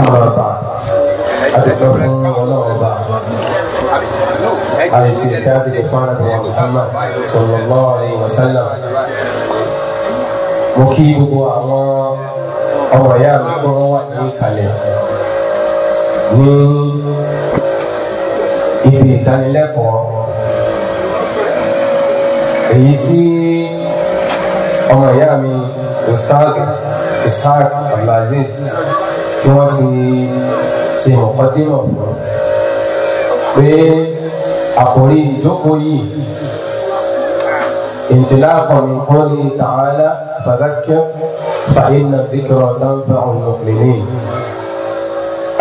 àmọ̀ràbà àdìjọba ọlọ́ọ̀ba àìsí ìtàbí ìfọ́nà bí Muhammad sallallahu alaihi wasallam. mo kí gbogbo àwọn ọmọ ìyá mi tó wà ní ìkàlẹ̀ ní ibi ìdánilẹ́kọ̀ọ́ èyí tí ọmọ ìyá mi ustaz ishaq abdulaziz tí wọ́n ti ṣe ọ̀kan dínà fún pé àkòrí ìjókòó yìí انطلاقا من قوله تعالى فذكر فإن الذكر تنفع المؤمنين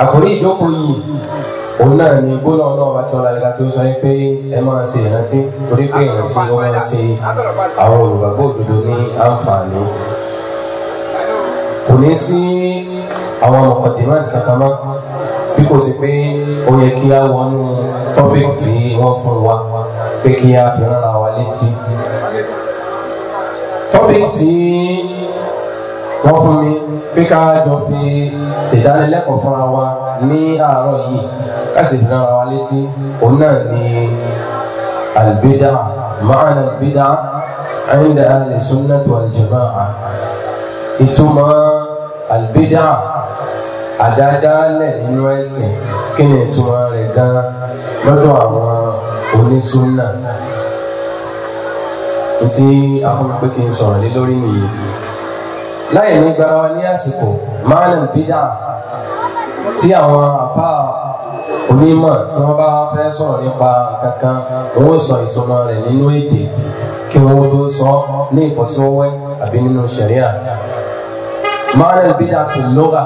àkòrí ìjókòó yìí òun náà ni gbóná náà bá ti ọ̀la ìlà tí sọ pé ẹ máa ṣe ìrántí torí pé ìrántí ó máa ṣe àwọn olùgbàgbọ́ òdodo ní àǹfààní kò ní sí àwọn mọ̀kàndínláàtì kankan mọ́ bí kò sí pé ó yẹ kí á wọnú tọ́píkì tí wọ́n fún wa pé kí á fi rán wa létí. tọ́píkì tí wọ́n fún mi pé ká jọ fi ṣèdánilẹ́kọ̀ọ́ fúnra wa ní àárọ̀ yìí ká sì rán wa létí òun náà ni àlùbídà ma'ana àlùbídà inda ahli sunnati wal jama'a ìtumọ̀ àlùbídà àdádálẹ̀ nínú ẹ̀sìn kí ni ìtumọ̀ rẹ̀ gan-an lọ́dọ̀ àwọn onísúnà tí afúnpé kí n sọ̀rọ̀ lé lórí nìyí láì ní gbara wa ní àsìkò máàlùm bídà tí àwọn àfa onímọ̀ tí wọ́n bá fẹ́ sọ̀rọ̀ nípa kankan wọ́n sọ ìtumọ̀ rẹ̀ nínú èdè kí wọ́n tó sọ ní ìfọ́sọ́wẹ́ àbí nínú ṣẹ̀ríà máàlùm bídà fi lóga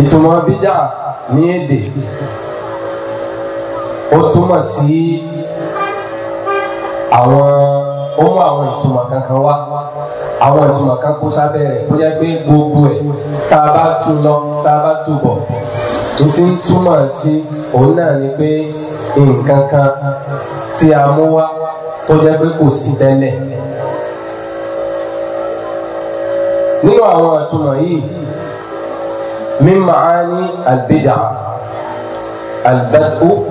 ìtumọ̀ bídà ní èdè ó túmọ̀ sí àwọn ó mú àwọn ìtumọ̀ kankan wá àwọn ìtumọ̀ kan kó sábẹ́ rẹ̀ kó jẹ́ pé gbogbo ẹ̀ tá a bá tún lọ tá a bá tún bọ̀ n ti ń túmọ̀ sí òun náà ni pé nǹkan kan tí a mú wá tó jẹ́ pé kò sí tẹ́lẹ̀ nínú àwọn ìtumọ̀ yìí. من معاني البدعة البدء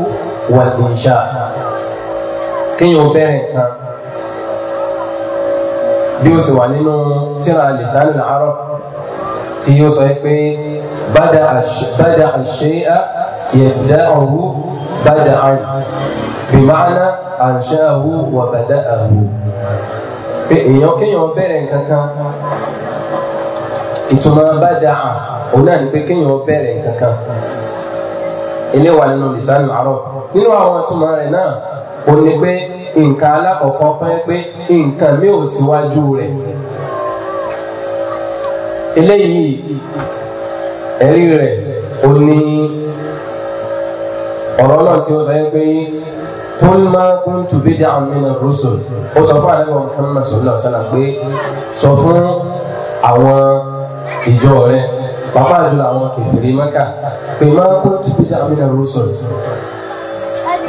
والإنشاء كي يبين bí ó sì wà nínú tíra lisanu arab tí yóò sọ pé bada àṣeyà yẹ̀dá ọ̀hún bada àrùn bìmáàná àṣẹ ọ̀hún wà bàdá ọ̀hún. pé èèyàn kéèyàn bẹ̀rẹ̀ nǹkan kan ìtumọ̀ bada àrùn òun náà ní pé kéèyàn bẹ̀rẹ̀ kankan ilé wa nínú lisanu arọ nínú àwọn àtúmọ̀ rẹ̀ náà o ní pé nǹkan alákọ̀ọ́kọ́ pẹ́ pé nǹkan mi ò síwájú rẹ̀ eléyìí ẹ̀rí rẹ̀ ó ní ọ̀rọ̀ náà tí ó sọ yẹn pé kún máa kún tùbí dá àmìnà rúṣùl ó sọ fún àlẹ́ Muhammad sallallahu alaihi wasallam pé sọ fún àwọn ìjọ rẹ̀ pàpà àjùlọ àwọn kẹfìrí mẹ́kà pé máa kó tìpéjà amínà rọ́sọ̀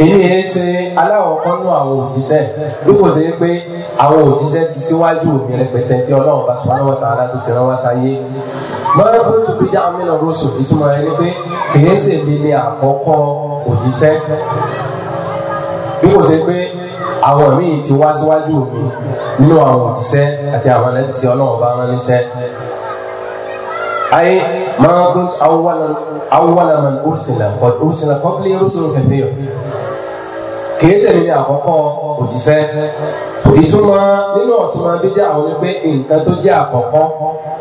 èyí yẹn ṣe aláwọ̀kọ́ nù àwọn òjíṣẹ́ bí kò ṣe pé àwọn òjíṣẹ́ ti síwájú òbí rẹpẹtẹ tí ọlọ́run bá sọ́nà wọ́n tààrà tó ti rán wá sáyé máa kó tìpéjà amínà rọ́sọ̀ ìtumọ̀ ẹni pé kìí ṣe mi ni àkọ́kọ́ òjíṣẹ́ bí kò ṣe pé àwọn míì ti wá síwájú òbí nínú àwọn òjíṣẹ́ àti àwọn ẹlẹ́tì ọlọ́run bá rán níṣẹ́ أي ما كنت أول أول من أرسل قد أرسل قبلي رسل كثير kìí ṣe ní àkọ́kọ́ òjíṣẹ́ ìtumọ̀ nínú ọ̀túnmọ̀ bíjà àwọn ni pé nǹkan tó jẹ́ àkọ́kọ́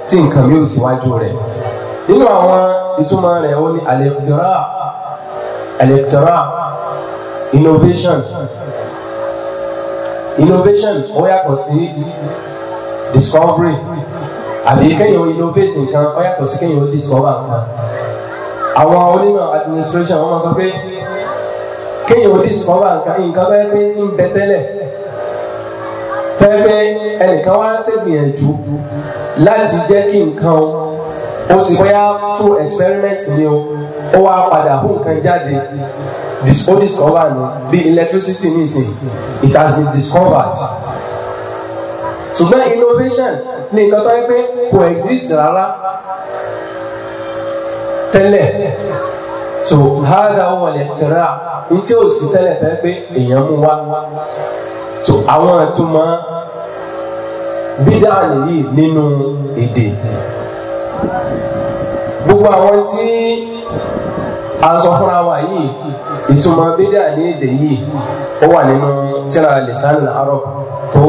tí nǹkan mi ò síwájú rẹ̀ nínú àwọn ìtumọ̀ rẹ̀ ó ní alẹ́kítọ́rà alẹ́kítọ́rà innovation innovation ó yàtọ̀ sí discovery àbí kéèyàn innovate nǹkan ó yàtọ̀ sí kéèyàn discover nǹkan àwọn onímọ̀ administration wọ́n máa sọ pé kéèyàn discover nǹkan nǹkan bẹ́ẹ̀ pé ti ń bẹ tẹ́lẹ̀ pẹ́pẹ́ ẹnìkan wá ṣègbìyànjú láti jẹ́ kí nǹkan ó sì bóyá through experiment ni o ó wá padà hó nǹkan jáde ó discover ni bí electricity ní ìsìn it has been discovered ṣùgbọ́n innovation ní nǹkan tó yẹ pé kò exist rárá tẹ́lẹ̀ so hada wọn lè tẹ̀ra ní tí ò tẹ́lẹ̀ tẹ́lẹ̀ pé èèyàn mú wá so àwọn bídà nìyí nínú èdè gbogbo àwọn tí a wa yìí ìtumọ̀ bídà ní èdè yìí ó wà nínú tíra lisan arab tó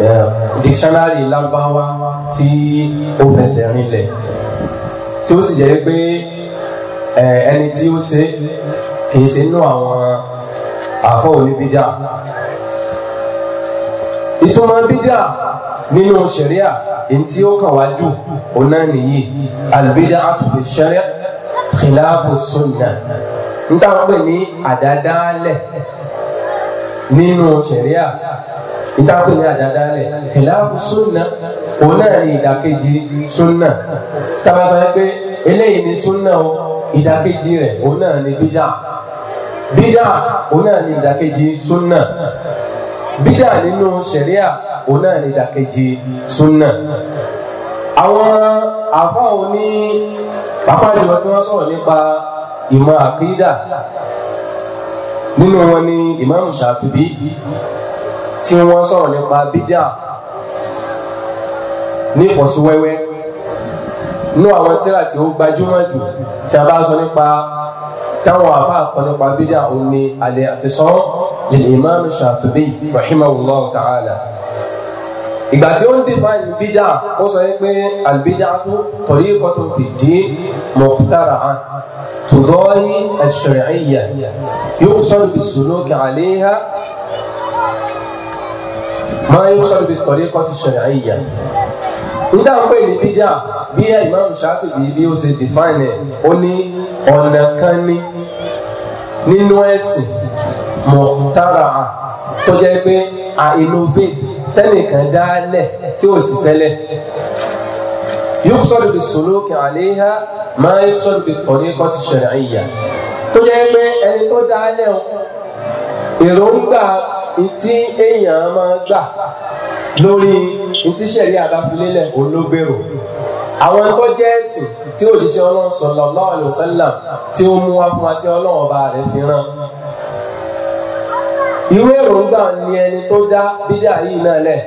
Eh, dictionary lágbáwá tí ó fẹsẹ̀ rinlẹ̀ tí ó sì jẹ́ pé eh, ẹni tí ó ṣe kì í ṣe nínú àwọn àfọ oníbídà ìtumọ̀ bídà nínú ṣẹ̀ríà èyí tí ó kàn wá jù òun náà nìyí àlùbídà àtúnfẹ ṣẹ̀ríà kìláàfù sunna n táwọn pè ní àdádálẹ̀ nínú ṣẹ̀ríà ìtàkùn ní àdádálẹ̀ ìlàkù súnà òun náà ní ìdàkejì súnà tábà sọ pé eléyìí ní súnà o ìdàkejì rẹ̀ òun náà ni bídà bídà òun náà ní ìdàkejì súnà bídà nínú ṣẹ̀ríà òun náà ní ìdàkejì súnà àwọn àfáà òní pápá ìjọba tí wọ́n sọ̀rọ̀ nípa ìmọ̀ àkídà nínú wọn ni ìmáàmù Ṣàtúbí tí wọ́n sọ̀rọ̀ nípa bídà nífọ̀síwẹ́wẹ́ nú àwọn tíra tí ó gbajúmọ̀ jù tí a bá sọ nípa táwọn àfáà kan nípa bídà òun ni àlẹ́ àtisán lil Imam Shatibi rahimahullah ta'ala ìgbà tí ó ń define bídà ó sọ pé albid'atu tariqatun fi din mukhtara'ah tudahi ash-shar'iyyah yuqsad bis-suluki 'alayha ما yóò بالطريقة الشرعية. إذا أقول ṣẹlẹ̀ بيها níta ń pè ní أني أنا ẹ ìmáàmù ṣáàtìbí bí ó ṣe define ẹ ó ní ọ̀nà kan ní nínú ẹ̀sìn mọ̀tàrà tó jẹ́ pé a innovate tẹ́nìkan dálẹ̀ tí ò sí tẹ́lẹ̀ yóò sọ̀rọ̀ bí sòlókè àléhà máa yóò ntí èèyàn máa gbà lórí ntí sẹ̀rí àbáfilélẹ̀ olóbèrò àwọn tó jẹ́ ẹ̀sìn tí òjíṣẹ́ ọlọ́run sallallahu alaihi wasallam tí ó mú wá fún wa tí ọlọ́run ọba rẹ̀ fi rán irú èròǹgbà ni ẹni tó dá bídà yìí náà lẹ̀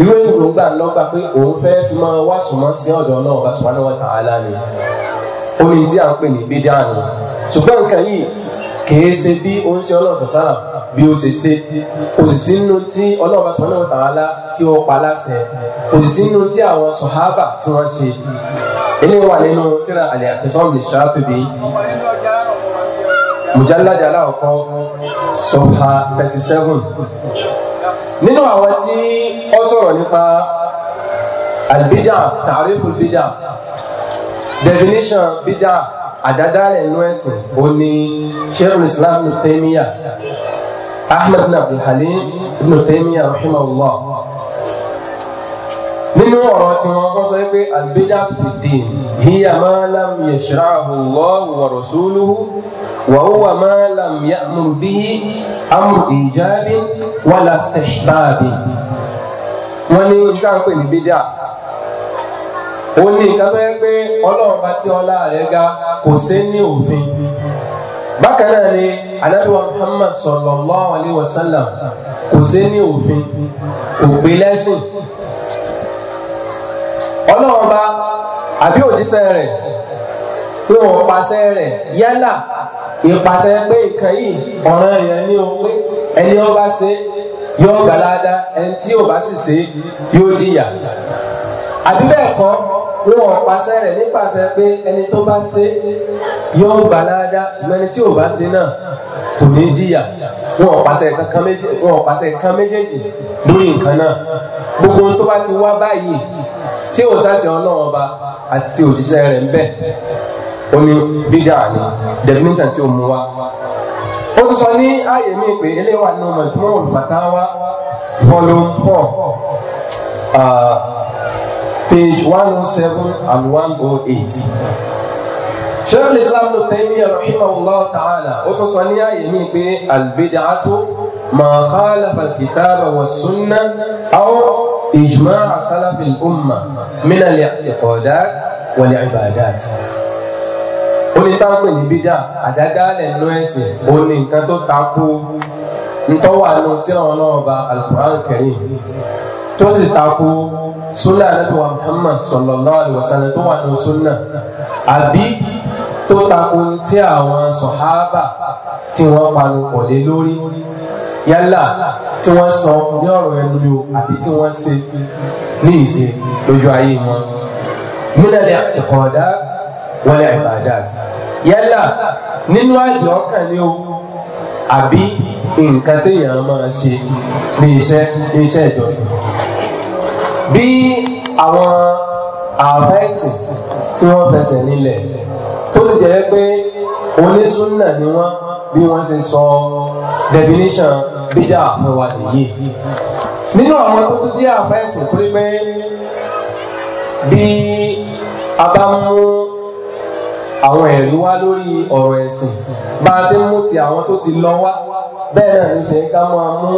irú èròǹgbà lọ́gbà pé òun fẹ́ fi máa wá sùnmọ́ sí ọ̀dọ̀ náà subhanahu wa ta'ala ni ó tí à ń pè ní bídà ni ṣùgbọ́n nǹkan yìí kìí ṣe bí ó ń ṣe ọlọ́sọ̀ sára bí ó ṣe ṣe kò sì sínú tí ọlọ́ọ̀bá sọ̀rọ̀ náà tààlà tí ó pa láṣẹ kò sì sínú tí àwọn sọ̀hábà tí wọ́n ṣe ilé wà nínú tíra àlẹ́ àtẹ̀sọ́ọ̀mù ṣáàtúbí mùjálàjà aláwọ̀kọ́ sọ̀fà thirty seven nínú àwọn tí ó sọ̀rọ̀ nípa albidà tààrífù bidà definition bidà àdádálẹ̀ inú ẹ̀sìn ó ní sheikhul islam ibn taymiya ahmed ibn abdulhalim ibn taymiya rahimahullah nínú ọ̀rọ̀ tí wọ́n kọ́ sọ pé albida fi din hiya ma lam yashra'ahu allah wa rasuluhu wa huwa ma lam ya'mur bihi wala istihbabin wọ́n ní nǹkan pè ní ó ní nǹkan tó yẹ pé ọlọ́run bá tí ọlá rẹ̀ ga kò sí ní òfin bákan náà ni anabiwa muhammad sallallahu alayhi wa sallam kò sí ní òfin òpin lẹ́sìn ọlọ́run bá àbí òjíṣẹ́ rẹ̀ pé òun pàṣẹ rẹ̀ yálà ìpàṣẹ pé nǹkan yìí ọ̀ràn yẹn ní o ẹni ó bá ṣe yóò gbàládá ẹni tí ò bá sì ṣe yóò jìyà àbí bẹ́ẹ̀ kọ́ wọn ò pàṣẹ rẹ̀ nípasẹ̀ pé ẹni tó bá ṣe yóò gbà ládàá ṣùgbọ́n ẹni tí ò bá ṣe náà kò ní jìyà wọn ò pàṣẹ kankan méjèèjì wọn ò pàṣẹ kan méjèèjì lórí nǹkan náà gbogbo ohun tó bá ti wá báyìí tí ò sáṣẹ ọlọ́run ọba àti tí òjíṣẹ́ rẹ̀ ń bẹ ó ní bídà ni definition tí ó mú wá ó tún sọ ní ààyè mi pé eléwà nínú mọ̀túmọ̀ olùfàtà wa volume four. Uh, page 107 oh seven and one oh شيخ الاسلام ابن تيميه رحمه الله تعالى وتصنيع يمين بالبدعه ما خالف الكتاب والسنه او اجماع سلف الامه من الاعتقادات والعبادات oni tá a pè ní bídà àdádálẹ̀ nínú ẹ̀sìn ó ní nǹkan tó takò ntọ́wà nù tí náà ba alukur'an karim tó sì tako sunna anabi wa muhammad sallallahu alayhi wa sallam tó wà ní sunna àbí tó tako tí àwọn sọ̀hábà tí wọ́n panu pọ̀ lé lórí yálà tí wọ́n sọ ní ọ̀rọ̀ ẹnu yòó àbí tí wọ́n ṣe ní ìṣe lójú ayé wọn. mílẹ̀ àtẹ̀kọ̀ọ́dá wọlé àìbàdà yálà nínú àjọ ọkàn ni o àbí nǹkan téèyàn máa ṣe ní iṣẹ́ iṣẹ́ ìjọsìn bí àwọn àfẹ́sì tí wọ́n fẹsẹ̀ nílẹ̀ tó sì jẹ́ pé onísúnà ni wọ́n bí wọ́n ṣe sọ definition bídà fún wa nìyí nínú àwọn tó tún jẹ́ àfẹ́sì tó rí pé bí a bá mú àwọn ẹ̀rí wá lórí ọ̀rọ̀ ẹ̀sìn bá a ṣe mú ti àwọn tó ti lọ wá bẹ́ẹ̀ náà ló ṣe ń ká máa mú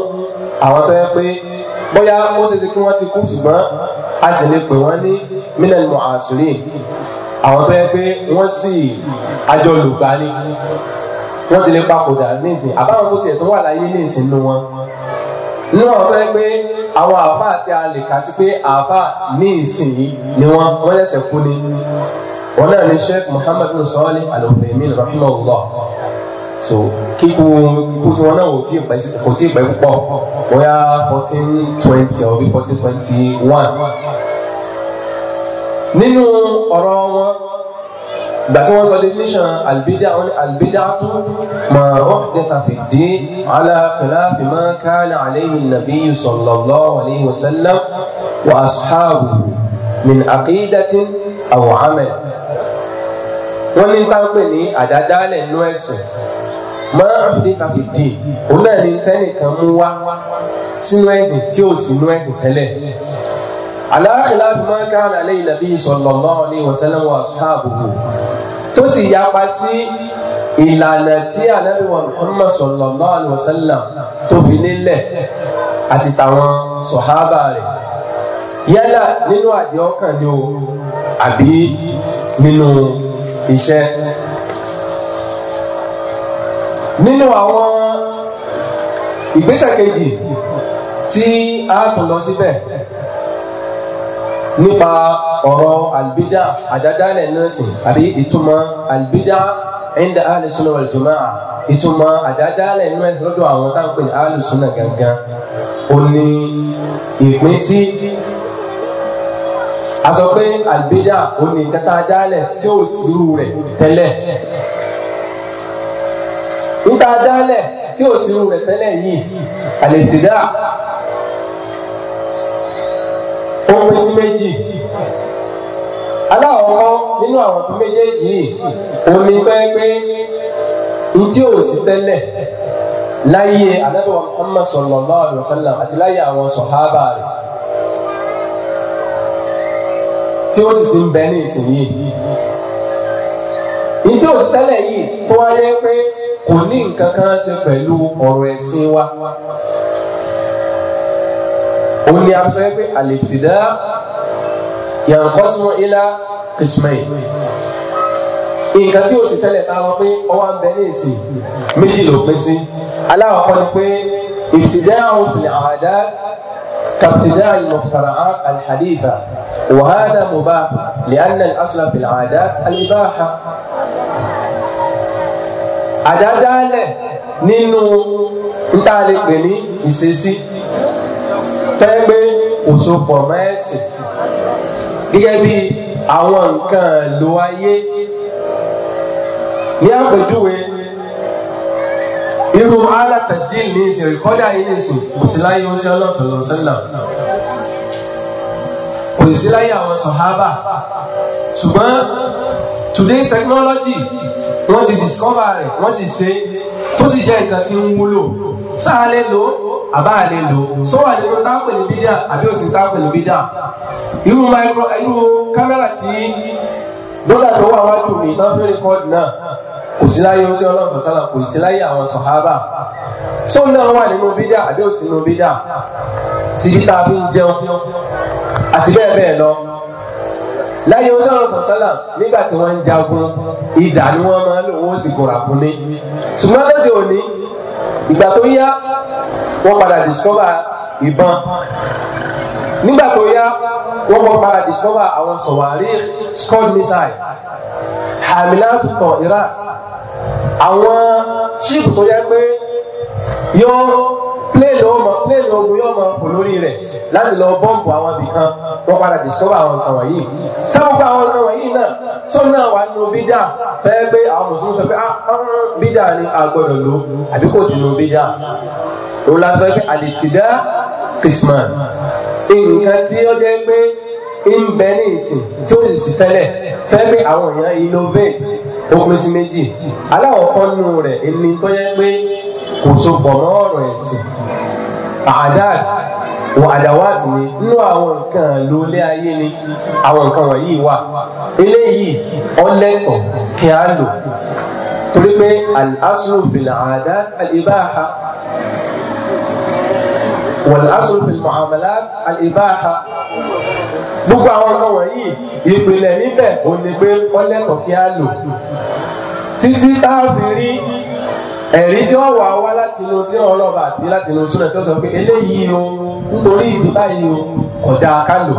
àwọn tó yẹ pé bóyá ó ṣe ti kí wọ́n ti kú ṣùgbọ́n a sì lè pè wọ́n ní mílíọ̀nù mọ̀ásùrì àwọn tó yẹ pé wọ́n sì àjọ lùgbàní wọ́n ti lè papòdà nísìn àbáwọn tó tiẹ̀ tó wà láyé nísìn nínú wọn nínú àwọn tó yẹ pé àwọn àáfà tí a kà sí pé àáfà ní yìí ni wọ́n wọ́n yẹ̀sẹ̀ kú ni wọn náà ní Sheikh Muhammad bin Salih Al-Uthaymeen rahimahullah so kíkú ikú tí wọn náà ò tí ì pẹ́ kò tí ì pẹ́ púpọ̀ bóyá fourteen twenty or bí fourteen twenty one nínú ọ̀rọ̀ wọn gbà tí wọ́n sọ definition albida wọn ni albida tó máa ahdatha fi din ala khilafi ma kana alayhi nabiyyu sallallahu alayhi wa wa ashabuhu min aqidatin aw amal wọ́n ní táwọn pè ní àdádálẹ̀ nú ẹ̀sìn mọ́ áfíríkà fi dì òun náà ni tẹ́nìkan mú wá sínú ẹ̀sìn tí ò sínú ẹ̀sìn tẹ́lẹ̀ aláàkìlá fi máa ń ká àlàlẹ́ ìnàbí sallallahu alaihi wasallam wa ashabuhu tó sì yapa sí ìlànà tí ànábì wa Muhammad sallallahu alaihi wasallam tó fi nílẹ̀ àti tàwọn sọ̀hábà rẹ̀ yálà nínú àdìọ́kàn ni o àbí nínú iṣẹ́ nínú àwọn ìgbésẹ̀ kejì tí a tún lọ síbẹ̀ nípa ọ̀rọ̀ àlùbídà àdádálẹ̀ nọ́ọ̀sì àbí ìtumọ̀ àlùbídà ẹ̀ńdà àlùsùnà ọ̀jọ̀mọ́ à ìtumọ̀ àdádálẹ̀ nọ́ọ̀sì lọ́dọ̀ àwọn táwọn pè gangan ó ní ìpín tí a sọ pé àlùbídà ó ní kátà dálẹ̀ tí ó sírú rẹ̀ tẹ́lẹ̀ níta dálẹ̀ tí ò sí irun rẹ̀ tẹ́lẹ̀ yìí àlètìdá ó pín sí méjì aláwọ̀kọ́ nínú àwọn tó méjèèjì yìí omi pẹ́ pé n tí ò sí tẹ́lẹ̀ láyé Ànábì Muhammad sallallahu alaihi wasallam àti láyé àwọn sọ̀hábà rẹ̀ tí ó sì ti ń bẹ ní ìsìn yìí n tí ò sí tẹ́lẹ̀ yìí tó wáyé pé kò ní nǹkan kan ṣe pẹ̀lú ọ̀rọ̀ ẹ̀sìn wa ó ní afẹ́ pé àlètìdá yankọ́sùn ilá kìsìmáì nǹkan tí o sì tẹ́lẹ̀ ta lọ pé ọwọ́ ń bẹ ní èsì méjì ló pín sí aláwọ̀kọ́ ni pé ìfìdá òfin àdá kàpìtìdá ìmọ̀tàrà alhadifa wàhálà mubah li'anna al-asla fil 'adat al àdádálẹ̀ nínú níta lè pè ní ìṣesí fẹ́ pé kò sopọ̀ mọ́ ẹ̀sìn gẹ́gẹ́ bí àwọn nǹkan lo ayé ní àpèjúwe irú alátẹ̀sí ní ìsìn rìkọ́dà yìí ní ìsìn kò sí láyé oúnjẹ ọlọ́sọ̀lọ́ sẹ́là kò sí láyé àwọn sọ̀hábà ṣùgbọ́n today's technology wọ́n ti discover rẹ̀ wọ́n sì ṣe tó sì jẹ́ nǹkan tí ń wúlò sáà lè lò àbá lè lò sọ wà nínú táàpù ní bídà àbí òsì táàpù ní bídà irú micro irú kámẹ́rà tí dọ́là tó wà wájú mi náà fẹ́ rẹ́kọ́dì náà kò sí láyé oṣù ọlọ́run sọ́la kò sí láyé àwọn sọ̀hábà sọ náà wà nínú bídà àbí òsì nínú bídà síbi tá a fi ń jẹun àti bẹ́ẹ̀ bẹ́ẹ̀ lọ láyé ọsàn sọ̀sánà nígbà tí wọ́n ń jagun ìdà ni wọ́n máa ń lò wọ́n sì kóra kún ní. ṣùgbọ́n lóde òní ìgbà tó yá wọ́n padà discover ìbọn nígbà tó yá wọ́n padà discover àwọn sọ̀wárí scud missile hamilatu tọ̀ iraq àwọn ṣíìpù tó yẹ pé yóò plane ọmọ plane ogun yóò máa fò lórí rẹ̀ láti lọ bọ́ǹbù àwọn ibì kan wọ́n padà dé sọ́wọ́ àwọn nǹkan wọ̀nyí sáwọn àwọn nǹkan wọ̀nyí náà sọ́nù náà wà nínú bíjà fẹ́ẹ́ pé àwọn mùsùlùmí sọ pé ah, ah, bíjà ni a gbọ́dọ̀ lò àbí kò sí nínú bíjà òun la sọ pé àlètìdá kìsìmán nǹkan tí ó jẹ́ pé ń bẹ ní ìsìn tí ó sì sí tẹ́lẹ̀ fẹ́ẹ́ pé àwọn èèyàn innovate ó pín sí méjì aláwọ̀ kan nù rẹ̀ ẹni tó yẹ pé kò so pọ̀ mọ́ ọ̀rọ̀ ẹ̀sìn àdáàt wàdáwàt ni nínú àwọn nǹkan lólé ayé ni àwọn nǹkan wọ̀nyí wà eléyìí ọlẹ́tọ̀ kí á lò torí pé al-aslu fil àdáàt al-ibaha wal gbogbo àwọn nǹkan wọ̀nyí ìpìlẹ̀ níbẹ̀ ò ní pé ọlẹ́tọ̀ kí á lò títí tá fi rí ẹ̀rí tí wọ́n wà wá láti inú tí wọ́n rọ̀ bá àti láti inú súnà tó sọ pé eléyìí o nítorí ìdí báyìí o kódà kálò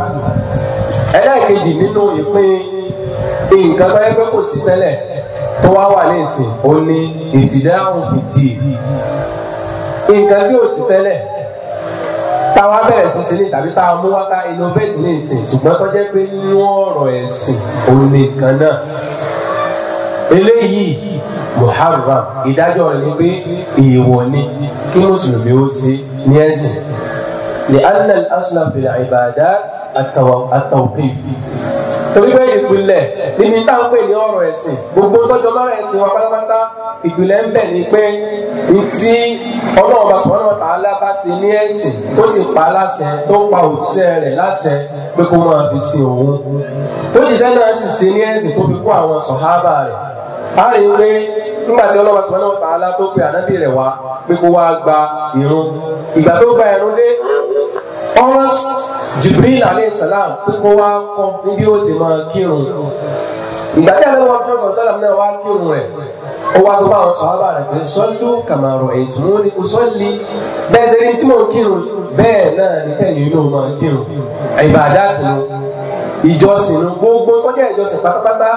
ẹlẹ́ẹ̀kejì nínú ìpín nǹkan tó yẹ pé kò sí tẹ́lẹ̀ tó wá wà ní ìsìn ó ní ìdídáhùn fìdí nǹkan tí ò sí tẹ́lẹ̀ táwa bẹ̀rẹ̀ sí sí ní tàbí táwa mú wáta innovate ní ìsìn ṣùgbọ́n tó jẹ́ pé nínú ọ̀rọ̀ ẹ̀sìn òun nìkan náà eléyìí muharram ìdájọ́ rẹ̀ ni pé èèwọ̀ ni kí mùsùlùmí ó ṣe ní ẹ̀sìn ní alẹ́ aslam fil ibadat at-tawqif torí pé ìpìlẹ̀ níbi tá à ń pè ní ọ̀rọ̀ ẹ̀sìn gbogbo tọ́jọ́ máa ẹ̀sìn wa pátápátá ìpìlẹ̀ ń bẹ ni pé tí ọlọ́ọ̀bà sọ̀rọ̀ náà tààlà bá ṣe ní ẹ̀sìn tó sì pa láṣẹ tó pa òṣìṣẹ́ rẹ̀ láṣẹ pé kó máa fi sin òun tó ṣiṣẹ́ náà sì ṣe ní ẹ̀sìn tó fi kó àwọn sọ̀hábà rẹ̀ á rí i pé nígbà tí ọlọ́wà sọ̀rọ̀ náà tààlà tó pe ànábì rẹ̀ wá pé kó wá gba ìrun ìgbà tó gba ìrun dé ọ̀rọ̀ Jibril alayhi salam pé kó wá kọ́ níbi ó sì máa kírun ìgbà tí àlọ́ wa fún sọ̀rọ̀ náà wá kírun rẹ̀ ó wá tó bá àwọn sọ̀rọ̀ rẹ̀ pé sọ́lú kàmàrọ̀ ètò ní kò sọ́lí bẹ́ẹ̀ sẹ́ni tí mò ń kírun bẹ́ẹ̀ náà ní kẹ́yìn inú máa kírun ìbàdà ìjọsìn nu gbogbo tó jẹ́ ìjọsìn pátápátá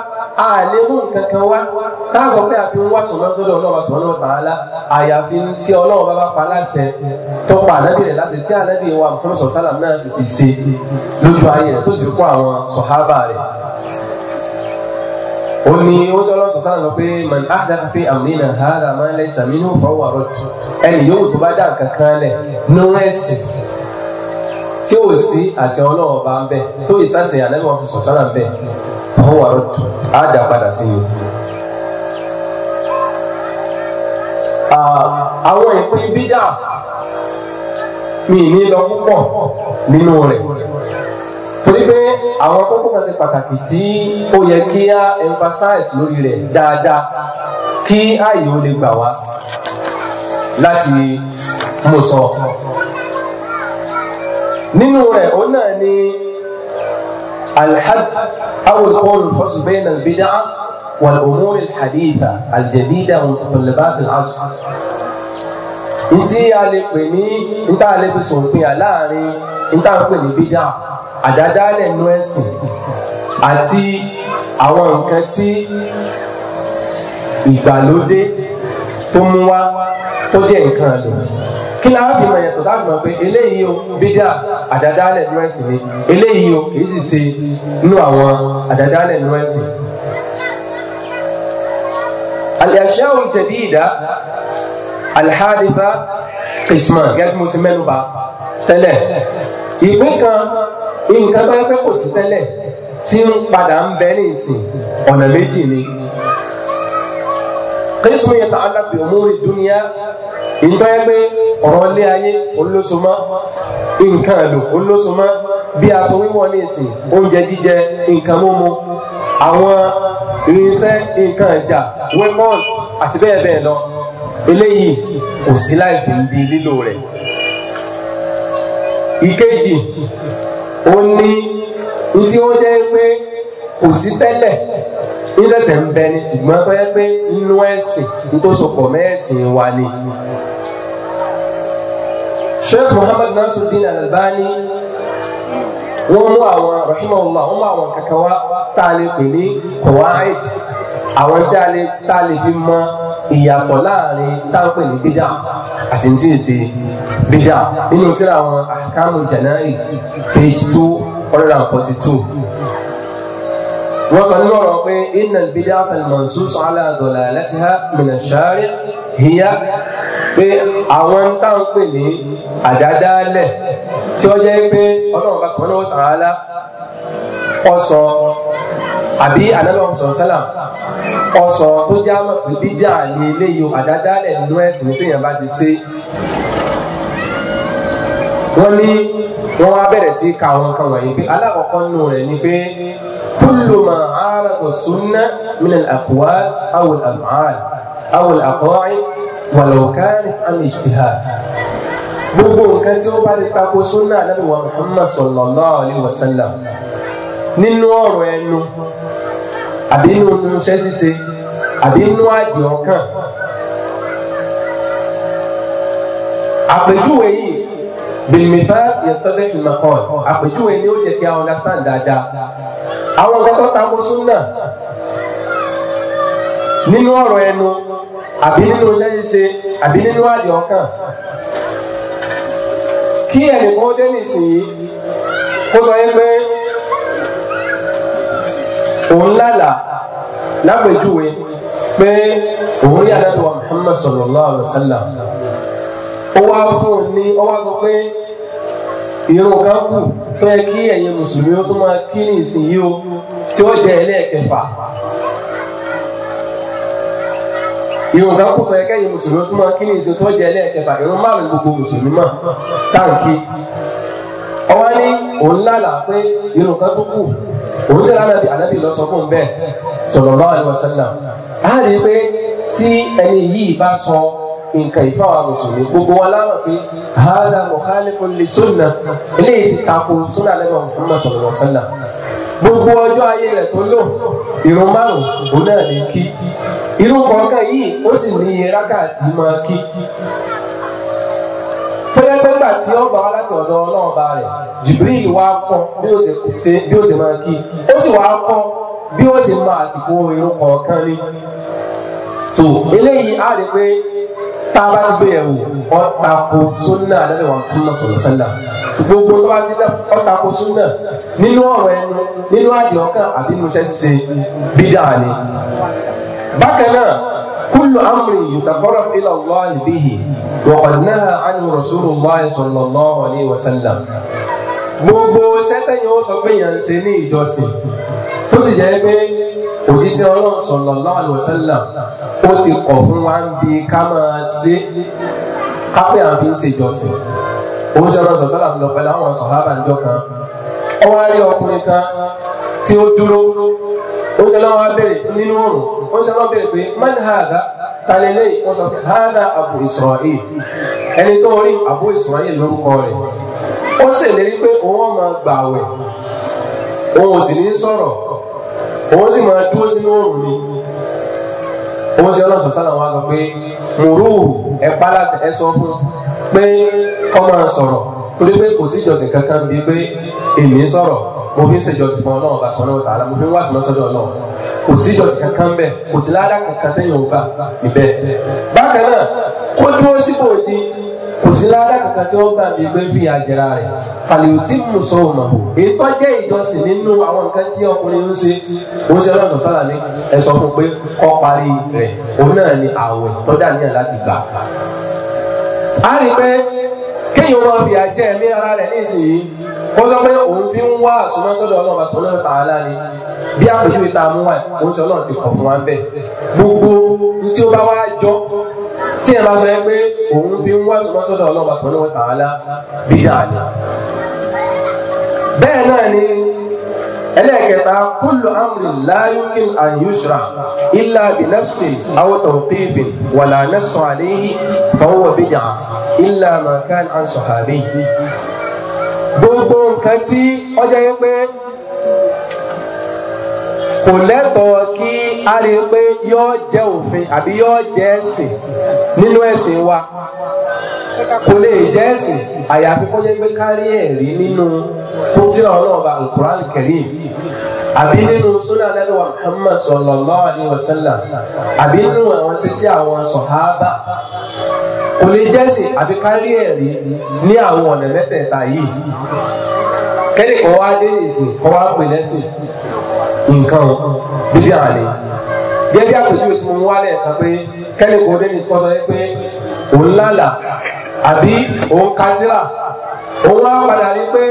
àléébù nǹkan kan wá káàkó pé àfi ń wá sọ̀rọ̀ sọ́dọ̀ ọlọ́run sọ̀rọ̀ náà tààlà àyàfi tí ọlọ́run bá bá pa láṣẹ tó pa ànábì rẹ̀ láṣẹ tí ànábì wa fún sọ̀sálàm náà sì ti ṣe lójú ayé rẹ̀ tó sì kó àwọn sọ̀hábà rẹ̀ ó ní ó sọ̀rọ̀ sọ̀sálàm sọ pé man ahdatha fi amrina hadha ma laysa minhu fahuwa radd ẹnì yòówù tó bá dá nǹkan kan lẹ̀ nínú ẹ̀sìn tí ò sí àṣẹ ọlọ́run bá ń bẹ tó ìsàṣẹ àlẹ́wọ̀n fi sọ̀ sára bẹ àwọn wàrọ̀ á dà padà sí i. àwọn ìpín bídà mi ní lọ púpọ̀ nínú rẹ̀ torí pé àwọn kókó kan ṣe pàtàkì tí ó yẹ kí á emphasize lórí rẹ̀ dáadáa kí ààyè ó lè gbà wá láti mú sọ nínú rẹ̀ òun náà ni alhad awul kọ́ọ̀lù fọ́sùn bẹ́ẹ̀ náà bídá والأمور الحديثة الجديدة ومتطلبات العصر ntí a lè pè ní ntá a lè fi sòfin à láàrin ntá a pè ní bídà àdádálẹ̀ nú ẹ̀sìn àti àwọn nǹkan tí ìgbàlódé tó mú wá tó jẹ́ nǹkan lò kí la fi mọ̀ yàtọ̀ láti mọ̀ pé eléyìí o bídà àdádálẹ̀ nínú ẹ̀sìn ni eléyìí o kì í sì ṣe nínú àwọn àdádálẹ̀ nínú ẹ̀sìn. al-ashya' al-jadida al-haditha qisman gẹ́gẹ́ bí mo ti mẹ́nu bà tẹ́lẹ̀ ìpín kan nǹkan tó yẹ kò sí tẹ́lẹ̀ tí ń padà ń bẹ ní ìsìn ọ̀nà méjì ni. qismun yata'allaqu bi umuri dunya ìtọ́ yẹ pé ọ̀rọ̀ ilé ayé olóṣùmọ́ nǹkan àlò olóṣùmọ́ bí aṣọ wíwọ̀ ní ìsìn oúnjẹ jíjẹ nǹkan mímu àwọn irinṣẹ́ nǹkan ìjà weapons àti bẹ́ẹ̀ bẹ́ẹ̀ lọ eléyìí kò sí láìpẹ́ níbi lílò rẹ̀. ìkejì ó ní ní tí ó jẹ́ pé kò sí tẹ́lẹ̀ nísẹsẹ ń bẹ ni ṣùgbọ́n tó yẹ pé nínú ẹ̀sìn nítorí sopọ̀ wa ni. sheikh muhammad nasiruddin al-albani wọ́n mú àwọn rahimahullah wọ́n mú àwọn kankan wá tá a lè pè ní kawaid àwọn tí a lè tá a lè fi mọ ìyàtọ̀ láàrin táwọn ní bídà àti tí ì bídà nínú tíra àwọn ahkamul jana'iz page two hundred and forty two wọ́n sọ nínú ọ̀rọ̀ pé iná bídá al-mansus ala dalalatiha min ash-shari' hiya pé àwọn tá ń pè ní àdádálẹ̀ tí ó jẹ́ pé ọlọ́run bá subhanahu wa ta'ala ọ̀sọ̀ àbí àdálọ́run sọ̀rọ̀ sálà ọ̀sọ̀ tó já mọ̀ pé bídá ni eléyìí àdádálẹ̀ nínú ẹ̀sìn téèyàn bá ti ṣe wọ́n ní wọ́n wá bẹ̀rẹ̀ sí ka àwọn nǹkan wọ̀nyí pé alákọ̀ọ́kọ́ nù rẹ̀ ni pé كل ما عارض السنة من الأقوال أو الأفعال أو الأقاعي ولو كانت عن اجتهاد gbogbo nǹkan tí ó bá ti tako sunna anabi wa muhammad sallallahu alayhi wa sallam nínú ọ̀rọ̀ ẹnu àbí inú iṣẹ́ ṣíṣe àbí inú àjẹ ọkàn àpèjúwe yìí bilimita yẹtọ́lẹ́ ìmọ̀kàn àpèjúwe ni ó yẹ kí a understand dáadáa àwọn kan tó tako súnà nínú ọ̀rọ̀ ẹnu àbí nínú ṣẹ́ṣe àbí nínú àdì ọkàn kí ẹnìkan ó dé nísìnyí kó sọ yín pé òun lálàá lápèjúwe pé òun rí adájọ́ Muhammad sallallahu alaihi wasallam ó wá fún un ní ó sọ pé irun kan kù tó yẹ kí ẹ̀yin mùsùlùmí ó tó máa kí ní ìsìn yìí o tí ó jẹ́ ẹlẹ́ẹ̀kẹfà ìrùn kan kò fẹ́ kẹ́yìn mùsùlùmí tó máa kí ní ìsìn tó jẹ́ ẹlẹ́ẹ̀kẹfà ìrùn márùn gbogbo mùsùlùmí mà táǹkì ọwọ́ ní òun lálà pé ìrùn kan tó kù òun sì lánàbì ànábì lọ sọ fún un bẹ́ẹ̀ sallallahu alaihi wasallam á rí i pé tí ẹni yìí bá sọ nǹkan ìfáwà mùsùlùmí gbogbo wa lámà pé hàdà mukhalifun li sunna eléyìí ti tako sunna lẹ́mọ̀ Muhammad sallallahu alaihi wasallam gbogbo ọjọ́ ayé rẹ̀ tó lò ìrun márùn òun náà ní kí irun kọ̀ọ̀kan yìí ó sì ní iye rákàtí máa kí pẹ́lẹ́pẹ́gbà tí ó gbà wá láti ọ̀dọ̀ ọlọ́run rẹ̀ Jibril wá kọ́ bí ó sì máa kí ó sì wá kọ́ bí ó sì máa àsìkò irun kọ̀ọ̀kan ni tó eléyìí á rí pé tá a bá ti gbé yẹ̀wò ọ̀tà kò sunna àdéhùn àwọn fún mọ̀sọ̀rọ̀ sẹ́lá gbogbo tó bá ti dá ọ̀tà kò sunna nínú ọ̀rọ̀ ẹnu nínú àdìọ́kàn àbí nínú iṣẹ́ ṣíṣe bídà ni. bákan náà kullu amrin ila Allah bihi wa qad naha anhu Rasulullah sallallahu alayhi wa sallam gbogbo sẹ́tẹ̀yìn ó sọ pé yẹn ń ṣe ní ìjọsìn tó sì jẹ́ pé òjíṣẹ́ Ọlọ́run sallallahu alayhi wa sallam O ti kọ fún wa ń bi ká máa ṣe kápẹ́ àwọn fi ń ṣèjọsìn òun ṣe ọlọ́sọ̀ sọ́là fún ọ̀pẹ̀lẹ̀ àwọn sọ̀hábà ń jọ ó wá rí ọkùnrin kan tí ó dúró ó ṣe lọ́wọ́ abẹ́rẹ́ nínú òrùn ó ṣe lọ́wọ́ bẹ̀rẹ̀ pé man hadha talẹ́lẹ́ wọ́n sọ pé hadha Abu Isra'il ẹni tó rí Abu Isra'il lórúkọ rẹ̀ ó ṣèlérí pé òun ọmọ gbààwẹ̀ òun ò sì ní sọ̀rọ̀ òun sì máa dúró òun ṣe ọlọ́sùn sálà wọn àgbà pé mùrù ẹ̀pá láti ẹ sọ fún pé kọ́ máa sọ̀rọ̀ torí pé kò sí ìjọsìn kankan bíi pé èmi sọ̀rọ̀ mo fi ń ṣe ìjọsìn fún ọlọ́run bá sọ̀rọ̀ tààlà mo fi ń wá sọ̀rọ̀ sọ́dọ̀ ọlọ́run kò sí ìjọsìn kankan bẹ́ẹ̀ kò sí ládàá kankan tẹ́yìn òun bá ìbẹ́ẹ̀. bákan náà kó dúró sípò di kò sí ládà kankan tí wọ́n gbà mí gbé fi àjẹrà rẹ̀ fàlìwò tí mo sọ ọmọ ètò jẹ́ ìjọsìn nínú àwọn nǹkan tí ọkùnrin ń ṣe òun ṣe ọlọ́run sára ní ẹ sọ fún pé kọ́ parí rẹ̀ òun náà ni àwẹ̀ tọ́jà ní ẹ̀ láti gbà. a rí i pé kéèyàn máa fi àjẹ ẹ̀mí ara rẹ̀ ní ìsìn kó sọ pé òun fi ń wá àsomọ́sọ́dọ̀ ọlọ́run àsomọ́sọ́dọ̀ tààlà ni bí àpèjúwe tá a mú wáyé òun ṣe ọlọ́run ti kọ̀ fún wa bẹ́ẹ̀ gbogbo tí ó bá wá jọ tí ẹ bá sọ pé òun fi ń wá sọmọsọdọ Ọlọ́run àṣọ náà tààlà bídà ni. bẹ́ẹ̀ náà ni ẹlẹ́ẹ̀kẹta kúlù amrin láyúkín àyùsra ilà bìnafsì àwòtọ̀ọ̀tìfìn wàlà nẹ́sọ̀ àléyìn fọwọ́ bídà ilà màkàn àǹsọ̀hàbí. gbogbo nǹkan tí ọjọ́ yẹn pé kò lẹ́tọ̀ọ́ kí a rí i pé yóò jẹ́ òfin àbí yóò jẹ́ ẹ̀sìn nínú ẹ̀sìn wa kò lè jẹ́ ẹ̀sìn àyàfi kó jẹ́ pé kárí ẹ̀rí nínú kótìrà ọlọ́ọ̀bà alukur'an karim àbí nínú sunan lẹ́nu wa muhammad sallallahu alayhi wa sallam àbí nínú àwọn sísí àwọn sọ̀hábà kò lè jẹ́ ẹ̀sìn àbí kárí ẹ̀rí ní àwọn ọ̀nà mẹ́tẹ̀ẹ̀ta yìí kẹ́nìkan wá dé ìsìn kọ́ wá pè lẹ́sìn nǹkan o bíbí àlè gẹ́gẹ́ bí àpèjúwe tí mo mú wálẹ̀ kan pé kẹ́lí kò dé ní sọ́sọ́ yẹ pé òun lálà àbí òun katira òun á padà rí pé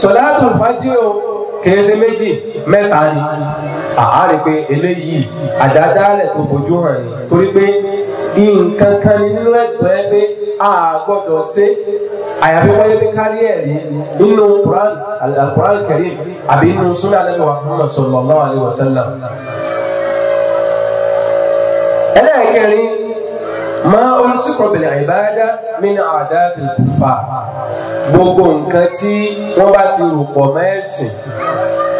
sọ̀dáàtù fàájìrì o kìí ṣe méjì mẹ́ta ni àárẹ̀ pé eléyìí àdádálẹ̀ tó fojú hàn ni torí pé nǹkan kan nínú ẹ̀sìn rẹ pé a gbọ́dọ̀ ṣe àyàfi wọ́n yẹ bí kárí ẹ̀rí nínú Al-Qur'an Karim àbí nínú sunnah Ànábì wa Muhammad sallallahu alayhi wa sallam. ẹlẹ́ẹ̀kẹrin máa ń sìkọ̀ bẹ̀rẹ̀ ìbáradá min a'datil kuffar gbogbo nǹkan tí wọ́n bá ti rò pọ̀ mẹ́sìn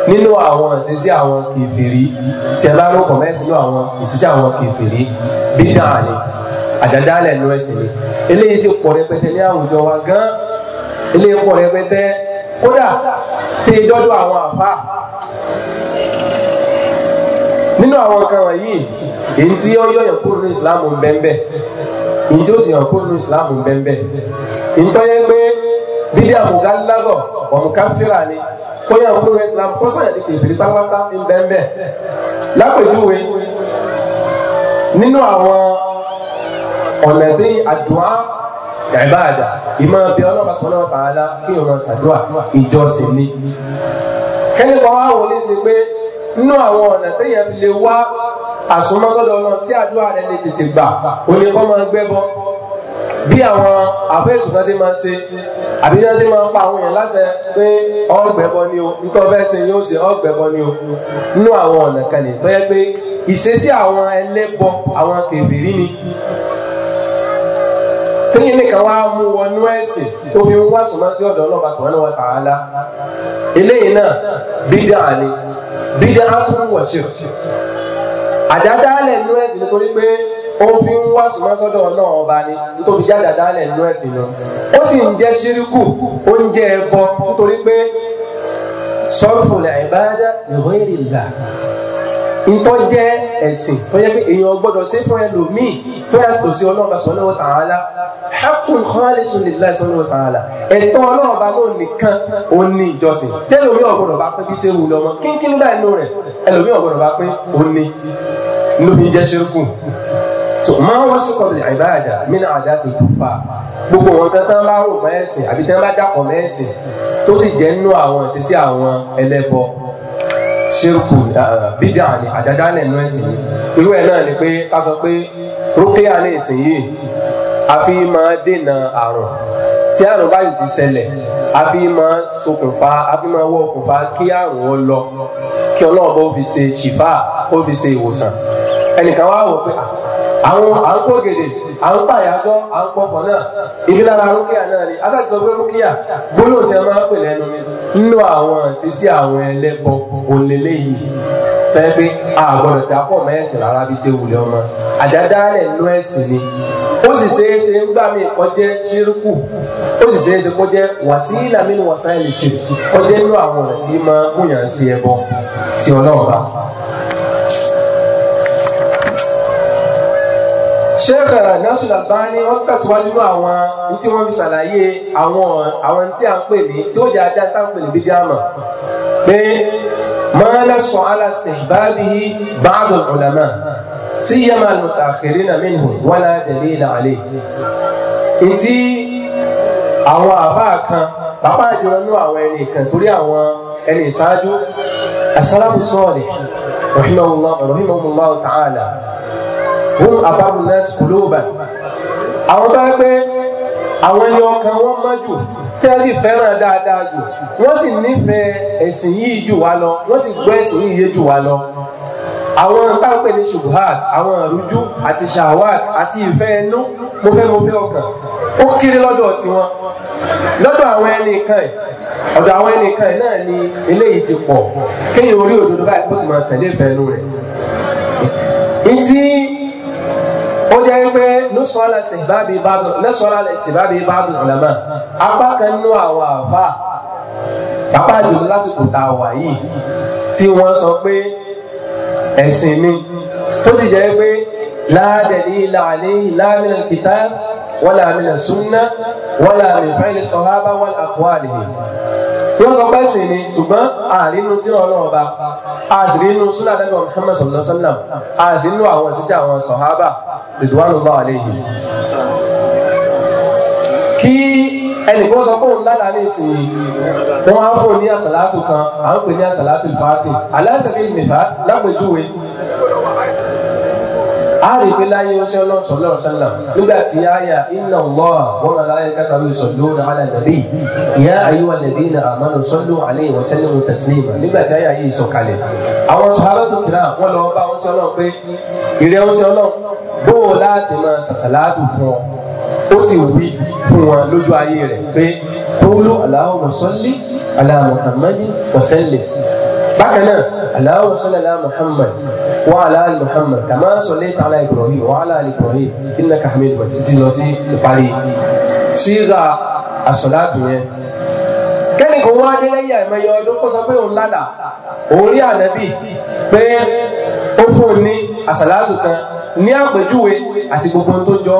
nínú àwọn ìṣesí àwọn kèfèrí tẹ̀ rò pọ̀ mẹ́sìn nínú àwọn ìṣesí àwọn kèfèrí bídà ni àdádálẹ̀ nù ẹ̀sìn ni eléyìí sì pọ̀ rẹpẹtẹ ní àwùjọ wa gan eléyìí pọ̀ rẹpẹtẹ kódà tẹ ìjọ́dọ̀ àwọn àfa nínú àwọn nǹkan wọ̀nyí èyí tí ó yọ yàn kúrò ní ìsìláàmù bẹ́ẹ̀nbẹ́ èyí tí ó sì yàn kúrò ní ìsìláàmù bẹ́ẹ̀nbẹ́ èyí tó yẹ pé bídíà mùgá lágọ̀ ọ̀mùká fíra ni kó yàn kúrò ní ìsìláàmù kó sọ̀yàn ní kìfìrí pátápátá ní bẹ́ẹ̀nbẹ́ lápèjúwe nínú àwọn ọ̀nà tí àdúrà ìbáàdà ìmọ̀ bí ọlọ́run sọ̀rọ̀ tààlà kí ìwọ̀n ṣàdúrà ìjọsìn ni. kẹ́ni kan wá wọlé sí pé nínú àwọn ọ̀nà téèyàn fi lè wá àsomọ́sọ́dọ̀ ọlọ́run tí àdúrà rẹ̀ lè tètè gbà ó ní kọ́ máa gbẹ́bọ bí àwọn àfẹ́sùn kan ṣe máa ṣe àbí ṣe máa pa àwọn èèyàn láṣẹ pé ọgbẹ́bọ ni o nítorí ọfẹ́ ṣe yóò ṣe ọgbẹ́bọ ni o nínú àwọn ọ̀nà kan lè tọ́yẹ pé ìṣesí àwọn ẹlẹ́bọ àwọn kèfèrí ni tẹ́lẹ̀ nìkan wá mú wọnú ẹ̀sìn tó fi wá sùnmọ́ sí ọ̀dọ̀ ọlọ́ba subhanahu wa ta'ala eléyìí náà bídà ni bídà á tún wọ̀ ṣe àdádálẹ̀ nú ẹ̀sìn nítorí pé ó fi ń wá sùmọ́sọ́dọ̀ náà ọba ni nítorí jáde àdálẹ̀ nú ẹ̀sìn lọ ó sì ń jẹ́ ṣíríkù ó ń jẹ́ ẹbọ nítorí pé sọ́ọ̀fù làìbáyá ìwé ìrìlá ntọ́ jẹ́ ẹ̀sìn tó yẹ pé èèyàn gbọ́dọ̀ ṣe fún ẹlòmíì tó yà sọ̀sí ọlọ́ọ̀bá sọ̀rọ̀ wọ́n tàn án la hakun khalisun lillahi sọ̀rọ̀ wọ́n tàn án la ẹ̀tọ́ ọlọ́ọ̀bá ló nìkan ó ní ìjọsìn tẹ́lómi ọ̀gbọ́dọ̀ bá pé bí sẹ́wù lọ́mọ kínkín bá inú rẹ̀ ẹlòmí ọ̀gbọ́dọ̀ bá pé ó ní inú fi jẹ́ ṣerúkù tó máa wọ́n sí kọ́tù ìbáàdà mínà àdá tó kú fa gbogbo wọn kan tán bá rò mọ́ ẹ̀sìn àbí tán bá dàpọ̀ mọ́ ẹ̀sìn tó sì jẹ́ nínú àwọn ìṣesí àwọn ẹlẹ́bọ ṣírkù bídà ni àdádálẹ̀ nù ẹ̀sìn irú ẹ̀ náà ni pé ká sọ pé rúkìá ní ìsìn yìí a fi máa dènà àrùn tí àrùn báyìí ti ṣẹlẹ̀ a fi máa ṣokùnfà a fi máa wọ okùnfà kí àrùn ó lọ kí ọlọ́run bó fi ṣe ṣìfà ó fi ṣe ìwòsàn ẹnìkan wá wò pé àwọn à ń kó gèdè. à ń pààyà gbọ́ à ń náà ibi lára náà ni asáàtì sọ pé rúkìá gbólóò tí a máa ń pè lẹ́nu mi nínú àwọn ìṣesí àwọn ẹlẹ́bọ òlélẹ́ yìí pé a gbọ́dọ̀ dápọ̀ mẹ́sìn rárá bí ṣe wùlẹ̀ ọmọ àdádálẹ̀ nú ẹ̀sìn ni ó sì ṣe ń gbà mí kọjẹ́ ó sì ṣe kọjẹ́ ṣe kọjẹ́ nínú àwọn ọ̀nà tí sheikh nasir albani wọn tẹsíwájú nínú àwọn tí wọn fi ṣàlàyé àwọn àwọn tí a ń pè ní tí ó yà á dá tá ń pè ní bíbí àmà pé mọ́nà sọ aláṣẹ bábí báàdùn ulama siyama al-mutaakhirina minhum wala dalila alayh ètí àwọn àfáà kan bàbá àjọyọ̀ nínú àwọn ẹni kan torí àwọn ẹni ìṣáájú as-salafu salih rahimahullah rahimahullah ta'ala hum abaru nas kuluba àwọn tó yẹ pé àwọn ẹni ọkàn wọn mọ́ jù tí wọ́n sì fẹ́ràn dáadáa jù wọ́n sì nífẹ̀ẹ́ ẹ̀sìn yìí jù wá lọ wọ́n sì gbọ́ ẹ̀sìn yìí yé jù wá lọ àwọn táwọn pè ní ṣubuhat àwọn àrújú àti shahwat àti ìfẹ́ ẹnu mo fẹ́ mo fẹ́ ọkàn ó kéré lọ́dọ̀ tiwọn lọ́dọ̀ àwọn ẹni kan ẹ̀ ọ̀dọ̀ àwọn ẹni kan ẹ̀ náà ni eléyìí ti pọ̀ kéèyàn orí òdodo báyìí kó sì máa tẹ̀lé ìfẹ́ ẹnu rẹ̀ ìtí nẹ́sọ̀rọ̀ alẹ́ sèbáàbí ìbáàdùn nẹ́sọ̀rọ̀ alẹ́ sèbáàbí ìbáàdùn ọ̀làmà apá kan nínú àwọn àfa apá àjòyìn lásìkò tá a wà yìí tí wọ́n sọ pé ẹ̀sìn ni tó sì jẹ́ pé láàdẹ̀lì làálẹ́ láàmìnà kìtà wọ́n làmìnà súnná wọ́n làmìnà fẹ́ẹ́ wọ́n sọ pé sìn ni ṣùgbọ́n àrínú tí wọ́n náà bá àṣírínú súnà dẹ́gbọ̀n Muhammad sallallahu alaihi wasallam àṣírínú àwọn ṣiṣẹ́ àwọn sọ̀hábà ridwanullahi alaihim. kí ẹnìkan sọ pé òun lálàá ní ìsìn wọn á fò ní àṣàlátù kan à ń pè ní àṣàlátù fàátì aláṣẹ bíi nìfà lápèjúwe a rí pé láyé oṣù ọlọ́sọ̀lọ́ sálà nígbà tí àyà iná wọ́ wọn máa láyé kápá mi sọ̀ lóhùn àlà nàbí ìyá àyíwá nàbí nà àmánù sọ́lù àlẹ́ ìwọ̀sẹ́lẹ̀ mu tẹ̀sílẹ̀mà nígbà tí àyà yìí sọ̀kalẹ̀ àwọn sọ̀rọ̀ bákan náà Allahumma salli ala Muhammad وعلى ال محمد كما صليت على ابراهيم وعلى ال ابراهيم انك حميد مجيد títí lọ sí parí síra àsọ̀láàtù yẹn kẹ́ni kò wá dé lẹ́yìn àìmọye ọdún kó sọ pé òun lálà òun rí ànábì pé ó fún un ní àsàlátù kan ní àpèjúwe àti gbogbo tó jọ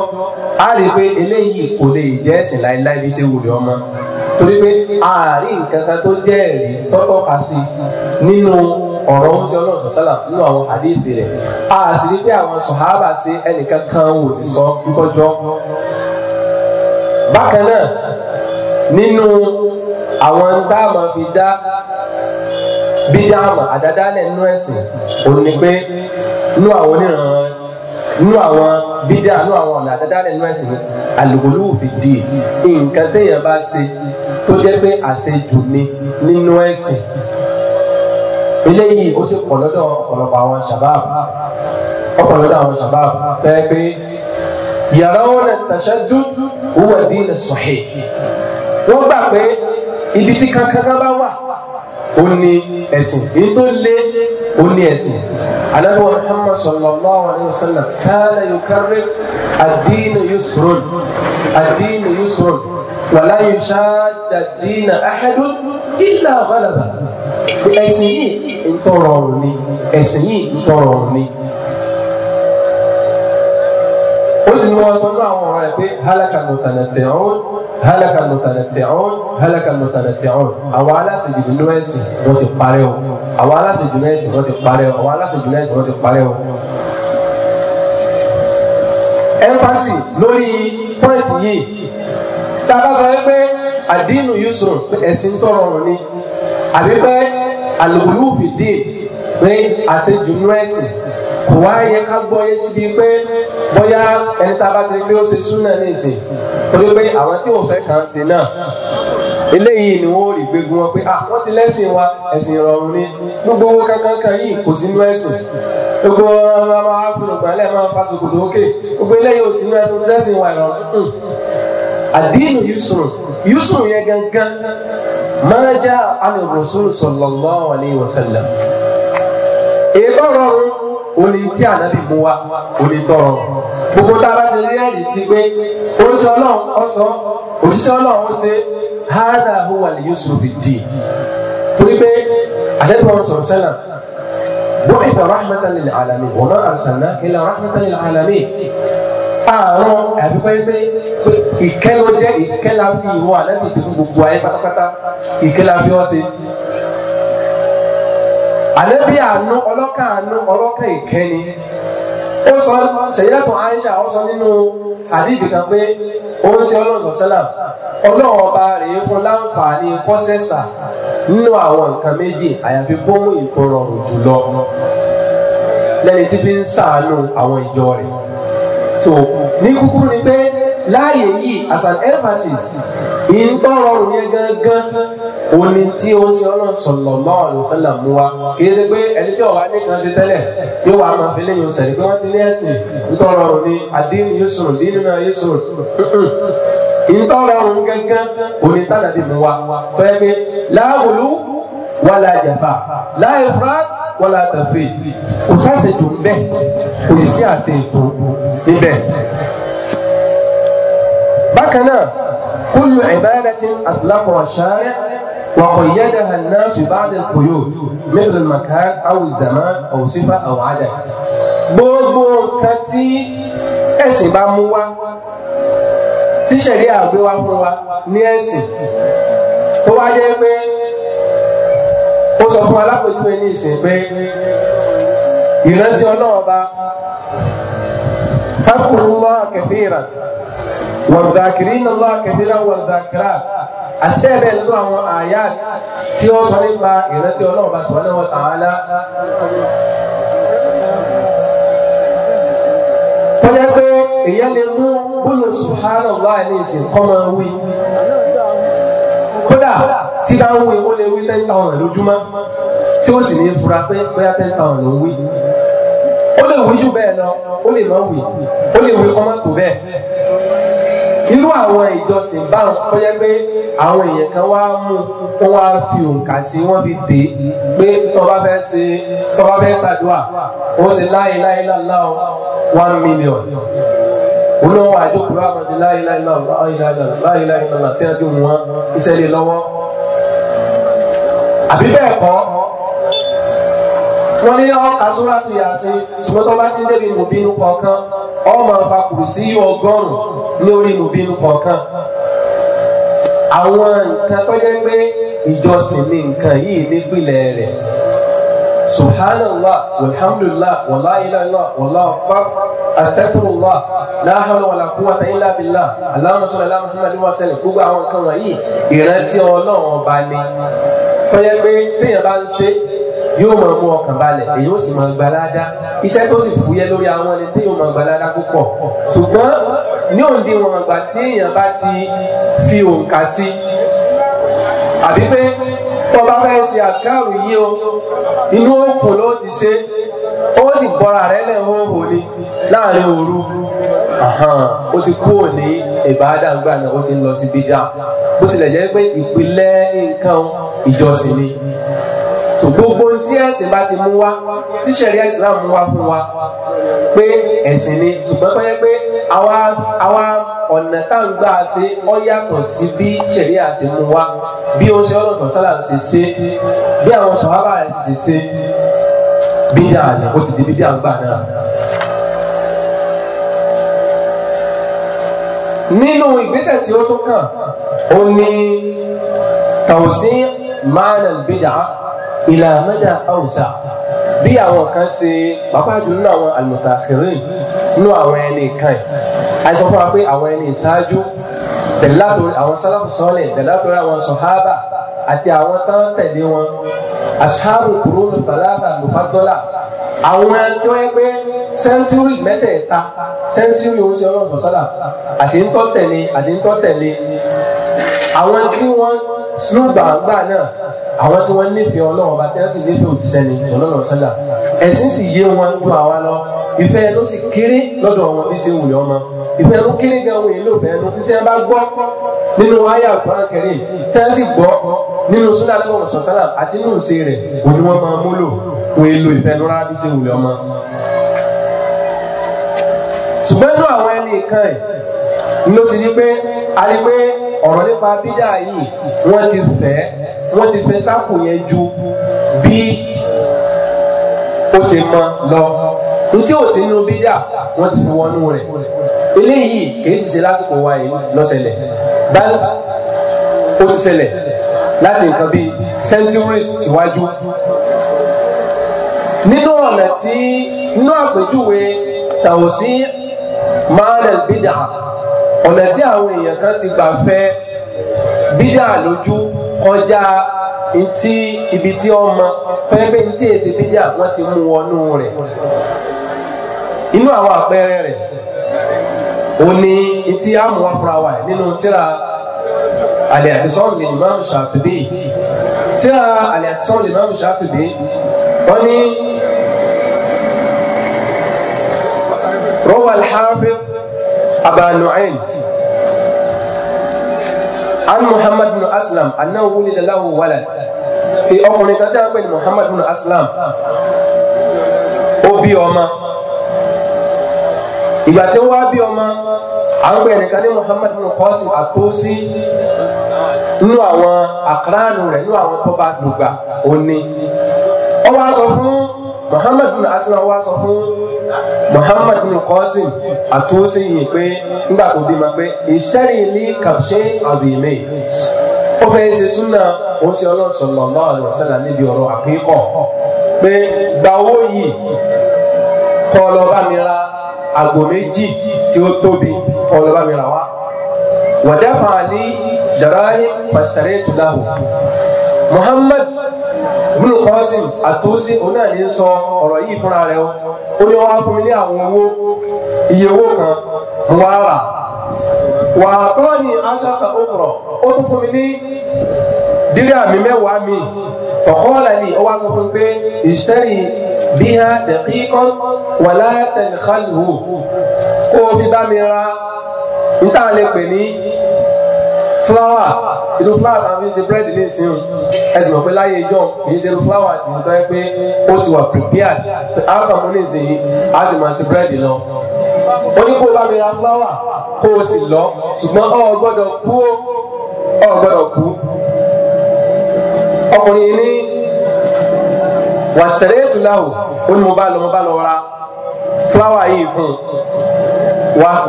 á rí i pé eléyìí kò lè jẹ́ ẹ̀sìn láéláé bí ṣe wùrẹ́ ọmọ torí pé àárín nǹkan kan tó jẹ́ ẹ̀rí tọ́tọ́ka sí nínú ọ̀rọ̀ ń sọ lọ́sọ̀ sálà nínú àwọn àdéhìí rẹ̀ a sì ní pé àwọn sọ̀hábà ṣe ẹnìkan kan wò sí sọ kíkọ́jọ́. bákan náà nínú àwọn tá a máa fi dá bídá àmà àdádálẹ̀ nínú ẹ̀sìn òun ni pé nínú àwọn oníran nínú àwọn bídá nínú àwọn ọ̀nà àdádálẹ̀ nínú ẹ̀sìn àlùkòlù fi di nǹkan téèyàn bá ṣe tó jẹ́ pé àṣejù ni nínú ẹ̀sìn. eléyìí ó sì pọ̀ lọ́dọ̀ ọ̀pọ̀lọpọ̀ àwọn shabab ọ̀pọ̀ lọ́dọ̀ àwọn shabab fẹ́ pé yarawna at-tashaddud huwa ad-din as-sahih wọ́n gbà pé ibi tí kankankan bá wà ó ní ẹ̀sìn èyí tó lé ó ní ẹ̀sìn anabi wa muhammad sallallahu alayhi wa sallam kana yukarrir ad-din yusrun ad-din yusrun wa la yushadda ad-din ahadun illa ghalaba. ẹ̀sìn yìí ń tọrọ ọ̀rùn ni ẹ̀sìn yìí ń tọrọ ọ̀rùn ni. ó sì ní wọn sọ ní àwọn ọ̀rọ̀ ẹ̀ pé hálàkà mùtàlẹ̀tẹ̀ ọ̀hún hálàkà mùtàlẹ̀tẹ̀ ọ̀hún hálàkà mùtàlẹ̀tẹ̀ ọ̀hún àwọn aláṣẹjù nínú ẹ̀sìn wọ́n ti parẹ́ o àwọn aláṣẹjù nínú ẹ̀sìn wọ́n ti parẹ́ o àwọn aláṣẹjù nínú ẹ̀sìn wọ́n ti parẹ́ o. ẹnfàsì lórí pọ́ìntì yìí tá a bá sọ pé àdínù yusuf ẹ̀sìn tọrọ ọ̀rùn ni àbí pé àlùkùlù fìdí pé àṣejù nú ẹ̀sìn kò wá yẹ ká gbọ́ yé síbi pé bóyá ẹni tá a bá ti pé ó ṣe súnà ní ìsìn torí pé àwọn tí wọ́n fẹ́ kàn án sí náà eléyìí ni wọn ò rí gbégun wọn pé ah wọn ti lẹ́sìn wa ẹ̀sìn ìrọ̀rùn ni gbogbo owó kankankan yìí kò sínú ẹ̀sìn gbogbo ọmọ ọmọ afúnùgbà máa fa ṣòkòtò òkè gbogbo eléyìí ò sínú ẹ̀sìn tẹ́sìn wa ìrọ̀rùn hmm. àdínù yusuf yusuf yẹn gangan ma jaa ani rasul sallallahu alayhi wa sallam ìtọrọ òní tí ànábì mú wa òní tọrọ gbogbo tá a bá ti rí ẹ̀rí sí pé oníṣẹ́ ọlọ́run ọ̀sọ́ òṣìṣẹ́ ọlọ́run ṣe hádà huwa lè yóò sọ̀rọ̀ fìdí torí pé àdẹ́bí wọn sọ̀rọ̀ sẹ́nà wọ́n ìfọ̀ rahmatan lil alamin wa ma arsalna illa rahmatan lil alamin àárọ̀ àbí pé pé ìkẹ́ ló jẹ́ ìkẹ́ la fi ìwọ àlẹ́bí sí fún gbogbo ayé pátápátá ìkẹ́ la fi ọ́ sí. àlẹ́bí àánú ọlọ́kà àánú ọlọ́kà ìkẹ́ ni ó sọ sẹ̀yìnàtọ̀ Aisha ó sọ nínú àdìbì kan pé ó ń ṣe ọlọ́run sọ́sẹ́là ọlọ́run ọba rèé fún láǹfààní pọ́sẹ̀sà nínú àwọn nǹkan méjì àyàfi bómú ìtọrọ jùlọ lẹ́yìn tí fi ń sàánú àwọn ìjọ rẹ̀ so ní kúkúrú ni pé láàyè yìí as an emphasis ìtọ́rọ̀ yẹn gangan òní tí ó ń ṣe ọlọ́run sallallahu alaihi wasallam mú wa kì í ṣe pé ẹni tí ọ̀wá nìkan ti tẹ́lẹ̀ yóò wá máa fi léyìn sẹ̀rí pé wọ́n ti ní ẹ̀sìn ìtọ́rọ̀ ní adín yusuf dínú náà yusuf ìtọ́rọ̀ gangan òní tàdàbí mú wa pẹ́ pé láwùlú wàlá jafa wọ́n la tàfé kò sásètò ńbẹ kò yìí sí àsètò ńbẹ. bákan náà kullu ibadatin atlaqaha ash-shari' wa qayyadaha an-nasu ba'da al-quyud mithla al-makan aw az-zaman aw sifa aw gbogbo nǹkan tí ẹ̀sìn bá mú wá tíṣẹ̀rí àgbéwá fún wa ní ẹ̀sìn tó wá jẹ́ pé ó sọ fún alápèjúwe ní ìsìn pé ìrántí ọlọ́ọ̀ba fákùrù lọ́ kẹfìrà wọ̀dàkìrì iná lọ́ kẹfìrà wọ̀dàkìrà àṣẹ bẹ́ẹ̀ nínú àwọn àyà tí wọ́n sọ nípa ìrántí ọlọ́ọ̀ba subhanahu wa ta'ala. tọ́jà pé èèyàn lè mú bólú subhanahu wa ní ìsìn kọ́ wí. kódà tí bá ń wí ó lè wí ten thousand lójúmọ́ tí ó sì ní fura pé bóyá ten thousand ló ń wí ó lè wí jù bẹ́ẹ̀ lọ ó lè má wí ó lè wí kọ́mọ́ tó bẹ́ẹ̀ irú àwọn ìjọsìn báwọn tó yẹ pé àwọn èèyàn kan wá mú wọn wá fi òǹkà sí wọn fi dé pé tó bá fẹ́ ṣe tó bá fẹ́ ṣàdúrà ó ṣe láyé láyé láńlá o one million olówó àjòkúrò àmọ́ ṣe láyé láyé láńlá láyé láyé láńlá tí wọ́n ti mú wọn iṣẹ́ lé lọ́wọ́ àbí bẹ́ẹ̀ kọ́ wọ́n ní ọ́ kasúra tó yà sí ṣùgbọ́n tó bá ti débi nùbínú kọ̀ọ̀kan ọ́ máa fa kùrùsí ọgọ́rùn-ún lórí nùbínú kọ̀ọ̀kan àwọn nǹkan tó jẹ́ pé ìjọsìn ni nǹkan yìí nípìnlẹ̀ rẹ̀ subhanallah walhamdulillah wala ilaha illallah wallahu akbar astaghfirullah la hawla wala billah allahumma salli ala muhammadin wa sallim gbogbo àwọn nǹkan wọ̀nyí ìrántí ọlọ́run ọba ni tọ́jà pé téèyàn bá ń ṣe yóò máa mú ọkàn balẹ̀ èyí ó sì máa gbalada iṣẹ́ tó sì fúyẹ́ lórí àwọn ẹni téèyàn máa gbalada púpọ̀ ṣùgbọ́n ní òǹdí wọn àgbà tí èèyàn bá ti fi òǹkà sí àbí pé tó bá fẹ́ ṣe àkáàrù yìí o inú òkun ló ti ṣe ó sì bọ́ra rẹ̀ lẹ̀ ń hò ní láàrin òru ó ti kúrò ní ìbáadà ńgbà náà ó ti ń lọ sí bídà bó tilẹ̀ jẹ́ pé ìpìlẹ̀ nǹkan ìjọsìn ni tó gbogbo tí ẹ̀sìn bá ti mú wá tí sẹ̀rí Islam mú wá fún wa pé ẹ̀sìn ni ṣùgbọ́n pé pé àwa àwa ọ̀nà tá ń gbà ṣe ó yàtọ̀ sí bí sẹ̀rí àṣẹ mú wá bí ó ń ṣe ọlọ́sàn sálà ń ṣe ṣe bí àwọn sọ̀hábà rẹ̀ ṣe ṣe bídà ni ó ti di bídà ńgbà náà. nínú ìgbésẹ̀ tí ó tó kàn ó ní tàwùsí mánà bídà ìlà mẹ́dà àwùsà bí àwọn kan ṣe pàápàá jù nínú àwọn àlùmọ̀tàkìrín nínú àwọn ẹni kan àìsàn fún wa pé àwọn ẹni ìṣáájú tẹ̀lé látòrí àwọn sálàfù sọ́ọ̀lẹ̀ tẹ̀lé látòrí àwọn sọ̀hábà àti àwọn tán tẹ̀lé wọn aṣááru kúrò ní lùfàdọ́là àwọn tí wọ́n yẹ pé sẹ́ńtúrì mẹ́tẹ̀ẹ̀ta sẹ́ńtúrì oúnjẹ ọlọ́sọ̀ sọ́dà àti ń tọ́tẹ̀lé àti ń tọ́tẹ̀lé àwọn tí wọ́n lùgbàgbà náà àwọn tí wọ́n nífẹ̀ẹ́ ọlọ́run bá tẹ́lẹ̀ sì nífẹ̀ẹ́ òjíṣẹ́ ni ọlọ́run sọ́dà ẹ̀sìn sì yé wọn ju àwa lọ ìfẹ́ ló sì kéré lọ́dọ̀ wọn bí ṣe wùyọ́ ọmọ ìfẹ́ ló kéré gan wọn èlò bẹ́ẹ̀ ló tí wọ́n bá gbọ́ nínú ayé àgbọ̀n kẹrì tí wọ́n sì gbọ́ nínú súnà tó wọ̀ sọ̀sálà àti nínú ìṣe rẹ̀ òní wọ́n máa múlò wọn èlò ìfẹ́ lọ́ra bí ṣe wùyọ́ ọmọ ṣùgbọ́n inú àwọn ẹni kan ẹ̀ ló ti di pé a rí pé ọ̀rọ̀ nípa bídà yìí wọ́n ti fẹ́ wọ́n ti fẹ́ sáàpù yẹn ju bí ó ṣe mọ lọ ntí ò sí nínú bídà wọ́n ti fi wọnú rẹ̀ eléyìí kìí ṣiṣẹ́ lásìkò wa yìí lọ́sẹ̀lẹ̀ báyìí ó ti ṣẹlẹ̀ láti nǹkan bíi centuries síwájú nínú ọ̀nà tí nínú àpèjúwe tàwọn sí maana bídà ọ̀nà tí àwọn èèyàn kan ti gbà fẹ́ bídà lójú kọjá ntí ibi tí wọ́n mọ pẹ́ẹ́pẹ́ ntí èsì bídà wọ́n ti mú wọnú rẹ̀ inú àwọn àpẹẹrẹ rẹ̀ ó ní ntí àmú afurawa nínú tíra àlẹ́ àtisọ́ọ̀lì Imam Shatibi tíra àlẹ́ àtisọ́ọ̀lì Imam Shatibi wọ́n ní. هو الحافظ أبا نعيم عن محمد بن أسلم أنه ولد له ولد في أقوم نتاجه محمد بن أسلم ó bí ọmọ ìgbà tí wọ́n á bí ọmọ àwọn gbé ẹnìkan ní Muhammad bin Qasim àtòsí nínú àwọn àkàràánù rẹ̀ nínú àwọn tó bá gbogbo òní ó wá sọ fún muhammad bin Asra wa sọ fún muhammad bin qasim àtúnṣe yìí pé nígbà tó bímọ pé ìṣẹ́rìí ní kàṣẹ́ àbìmẹ́ ó fẹ́ ṣe súnà ó ṣe níbi ọ̀rọ̀ àkíkọ̀ pé gba owó yìí kọ́ mi ra àgbò méjì tí ó tóbi kọ́ bùnú kọ́sìn àtúnṣe òun náà ní sọ ọ̀rọ̀ yìí fúnra rẹ̀ o ó ní wọ́n á fún mi ní àwọn owó iye owó kan wọ́n á rà wà á tọ́ ni aṣáka òkùrọ̀ ó tún fún mi ní dílé àmì mẹ́wàá mi ọ̀kọ́ọ̀lá ni ó wá sọ fún mi pé ìṣẹ́rì bíhá dẹ̀kíkọ́n wà látẹ̀lẹ́kálù fi bá mi ra níta lè pè ní fúláwà ìlú flower tá a fi ń ṣe búrẹ́dì ní ìsìn ẹ sì mọ̀ pé láyé ìjọ èyí ṣe ìlú fúláwà àti ìlú tọ́jú pé ó ti wà prepared alpha mo ní ìsìn yìí a sì máa ṣe búrẹ́dì lọ. ó ní kó o bá mi ra fúláwà kó o sì lọ ṣùgbọ́n o gbọ́dọ̀ kú o gbọ́dọ̀ kú. ọkùnrin ní wàṣẹ̀rẹ̀ ètò láwù ó ní mo bá lọ mo bá lọ ra fúláwà yìí fún un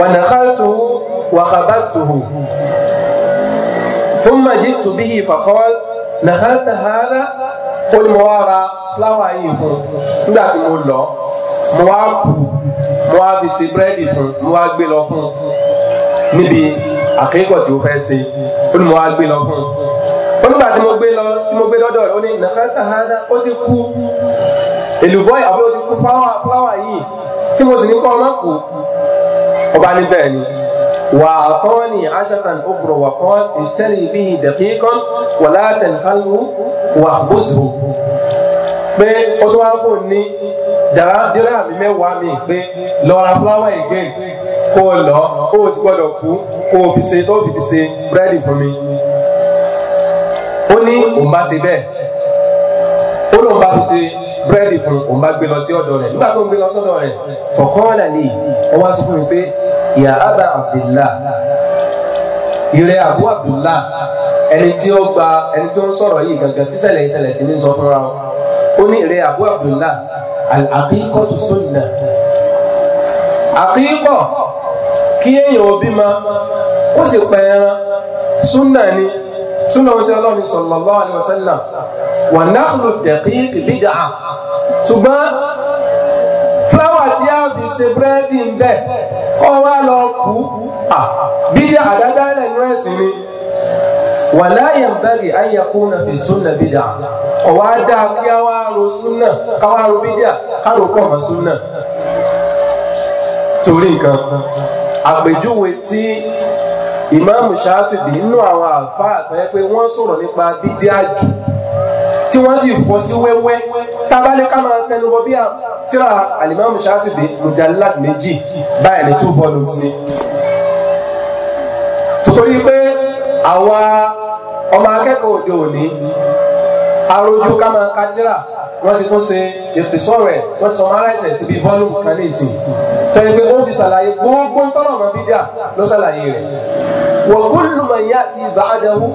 wà nàkàtúwò. وخبزته ثم جئت به فقال نخلت هذا قل موارا fúláwà yìí fún nígbà tí mo lọ mo wá kù mo wá fi قل búrẹ́dì fún mo wá gbé lọ fún níbi àkẹ́kọ̀ọ́ tí mo fẹ́ ṣe ó ní mo wá gbé nígbà tí mo gbé lọ tí mo gbé lọ́dọ̀ rẹ̀ ó ní nàkàtà hàdá ó ti kú èlùbọ́ àbúrò ti kú fúláwà yìí tí mo sì ní kọ́ ọmọ kù ọba níbẹ̀ ni. وأعطاني عشقا أخرى وقال اشتري به دقيقا ولا تنفله واخبزه pé ó tún wáá fún ní dàrádìrà mi mẹ́wàá mi pé lọ ra fúláwà again kó lọ kó o sì gbọ́dọ̀ kú kó o fi ṣe tó fi fi ṣe búrẹ́dì fún mi. ó ní òun bá ṣe bẹ́ẹ̀ ó lóun bá fi ṣe búrẹ́dì fún òun bá gbé lọ sí ọ̀dọ̀ rẹ̀ nígbà tó ń gbé lọ sọ́dọ̀ rẹ̀ fọ̀kànlá lè wọ́n wá sọ fún mi pé ìyá abba abdullah ìrẹ́ abu abdullah ẹni tí ó gba ẹni tí ó ń sọ̀rọ̀ yìí gangan tí ṣẹlẹ̀ ìṣẹlẹ̀ sí ní sọ fúnra ó ní ìrẹ́ abu abdullah àkíkọ́tù sunnah àkíkọ́ kí èèyàn òbí ma ó sì pa ẹran sunnah ni súnà ọ̀sẹ̀ ọlọ́run sallallahu alaihi wasallam wà náàlù daqiq bid'ah ṣùgbọ́n fúláwà tí a fi ṣe búrẹ́dì ń bẹ̀ ọ wá lọ kú bídà àdáda lẹ́nu ẹ̀sìn ni wà láyé ń bẹ̀rẹ̀ ayẹkùnà fi súnà bídà ọ̀wá dáa kí a wá ro súnà ká wá ro bídà ká ro pọ̀ mọ́ súnà torí nǹkan àpèjúwe tí ìmáàmù ṣáàtìbí inú àwọn àlùfáà tó yẹ pé wọ́n sọ̀rọ̀ nípa bídíà jù tí wọ́n sì fọ́ sí wẹ́wẹ́ tábàlẹ́ ká máa tẹnu bọ bí tíra àlìmáàmù ṣáàtìbí mujallad méjì báyìí ní two volumes ni. torí pé àwa ọmọ akẹ́kọ̀ọ́ òde òní arojú kama máa ka tíra wọ́n ti tún ṣe ètò ìsọ̀rọ̀ ẹ̀ wọ́n ti sọmọ aláìsẹ̀ ti fi bọ́ọ̀lù kan ní ìsìn tọ́jú pé ó fi ṣàlàyé gbogbo tọ́lọ̀ mọ́ bídíà ló ṣàlàyé rẹ̀ wa kullu man ya'ti ba'dahu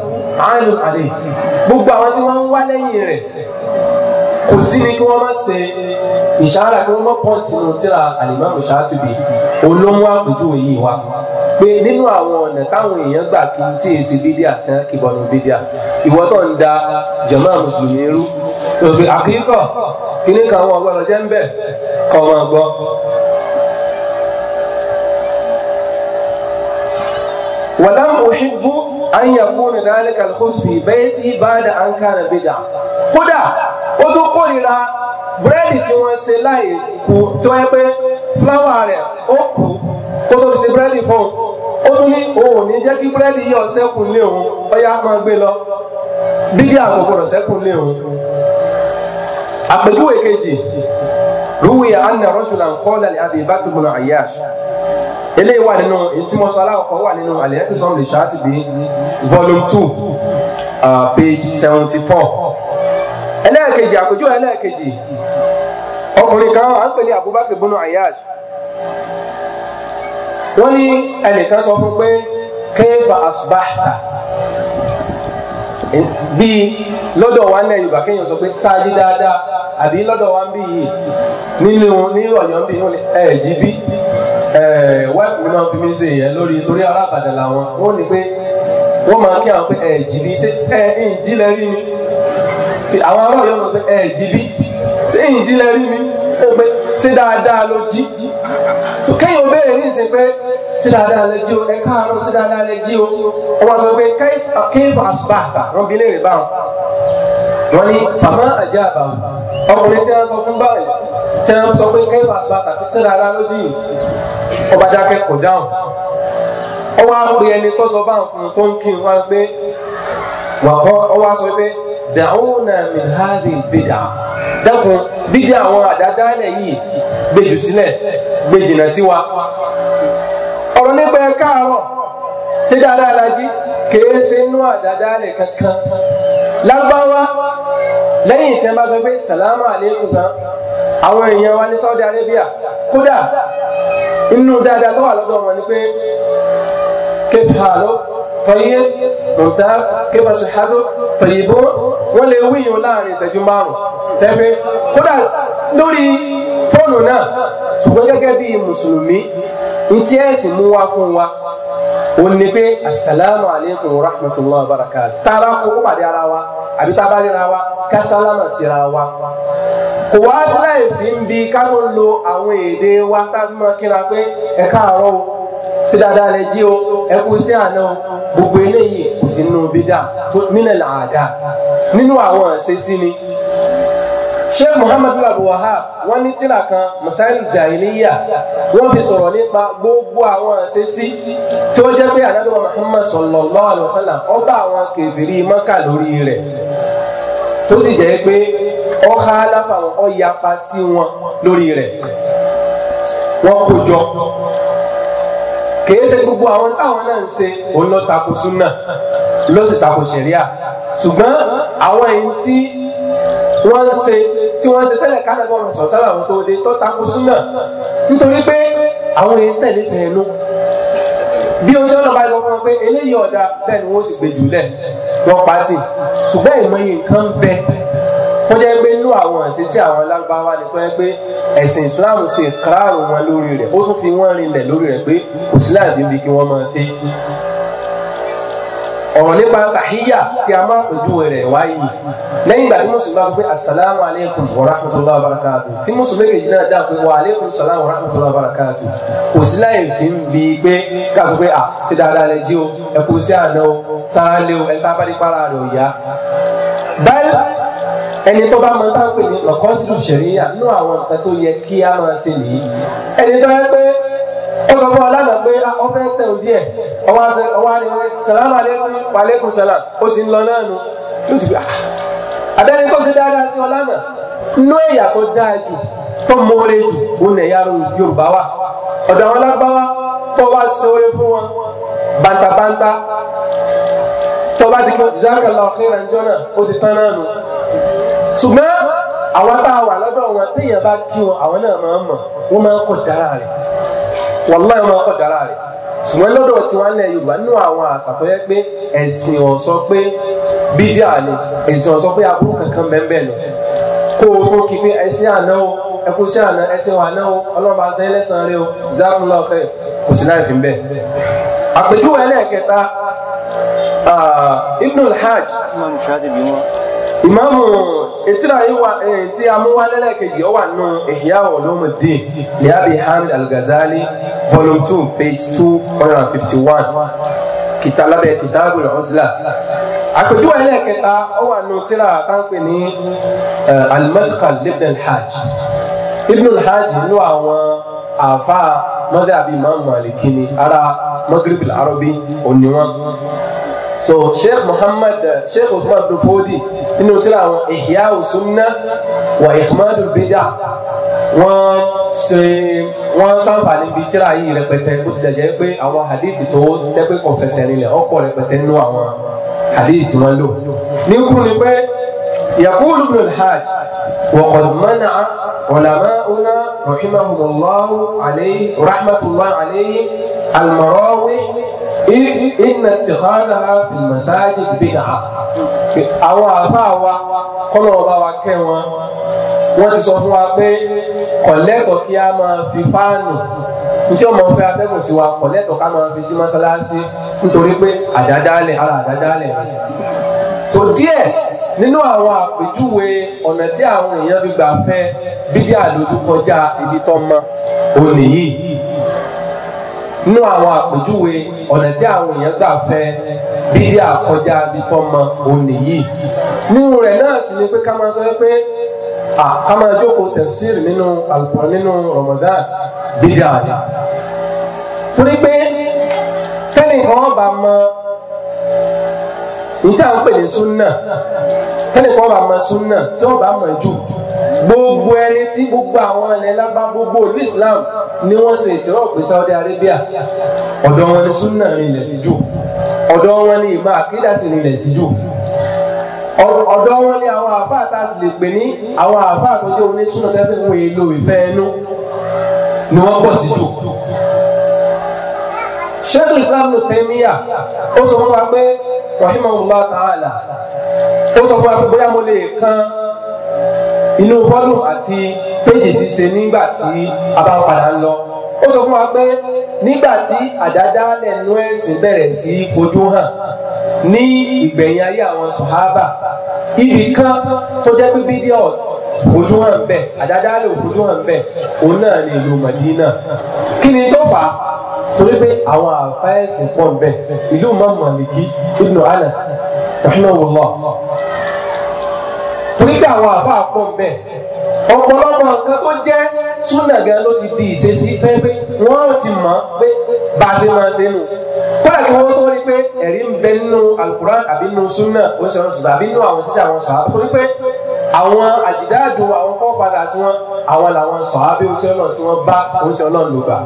'alun 'alayh gbogbo àwọn tí wọ́n ń wá lẹ́yìn rẹ̀ kò sí ni kí wọ́n má ṣe ìṣàrà kí wọ́n má pọ́ǹtì nù tíra al-Imam olóńgbò àpèjúwe yìí wá pé nínú àwọn ọ̀nà táwọn èèyàn gbà kí n tí èsì bídíà tí wọ́n kì bọ́nu bídíà ìwọ tó ń da jàmá mùsùlùmí rú òbí àkíkọ̀ kíní kan àwọn ọgbọ́n ọjọ́ ń bẹ̀ kọ́ wọn gbọ́. ba'da an kana bídà kódà ó tó kórìíra búrẹ́dì tí wọ́n ṣe láì kú tí wọ́n fúláwà kó tó fi ṣe búrẹ́dì fún un ó tún ní òun ò ní jẹ́ kí búrẹ́dì yìí ọ̀sẹ́kù lé òun ọ̀yá máa gbé lọ bídíà kò gbọdọ̀ sẹ́kù lé òun. àpèjúwe kejì ruwiya anna rajulan qala li abi bakr ibn ayyash eléyìí wà nínú ètí mọ́ṣálá ọkọ̀ wà nínú àlẹ́yẹ́tì sọ́ọ̀lì ṣáàtìbí volume two uh, page seventy four ẹlẹ́ẹ̀kejì àpèjúwe ẹlẹ́ẹ̀kejì ọkùnrin kan à ń pè ní abubakar ibn ayyash wọ́n ní ẹnìkan sọ fún pé kéèfà asubáhta bíi lọ́dọ̀ wa ńlẹ̀ yorùbá kéèyàn sọ pé sáájú dáadáa àbí lọ́dọ̀ wa ń bí yìí nínú ní ọ̀yọ́ ń bí yìí ẹ̀ jí bí wẹ́ẹ̀pù náà fi mí ṣe yẹn lórí torí alábàdàn làwọn wọ́n ní pé wọ́n máa kí àwọn pé ẹ̀ jí bí ṣé ẹ̀ ìjì lẹ rí mi àwọn ará ọ̀yọ́ sọ pé ẹ̀ jí bí ṣé ìjì lẹ rí mi ó pé ṣé dáadáa ló jí kéèyàn béèrè ní ìsìn pé sí dáadáa lẹ jí o ẹ káàárọ̀ sí dáadáa lẹ jí o ọmọ sọ pé kéèfà àṣùbà rọbì léèrè báwọn wọn ní fàmà àjà àbàwọn ọkùnrin tí wọn sọ fún báyìí tí wọn sọ pé kéèfà àṣùbà tàbí sí dáadáa lójú yìí ọba dákẹ́ kò dáhùn ọwọ́ àpè ẹni tó sọ báwọn fún un tó ń kí n wá gbé wàkọ́ ọwọ́ àṣọ pé dàúnà min hádì bìdà dákun dídí àwọn àdádálẹ̀ yìí gbèjù sílẹ̀ gbèjìnà sí wa ọ̀rọ̀ nípa ẹ káàárọ̀ ṣé dáadáa la jí kèé ṣe inú àdáadáa rẹ̀ kankan lágbáwá lẹ́yìn tí wọ́n bá sọ pé sàlámù àlékún kan àwọn èèyàn wa ní Saudi Arabia kódà inú dáadáa tó wà lọ́dọ̀ wọn ni pé kéfà ló tọ́yé nùtá kéfà ṣèhásó tọ̀yìnbó wọ́n lè wíyàn láàrin ìṣẹ́jú márùn-ún tẹ́fẹ́ kódà lórí fóònù náà ṣùgbọ́n gẹ́gẹ́ bí mùsùlùmí ní tí ẹ̀sìn mú wá fún wa ó ní pé asalaamu aleykum wa rahmatulah wa barakatuh tá a bá kó pàdé ara wa àbí tá a bá ríra wa ká sálámà síra wa kò wá sílẹ̀ ìfín bí ká tó lo àwọn èdè wa ká fi kíra pé ẹ káàárọ̀ o sí dáadáa lẹ jí o ẹ kú sí àná o gbogbo eléyìí kò sí nínú bídà tó mílẹ̀ làádá nínú àwọn àṣesí ni sheikh muhammad bin abdul wahab wọ́n ní tírà kan masail jahiliya wọ́n fi sọ̀rọ̀ nípa gbogbo àwọn àṣẹsí tí ó jẹ́ pé àdádọ́wọ́ muhammad sallallahu alayhi wa sallam ó bá àwọn kèfèrí mọ́kà lórí rẹ̀ tó sì jẹ́ pé ó há láfa wọn ó yapa sí wọn lórí rẹ̀ wọ́n kó jọ kìí ṣe gbogbo àwọn táwọn náà ń ṣe òun ló tako súnà ló sì tako ṣẹ̀ríà ṣùgbọ́n àwọn èyí tí wọ́n ń ṣe tí wọ́n ṣe tẹ́lẹ̀ ká lẹ́gbọ́n ọ̀rọ̀ sọ̀tẹ́ àwọn tó lè tọ́ takú súnà nítorí pé àwọn èèyàn tẹ̀lé fẹ̀ẹ́ nú bí o sọ́nà bá sọ fún wọn pé eléyìí ọ̀dà bẹ́ẹ̀ ni wọ́n sì gbé jùlẹ̀ wọ́n pàtì ṣùgbọ́n ìmọ̀ye nǹkan bẹ tó jẹ́ pé nínú àwọn àṣìṣe àwọn lágbáwá ni tó jẹ́ pé ẹ̀sìn Islam ṣe kíláàrù wọn lórí rẹ̀ ó tún fi wọ́n rinlẹ̀ lórí rẹ̀ pé kò sí láàbí bí kí wọ́n máa ṣe ọ̀rọ̀ nípa tàhíyà tí a máa pèjú rẹ̀ wáyé lẹ́yìn ìgbà tí mùsùlùmí bá sọ pé asalaamu aleykum wa rahmatulahi wa barakatu tí mùsùlùmí kejì náà dá pé wa aleykum salaam wa rahmatulahi wa barakatu kò sí láì fi ń bi pé ká sọ pé à ṣe dáadáa lẹ jí o ẹ kú sí àná o sáà lé o ẹ bá bá ní para rẹ ò yá. báyìí ẹni tó bá máa ń pè ní lọ́kọ́sì ìṣẹ̀ríyà nínú ó sọ fún alága pé wọ́n ah, fẹ́ tẹ̀ òdí ẹ̀ ọwọ́ àṣẹ ọwọ́ àṣẹ sàlámù alẹ́kùn wàlẹ́kùn sàlám ó sì ń lọ náà nu yóò ti fi àbẹ́rẹ́ ah, tó ṣe dáadáa sí ọlámà nú ẹ̀yà tó dáa jù tó mọ́ọ́rẹ́ jù òun nà ẹ̀yà Yorùbá wa ọ̀dọ̀ àwọn lágbáwá tó wá sọ̀rọ̀ fún wọn bàtàbàtà tó bá ti kọ́ jazakallahu khairan jọ́nà ó ti tán náà nu ṣùgbọ́n àwọn tá a wà lọ́dọ̀ wọn téèyàn bá kí wọn àwọn náà máa mọ̀ wọ́n máa kọ̀ dára rẹ̀ wàláì wọn kọ̀ dára rẹ̀ ṣùgbọ́n lọ́dọ̀ tí wọ́n lẹ̀ yorùbá nínú àwọn àṣà tó yẹ pé ẹ̀sìn ò sọ pé bídíà ni ẹ̀sìn ò sọ pé aburú kankan bẹ́ẹ̀ lọ kó o tó kí pé ẹ̀sìn àná o ẹkú sí àná ẹ̀sìn wà náà o ọlọ́run ṣe é lẹ́sàn-án rẹ o zakunlá ọ̀fẹ́ kò sí láì fi ń bẹ̀. àpèjúwe ẹlẹ́ẹ̀kẹta ah, ibnul hajj ìmáàmù ìtura yìí wà tí a mú wá lẹ́lẹ́kejì ọ wà nù Ihya Ulumuddin ní Abi Hamid volume two page two hundred and fifty one kìtà lábẹ́ Kitabul Uzla àpèjúwe ẹlẹ́ẹ̀kẹta ọ wà nù tíra táǹpẹ̀ ní al-Madkhal Ibn al-Hajj Ibn al-Hajj nínú àwọn àfa mọ́tẹ́ àbí ìmáàmù Maliki ara Maghrib al-Arabi so sheikh muhammad uh, sheikh usman dufodi nínú tíra àwọn ihya usunna wa ihmadu bida wọ́n ṣe wọ́n sáǹfààní bíi tíra yìí rẹpẹtẹ bó tilẹ̀ jẹ́ pé àwọn hadith tó tẹ́ pé kò fẹsẹ̀ rinlẹ̀ ọ̀pọ̀ rẹpẹtẹ nínú àwọn hadith tí wọ́n lò ní kúrú ni pé yaqulu ibn al-hajj wa qad mana'a ulamauna rahimahumullahu alayhi rahmatullahi alayhi al inna tìkọ́dáha fil masajid bid'a àwọn àbá wa kọ́nà ọba wa kẹ́ wọn wọ́n ti sọ fún wa pé kọ̀lẹ́tọ̀ kí a máa fi fáànù ntí ọmọ fẹ́ abẹ́kùn sí wa kọ̀lẹ́tọ̀ ká máa fi sí mọ́sálásí nítorí pé àdádálẹ̀ ara àdádálẹ̀ tó díẹ̀ nínú àwọn àpèjúwe ọ̀nà tí àwọn èèyàn fi gbà fẹ́ bídíà lójú ibi tó mọ òní yìí nínú àwọn àpèjúwe ọ̀nà tí àwọn èèyàn gbà fẹ́ bídí àkọjá abitọ́mọ òní yìí nínú rẹ̀ náà sì ni pé ká máa sọ pé ká máa jókòó tẹ̀síìrì nínú àlùkò nínú Ramadan bídí àdá torí pé kẹ́nìkan ọba mọ ní tí à ń pè ní súnà kẹ́nìkan ọba mọ súnà tí ọba mọ jù gbogbo ẹni tí gbogbo àwọn ilẹ̀ lábá gbogbo olú Islam ni wọ́n ṣe ìtìrọ̀ pé Saudi Arabia ọ̀dọ̀ wọn ni sunna rinlẹ̀ sí jù ọ̀dọ̀ wọn ni ìmọ̀ àkídà sì rinlẹ̀ sí jù ọ̀dọ̀ wọn ni àwọn àfáà tá lè pè ní àwọn àfáà tó jẹ́ onísúná tẹ́lẹ̀ ń wọ ìfẹ́ ẹnu ni wọ́n pọ̀ sí jù. Sheikh Islam ló tẹ́ níyà ó sọ fún wa pé rahimahullah ta'ala ó sọ fún wa pé bóyá mo lè kan inú fọ́lù àti péjì ti ṣe nígbà tí a bá padà lọ ó sọ fún wa pé nígbà tí àdádálẹ̀ nú ẹ̀sìn bẹ̀rẹ̀ sí fojú hàn ní ìgbẹ̀yìn ayé àwọn sàhábà ibì kan tó jẹ́ pé bídíọ̀ fojú hàn bẹ́ẹ̀ àdádálẹ̀ òfojú hàn bẹ́ẹ̀ òun náà ni ìlú Màdínà kí ni tó fà á torí pé àwọn àfáà ẹ̀sìn pọ̀ ń bẹ ìlú mọ́ Màlìkí ibnu Anas rahimahullah nígbà àwọn àbá àpọ̀ mbẹ́ ọ̀pọ̀lọpọ̀ nǹkan tó jẹ́ súnà gan ló ti di ìṣesí pẹ́pẹ́ wọ́n ti mọ̀ pé bá a ṣe máa ṣe nù kódà kí wọ́n tó rí pé ẹ̀rí ń bẹ nínú alukuran àbí nínú súnà oṣooṣù sùdà àbí nínú àwọn sísè àwọn sọ̀rọ̀ torí pé àwọn àjìdáàdù àwọn fọ́fadà sí wọn àwọn làwọn sọ̀rọ̀ àbí oṣooṣù náà tí wọ́n bá oṣooṣù náà lò gbà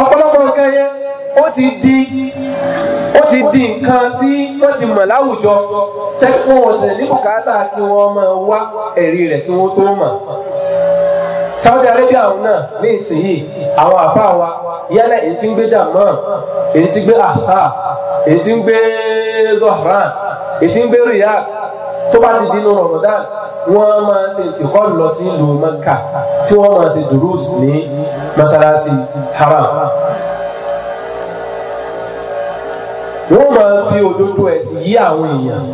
ọ̀pọ̀lọpọ̀ nǹkan yẹn ó ti di ó ti di nǹkan tí wọ́n ti mọ̀ láwùjọ tẹ́ kí wọ́n sì ní bùkátà kí wọ́n máa wá ẹ̀rí rẹ̀ kí wọ́n tó mọ̀. Saudi Arabia àwọn náà ní ìsinyìí àwọn àfa wa yálẹ̀ èyí tí ń gbé dàmọ́ èyí tí ń gbé àṣà èyí tí ń gbé zohran èyí tí ń gbé Riyadh tó bá ti dínú Ramadan wọ́n máa ṣe ìtìkọ́ lọ sí ìlú Mẹ́kà tí wọ́n máa ṣe dùrúùsì ní masalasi haram wọ́n máa fi òdodo ẹ̀sìn yí àwọn èèyàn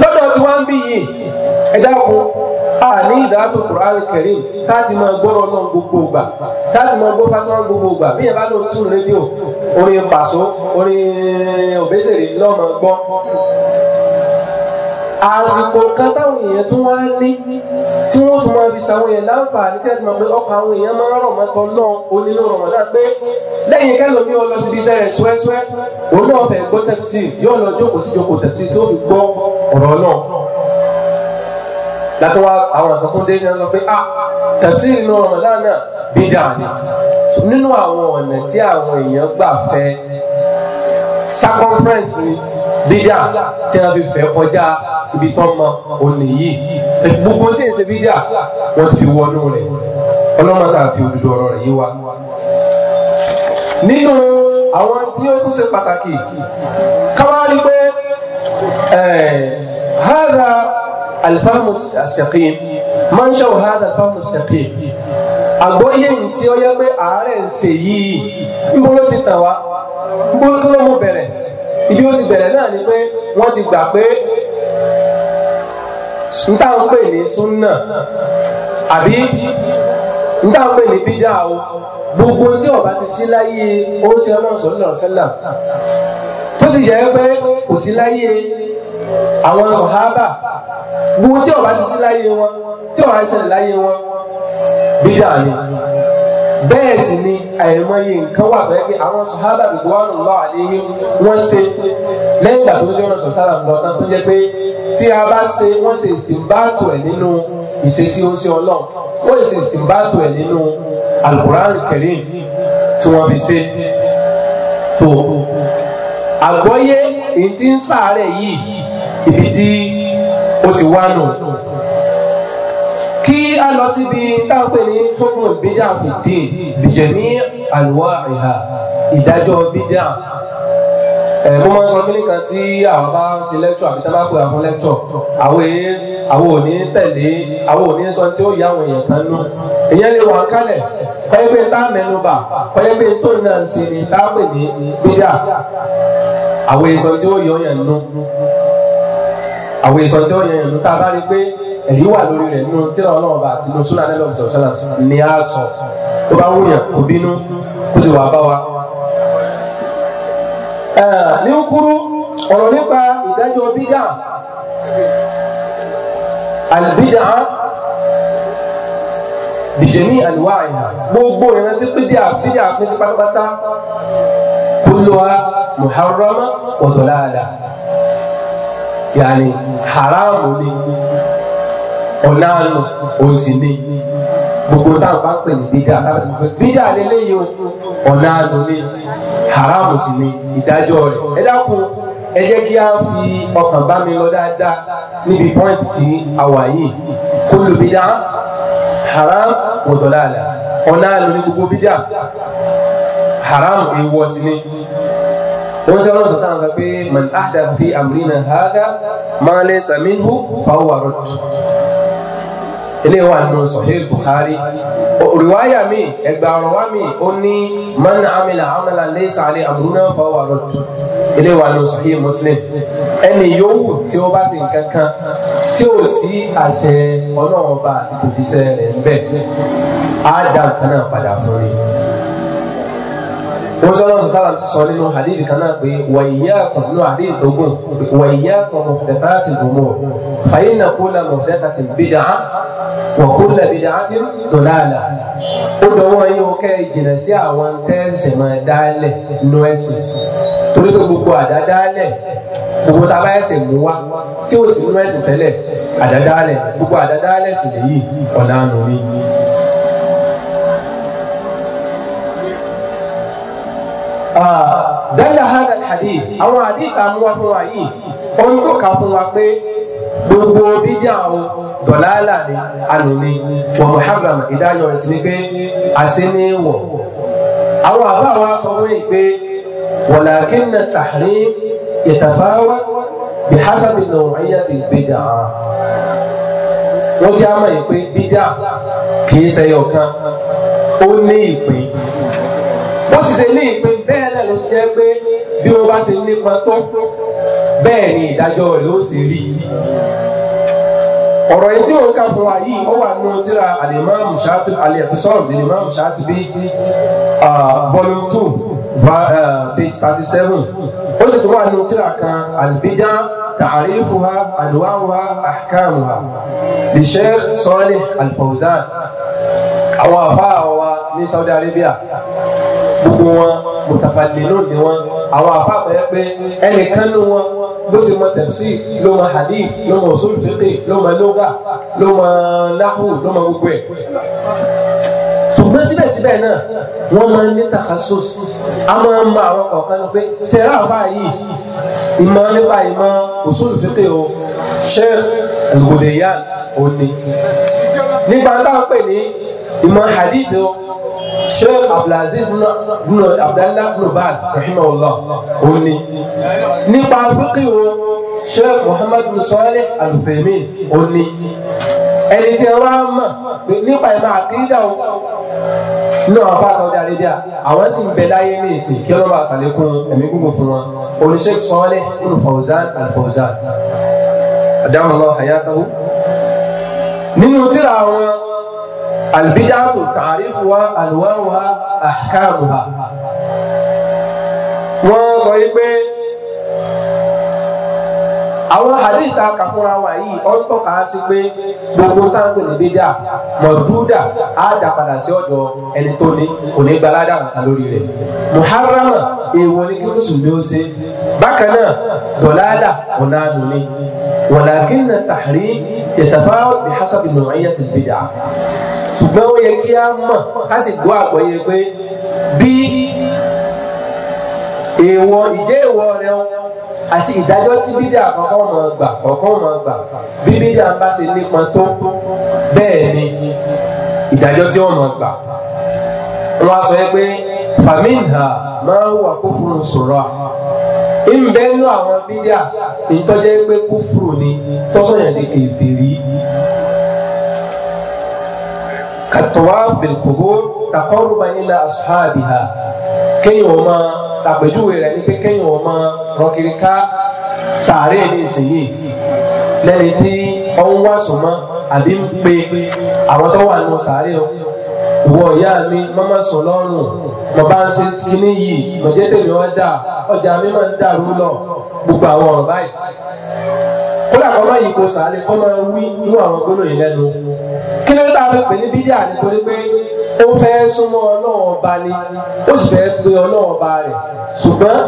lọ́dọ̀ tí wọ́n ń bí yìí ẹ dákun a ní ìdásùn kùránì kẹrin káàtì máa gbọ́rọ̀ náà gbogbo ìgbà káàtì máa gbọ́ fásitì náà gbogbo ìgbà bí yẹn bá lóun tún rédíò orin pàṣọ orin òbésèrè lọ́mọ gbọ́ àsìkò kan táwọn èèyàn tó wá ní tí wọ́n tún máa fi sàwọn èèyàn láǹfààní tí wọ́n ti máa pe ọkọ̀ àwọn èèyàn máa ń rọ̀ mọ́tọ́ náà onínú Ramadan pé lẹ́yìn kẹ́lòmí ó lọ síbi iṣẹ́ rẹ̀ ṣúẹ́ṣúẹ́ òun náà fẹ́ gbọ́ tẹ̀sí yóò lọ jókòó sí jókòó tẹ̀sí tí ó fi gbọ́ ọ̀rọ̀ náà látọ̀ wá àwọn àkàn tó dé pé ah tẹ̀sí inú Ramadan náà bídà ni nínú àwọn ọ̀nà tí àwọn èèyàn gbà fẹ́ circumference fi fẹ́ kọjá ibi tó mọ òní yìí gbogbo tí èsè bídíà wọ́n ti wọnú rẹ̀ ọlọ́mọṣà fi òdodo ọ̀rọ̀ rẹ̀ yé wa. nínú àwọn tí ó tún ṣe pàtàkì káwárí pé hàdà eh, alifahamu sẹ̀kìm máa ń ṣàwọ̀ hàdà alifahamu sẹ̀kìm àgbọ́yé yìí tí ó yẹ pé àárẹ̀ ń ṣe yìí níbo ló ti tàn wá níbo ló mú bẹ̀rẹ̀ ibi ó ti bẹ̀rẹ̀ náà ni pé wọ́n ti gbà pé níta ń pè ní súnà àbí níta ń pè ní bídà o gbogbo tí ọba ti sí láyé ó ṣe ọlọ́run sọ́lọ́ sẹ́là tó sì yẹ pé kò sí láyé àwọn sọ̀hábà gbogbo tí ọba ti sí láyé wọn tí ọba ti ṣẹlẹ̀ láyé wọn bídà ni bẹ́ẹ̀ sì ni àìmọye nǹkan wà bẹ́ẹ̀ pé àwọn sàhábà ìdúwàrún lọ àléhìn wọ́n ṣe lẹ́yìn ìgbà tó ń ṣe ọ̀rọ̀ sọ̀tàlà lọ tán tó jẹ́ pé tí a bá ṣe wọ́n ṣe ìsìnbáàtò ẹ̀ nínú ìṣesí oúnjẹ ọlọ́run wọ́n ṣe ìsìnbáàtò ẹ̀ nínú alukurani karim tí wọ́n fi ṣe tó àgbọ́yé èyí tí ń sàárẹ̀ yìí ibi tí ó ti wá nù lọ síbi táwọn ní hukumu bídà fi dín bìjẹ̀ ní àlùwà ìhà ìdájọ́ bídà ẹ̀ mo máa ń sọ kí nìkan tí àwọn bá ń ṣe lẹ́tọ̀ àbí tábà pé àwọn lẹ́tọ̀ àwọn èyí àwọn ò ní tẹ̀lé àwọn ò ní sọ tí ó yá àwọn èèyàn kan nú ìyẹn lè wà kálẹ̀ kọ́yẹ́ pé tá mẹ́nuba kọ́yẹ́ pé tó náà ń sinmi tá pè ní bídà àwọn èso tí ó yọ yẹn nú àwọn èso tí ó yọ yẹn nú tá a bá rí pé ẹ̀rí wà lórí rẹ̀ nínú tíra ọlọ́run bá àti nínú súnà nílò ìṣọ̀ṣọ́lá ni a sọ ó bá wúyàn kò bínú ó sì wà bá wa. ní kúrú ọ̀rọ̀ nípa ìdájọ́ bídà àlùbídà bìjẹ̀mí àlùwà àyà gbogbo ìrántí pídà bídà pín sí pátápátá kulluha muharrama wa dalala yàní haramu ni ọ̀nà àlò òsì ni gbogbo táwọn bá ń pè ní bídà bídà lélẹ́yìn o ọ̀nà àlò ni haramu sì ni ìdájọ́ rẹ̀ ẹ dákun ẹ jẹ́ kí a fi ọkàn bá mi lọ dáadáa níbi pọ́ìntì tí a wà yìí kullu bídà haram wa dalala ọ̀nà àlò ni gbogbo bídà haram èèwọ̀ sí ni wọ́n sọ lọ́sọ̀ sáà sọ pé man ahdatha fi amrina hadha ma laysa minhu fahuwa eléyìí wà nínú sọ̀hẹ́ Bukhari riwaya mi ẹgbẹ́ ọ̀rọ̀ wa mi ó ní man amila amala laysa alayhi amruna fahuwa radd eléyìí wà nínú sọ̀hẹ́ Muslim ẹni yòówù tí ó bá ṣe nǹkan kan tí ó sí àṣẹ ọlọ́ọ̀ba àti tòbíṣẹ́ rẹ̀ ń bẹ̀ á dá nǹkan náà padà fún mi wọ́n sọ́nà sọ́tàlá sọ nínú hadith kan náà pé wàyíyá kan nínú hadith ogun wàyíyá kan mọ̀tẹ́fà ti gbòmọ̀ fàyínà kó la mọ̀tẹ́fà ti bídà وكل بدعة ضلالة ó dọwọ́ yín o kẹ́ ìjìnlẹ̀ sí àwọn tẹ́sẹ̀ máa dálẹ̀ nú ẹ̀sìn torí pé gbogbo àdádálẹ̀ gbogbo tá a bá ẹ̀sìn mú wá tí ó sì nú ẹ̀sìn tẹ́lẹ̀ àdádálẹ̀ gbogbo àdádálẹ̀ sì lèyí ọ̀nà àná mi. dálẹ̀ hadal hadith àwọn hadith àmúwá fún wa yìí ohun tó kà fún wa pé gbogbo bíjà o dọ̀làlà ni alùmí wọ muharram ìdájọ́ rẹ̀ sí ni pé àsìníwọ̀ àwọn àbá wa sọ fún yìí pé walakinna tahrim yatafawat bihasabi naw'iyyati bíjà wọ́n ti á mọ̀ yìí pé bíjà kìí ṣẹyọ kan ó ní ìpín wọ́n sì ṣe ní ìpín bẹ́ẹ̀ náà ló ṣe pé bí wọ́n bá ṣe nípa tó bẹ́ẹ̀ ni ìdájọ́ rẹ̀ ó sì rí ọ̀rọ̀ yìí tí ó ń kà fún wa yìí ó wà nínú tíra alimami ṣáàtì aliyatusom alimami ṣáàtì bí volume two page thirty seven ó sì tún wà nínú tíra kan alibida ta'arifuha anwa'uha ahkamuha di sheikh Salih Al-Fawzan àwọn ní Saudi Arabia gbogbo wọn mutafallinun ni wọn àwọn àfáà pẹ́ẹ́pẹ́ ẹnìkan ní wọn bó ṣe mọ tafsir ló mọ hadith ló mọ usul fiqh ló mọ lugha ló mọ nahu ló mọ gbogbo ẹ̀ ṣùgbọ́n síbẹ̀síbẹ̀ náà wọ́n máa ń ní takhasus a máa ń mọ àwọn kọ̀ọ̀kan pé sẹ́rà àbá ìmọ̀ nípa ìmọ̀ usul o Sheikh al òní nígbà táwọn pè ní ìmọ̀ hadith o sheikh abdulaziz bunu abdallah bunu baaz rahimahullah oni nípa fúkì wo sheikh muhammad bin salih al-Uthaymin oni ẹni tí wọn mọ nípa ìmọ̀ àkídà o ní àwọn afá Saudi Arabia àwọn sì ń bẹ láyé ní ìsìn kí wọn bá ṣàlékún ẹ̀mí gúngun fún wọn oni sheikh salih bunu fawzan al-fawzan adáhùn lọ nínú tíra àwọn. البدعة تعريفها أنواعها أحكامها wọ́n sọ yí pé àwọn àdéhìta kàfúnra wa yìí ó ń tọ́ka sí pé gbogbo táǹkì ní bídà mọ̀dúdà á dà padà sí ọ̀dọ̀ ẹni tó ní kò ní gbalada nǹkan lórí rẹ̀ muharama èèwọ̀ ni kí mùsùlùmí ó ṣe bákan náà dọ̀ládà ọ̀nà àdùnní walakin tahrim yatafaawat bihasabi naw'iyyati al-bid'ah. ṣùgbọ́n ó yẹ kí a mọ̀ ká sì gbọ́ àgbọ́yé pé bí èèwọ̀ ìjẹ́ èèwọ̀ rẹ àti ìdájọ́ tí bídà àkọ́kọ́ máa gbà àkọ́kọ́ máa gbà bí bá ṣe nípọn tó bẹ́ẹ̀ ni ìdájọ́ tí wọ́n gbà wọ́n á sọ pé faminha máa ń wà kófurun sọ̀rọ̀ àwọn pé kàtọ́wá bìlkùbó takọ́rùbá ilà asuhàbìhà kéèyàn ó máa àpèjúwe rẹ̀ ní pé kéèyàn ó máa rọkiri ká sàárè ní ìsìnyí lẹ́ni tí ó ń wá sùnmọ́ àbí ń pe àwọn tó wà nù sàárè o ìwọ ìyá mi mọ́mọ́ sùn lọ́rùn mo bá ń ṣe kíní yìí mo jẹ́ tèmi wọ́n dà ọjà gbogbo àwọn ọ̀rọ̀ báyìí kódà kọ́ máa yí kó sàálẹ̀ kọ́ máa wí inú àwọn gbólóhùn yìí lẹ́nu kí ló dáa fẹ́ pè ní bídíà nítorí pé ó fẹ́ súnmọ́ ọlọ́run ọba ni ó sì fẹ́ pe ọlọ́run ọba rẹ̀ ṣùgbọ́n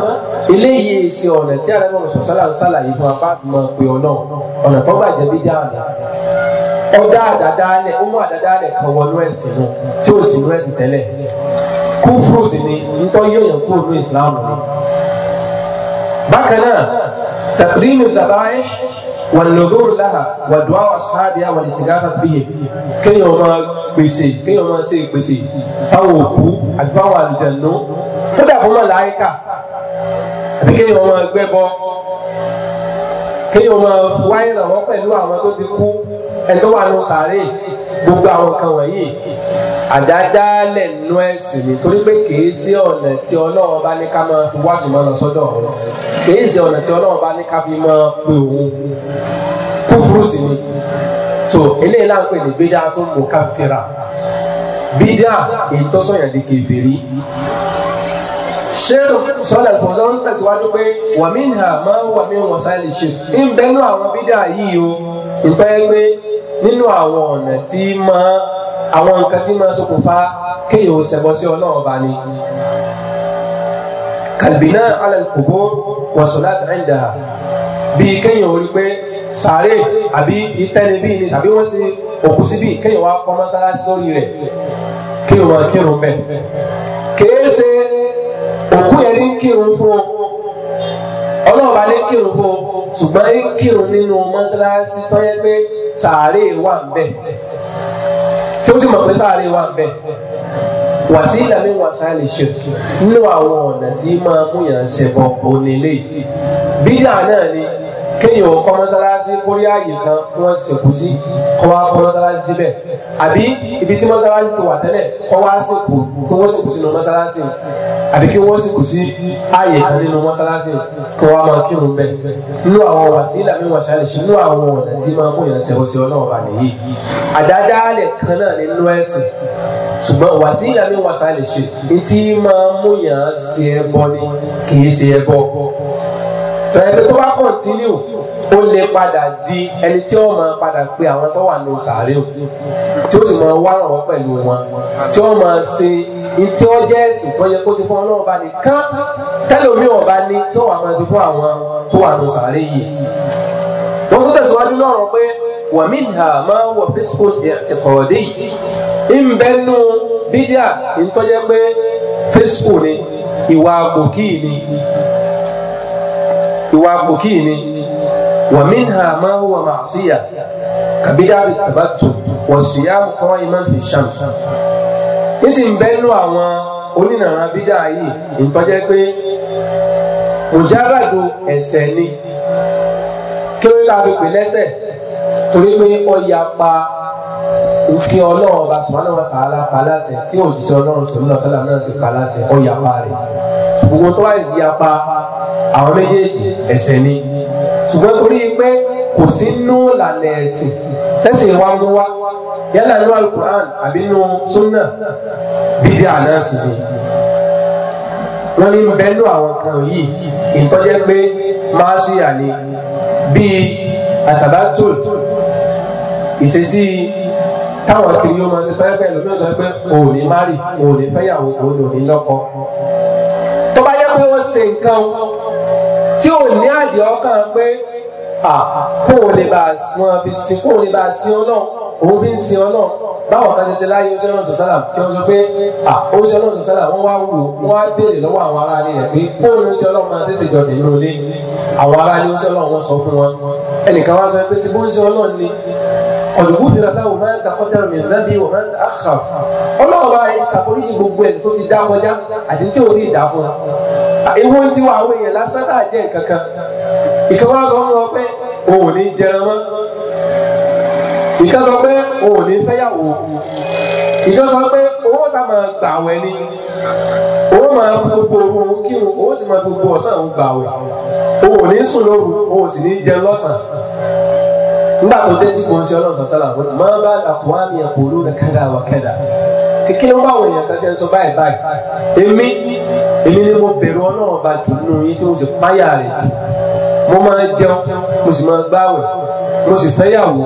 eléyìí èsì ọ̀nà tí àrẹ́mọ̀ sọ̀sálà ń ṣàlàyé fún apá àfihàn pe ọlọ́run ọ̀nà tó bàjẹ́ bídíà ọ̀nà ọdá àdádálẹ̀ ó mú àdádálẹ̀ kan wọnú ẹ̀sìn náà tí ò sí inú ẹ̀sìn tẹ́lẹ̀ kúfúrú sì ni nítọ́ yóòyàn kúrò ní ìsìláàmù bákan náà tàbí nínú tàbáyé wàlúùdúró láha wàdúrà ọ̀sáàbíà wà ìsìgáta bíyẹn kéèyàn máa pèsè kéèyàn máa ṣe ìpèsè fáwọn òkú àti fáwọn àlùjànnú ó dà fún màláíkà àti kéèyàn máa gbẹ́bọ kéèyàn máa wáyé rànwọ́ pẹ̀lú àwọn tó ti kú ẹni tó wà nù sàárè gbogbo àwọn kan wọ̀nyí àdádálẹ̀ nú ẹ̀sìn ni torí pé kìí sí ọ̀nà tí ọlọ́run bá ní ká máa fi wáṣọ máa lọ sọ́dọ̀ ọ̀hún kìí sí ọ̀nà tí ọlọ́run bá ní ká fi máa pe òun kúfúrú sí ni tó eléyìí là ń pè ní bídà mú ká bídà èyí di kèfèrí ṣé sọ́dà fọ̀sọ́ ń tẹ̀síwájú pé wàmí hà máa ń wàmí wọn sáyẹn ṣe ń bẹ́nu àwọn bídà yìí o ìpẹ́ pé nínú àwọn ọ̀nà tí máa àwọn nǹkan tí máa ṣokùnfà kéèyàn ò ṣẹbọ sí Ọlọ́run bá ní. kàlbínà alẹ́kùnbó wọ̀sùn láti ẹ̀ǹdà bíi kéèyàn ò rí pé sàárè àbí ìtẹ́ni bíi ni tàbí wọ́n ti òkú síbí kéèyàn wá kọ́ mọ́sálásí sórí rẹ̀ kírun máa kírun bẹ́ẹ̀ kèé ṣe òkú yẹn ní kírun fún ọ ọlọ́ọ̀bá ní kírun fún ọ ṣùgbọ́n ní kírun nínú mọ́sálásí tó pé sàárè wà ń bẹ̀ tí ó sì mọ̀ pé sáré wà bẹ́ẹ̀ wàsílà mi wà sá lè ṣe nínú àwọn ọ̀nà tí máa mú yàn ṣẹ̀bọ̀ òní lé bídà náà ni kéèyàn kọ́ mọ́sálásí kórí ààyè kan tí wọ́n ti sìnkú sí kọ́ wá kọ́ mọ́sálásí síbẹ̀ àbí ibi tí mọ́sálásí ti wà tẹ́lẹ̀ kọ́ wá sìnkú kí wọ́n sìnkú sínú mọ́sálásí àbí kí wọ́n sìnkú sí ààyè kan nínú mọ́sálásí kí wọ́n máa kírun bẹ́ẹ̀ nínú àwọn wàsílà mi wà ṣáàlì sí nínú àwọn ọ̀nà tí máa mú yàn ṣẹ̀wọ̀ sí ọlọ́run bá nìyí àdádálẹ̀ kan náà nínú ẹ̀sìn ṣùgbọ́n wàsílà mi wà ṣáàlì sí ní tí máa mú yàn ṣe ẹbọ ni kì í ṣe ẹbọ tẹ̀lé tó bá kọ̀ntínú ó lè padà di ẹni tí ó máa padà pe àwọn tó wà ní sàárè o tí ó sì máa wá pẹ̀lú wọn tí ó máa ṣe tí ó jẹ́ ẹ̀sìn tó yẹ kó ṣe fún ọlọ́run bá ní kán tẹ́lómi ọ̀bá ní tí máa ṣe fún àwọn tó wà ní sàárè yìí. wọ́n tún tẹ̀síwájú lọ́rọ̀ pé wàmí ìhà máa ń wọ yìí bídíà pé ìwà àpòkì ni wa minha ma huwa ma'siyah kàbídà ti tabattu wa siyam qa'iman fi shams. ń sì ń bẹ́nu àwọn onínàrà bídà yìí ìtọ́jẹ́ pé mùjáràdù ẹ̀ṣẹ̀ ni kí ló dáa fi pè lẹ́ṣẹ̀ torí pé ó ya pa ti ọlọ́run ọba sùmọ́nà wọn kàálà kàálàṣẹ tí òjì sí ọlọ́run sọ̀rọ̀ náà sì kàálàṣẹ ó ya pa rẹ̀ gbogbo tó wáyé sí ya pa àwọn méjèèjì ẹ̀ṣẹ̀ ni ṣùgbọ́n torí pé kò sí nú lànà ẹ̀sìn tẹ̀sìn wa ń wá yálà nínú alukur'an àbí nínú sunna bíi àná sí ni wọ́n ní bẹ́ẹ̀nù àwọn kan yìí ìtọ́jẹ́ pé máa ṣe àní bíi àtàbátò ìṣesí táwọn kiri ó máa ṣe pẹ́ẹ́pẹ́ lómi ọ̀sán pé òun ní mari òun ní fẹ́yàwó òun ní lọ́kọ. tó bá yẹ pé wọ́n ṣe nǹkan tí ò ní àdì ọkàn pé kó o lè bá wọn fi sin kó o lè bá sin ọ náà òun fi ń sin ọ náà báwọn kan ṣe ṣe láyé oṣù náà sọ̀sálà tí wọ́n sọ pé oṣù náà sọ̀sálà wọ́n wá wò wọ́n wá béèrè lọ́wọ́ àwọn aráàlú rẹ̀ pé bóun ló ń ṣe ọlọ́run máa ṣe ṣe ìjọsìn nínú ilé àwọn aráàlú oṣù ọlọ́run wọn sọ fún wọn ẹnìkan wá sọ pé ṣe bóun ṣe ọlọ́run ni ọ̀dùnkún fi rata wọn máa ń takọ́jà mi lábí wọn máa ń àkà ọlọ́run bá ṣàforíjì gbogbo ẹ̀ tó ti dá kọjá àti tí ò ti dá fún wa ewu ti wà àwọn èèyàn lásán náà jẹ́ nǹkan kan ìkan sọ wọn pé òun ò jẹran mọ́ ìkan sọ pé òun ò ní fẹ́yàwó sọ pé owó sá máa gbà wẹ̀ ni owó máa fi gbogbo ooru òun owó sì máa gbogbo ọ̀sán òun gbà wẹ̀ òun ò sùn lóru òun sì ní jẹun lọ́sàn nígbà tó dé tí kò ń ṣe ọlọ́sàn sálà fún mi máa bá àpò àmì àpò olóòrè kádà wà kádà kékeré ń bá àwọn èèyàn sọ báyìí báyìí èmi èmi ni mo bẹ̀rù ọlọ́run ọba jù yín tí mo sì páyà rẹ̀ jù mo máa jẹun mo sì máa gbáwẹ̀ mo sì fẹ́yàwó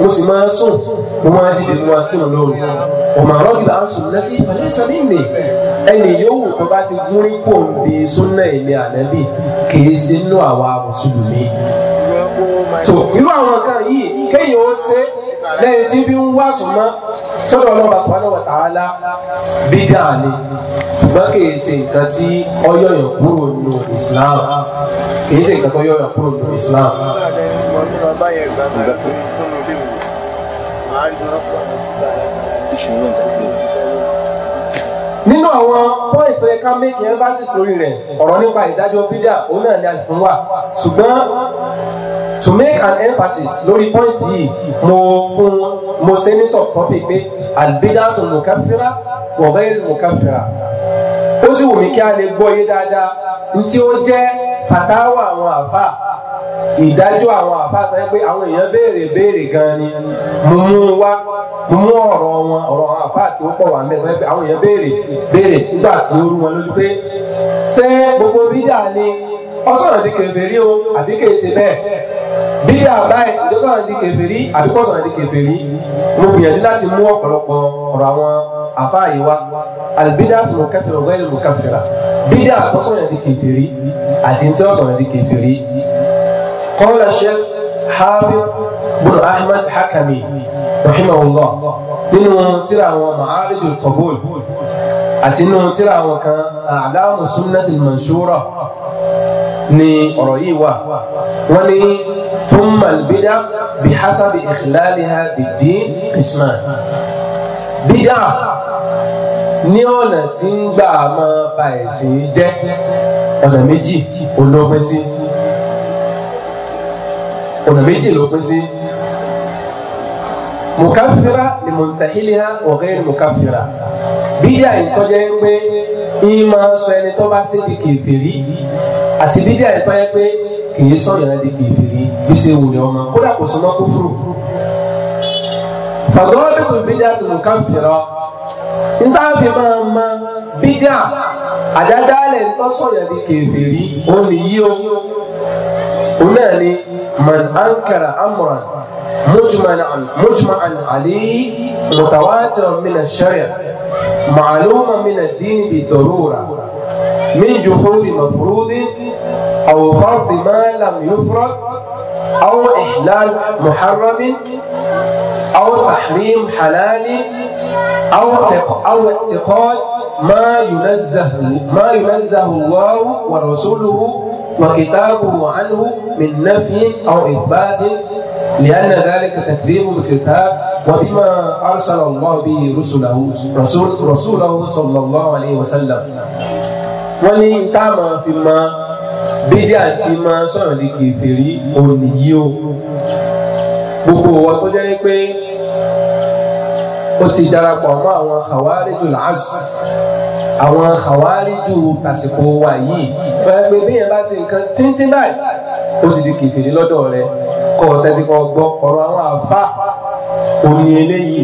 mo sì máa sùn mo máa dìde mo máa kírun lóru ọmọ àrọ́ ìgbà sùn lẹ́tí ìfẹ́lẹ́ sọ ní ẹnì yòówù tó bá ti gún ipò ń súnà ìmì ànábì kì í sí àwa mùsùlùmí. tó irú àwọn kan yìí kéèyàn ó ṣe lẹ́yìn tí bí ń wá sùn mọ́ sọ́dọ̀ ọlọ́ba sọ́dọ̀ wa ta'ala bídà ni ṣùgbọ́n kì í ṣe nǹkan tí ọyọ̀yàn kúrò nù Islam kì í ṣe nǹkan tó yọ̀yàn kúrò nù Islam. nínú àwọn pọ́ìntì tó yẹ ká bá sì sórí rẹ̀ ọ̀rọ̀ nípa ìdájọ́ bídà òun náà ni a sì fún wa ṣùgbọ́n to make an emphasis lórí point yìí mo fún mo ṣe ní sub topic pé albidatu mukafira wa ghayr mukafira ó sì wù mí kí a lè gbọ́ yé dáadáa ntí ó jẹ́ fatawa àwọn àfa ìdájọ́ àwọn àfáàtà pé àwọn èèyàn béèrè béèrè gan ni mo mú wá mo mú ọ̀rọ̀ wọn ọ̀rọ̀ àwọn àfáàtì ó pọ̀ wà mẹ́rin pé àwọn èèyàn béèrè béèrè nígbà tí ó rú wọn lójú pé ṣé gbogbo bídà ni ọsọ̀rọ̀ di kèfèrí o àbí kèsè bẹ́ẹ̀ bí àbá ẹ̀ ìjọsọ̀rọ̀ di kèfèrí àbí kọ̀sọ̀rọ̀ di kèfèrí mo gbìyànjú láti mú ọ̀pọ̀lọpọ̀ ọ̀rọ̀ àwọn àfáàyè wa àlùbídà tó mọ kẹfìrà ọgbẹ́ ìlú kẹfìrà bídà ọsọ̀rọ̀ di kèfèrí àti ntí ọsọ̀rọ̀ di kèfèrí. kọ́lá sheikh hafi bin ahmed hakami rahimahullah nínú tíra àwọn ma'arijul qabul àti nínú tíra àwọn kan a'lamu sunnati manshura ni ọ̀rọ̀ yìí wà wọ́n ní thumma al-bid'a bihasabi ikhlaliha bid-din qisman bídà ní ọ̀nà tí ń gbà máa ba ẹ̀sìn jẹ́ ọ̀nà méjì olópin sí ọ̀nà méjì lópin sí mùkáfíra ni mùtàhílíà ọ̀gẹ́ ni mùkáfíra bídà ìtọ́jẹ́ pé ìmọ̀ sọ ẹni tó bá ṣe di àti bídíà yìí tọ́yẹ pé kìí sọ̀rọ̀ ẹni kìí fìrí bí ṣe wù ní ọmọ kódà kò sọmọ kó fúrò. fàgbọ́n bí kò bídíà tó nù ká fìrọ níta fi máa ma bídíà àdádálẹ̀ ńkọ́ sọ̀rọ̀ ẹni kìí fìrí ó nìyí o ó náà ni man ankara amran mujma'an alayhi mutawatiran min ash-shari' ma'luman min ad bi darura min juhuri mafrudin. أو فرض ما لم يفرض أو إحلال محرم أو تحريم حلال أو أو اعتقاد ما ينزه ما ينزه الله ورسوله وكتابه عنه من نفي أو إثبات لأن ذلك تكريم الكتاب وبما أرسل الله به رسله رسول رسوله صلى الله عليه وسلم ولي تعمى فيما bídí àti máa sọ̀rọ̀ di kèfèrí òní yìí o gbogbo wa tó jẹ́ pé ó ti darapọ̀ mọ́ àwọn khawariju làásù àwọn khawariju tàsìkò wa yìí fẹ́ pé bí yẹn bá ṣe nǹkan tíntín báyìí ó ti di kèfèrí lọ́dọ̀ rẹ kọ́ ọ tẹ́tí kan gbọ́ ọ̀rọ̀ àwọn àfa òní eléyìí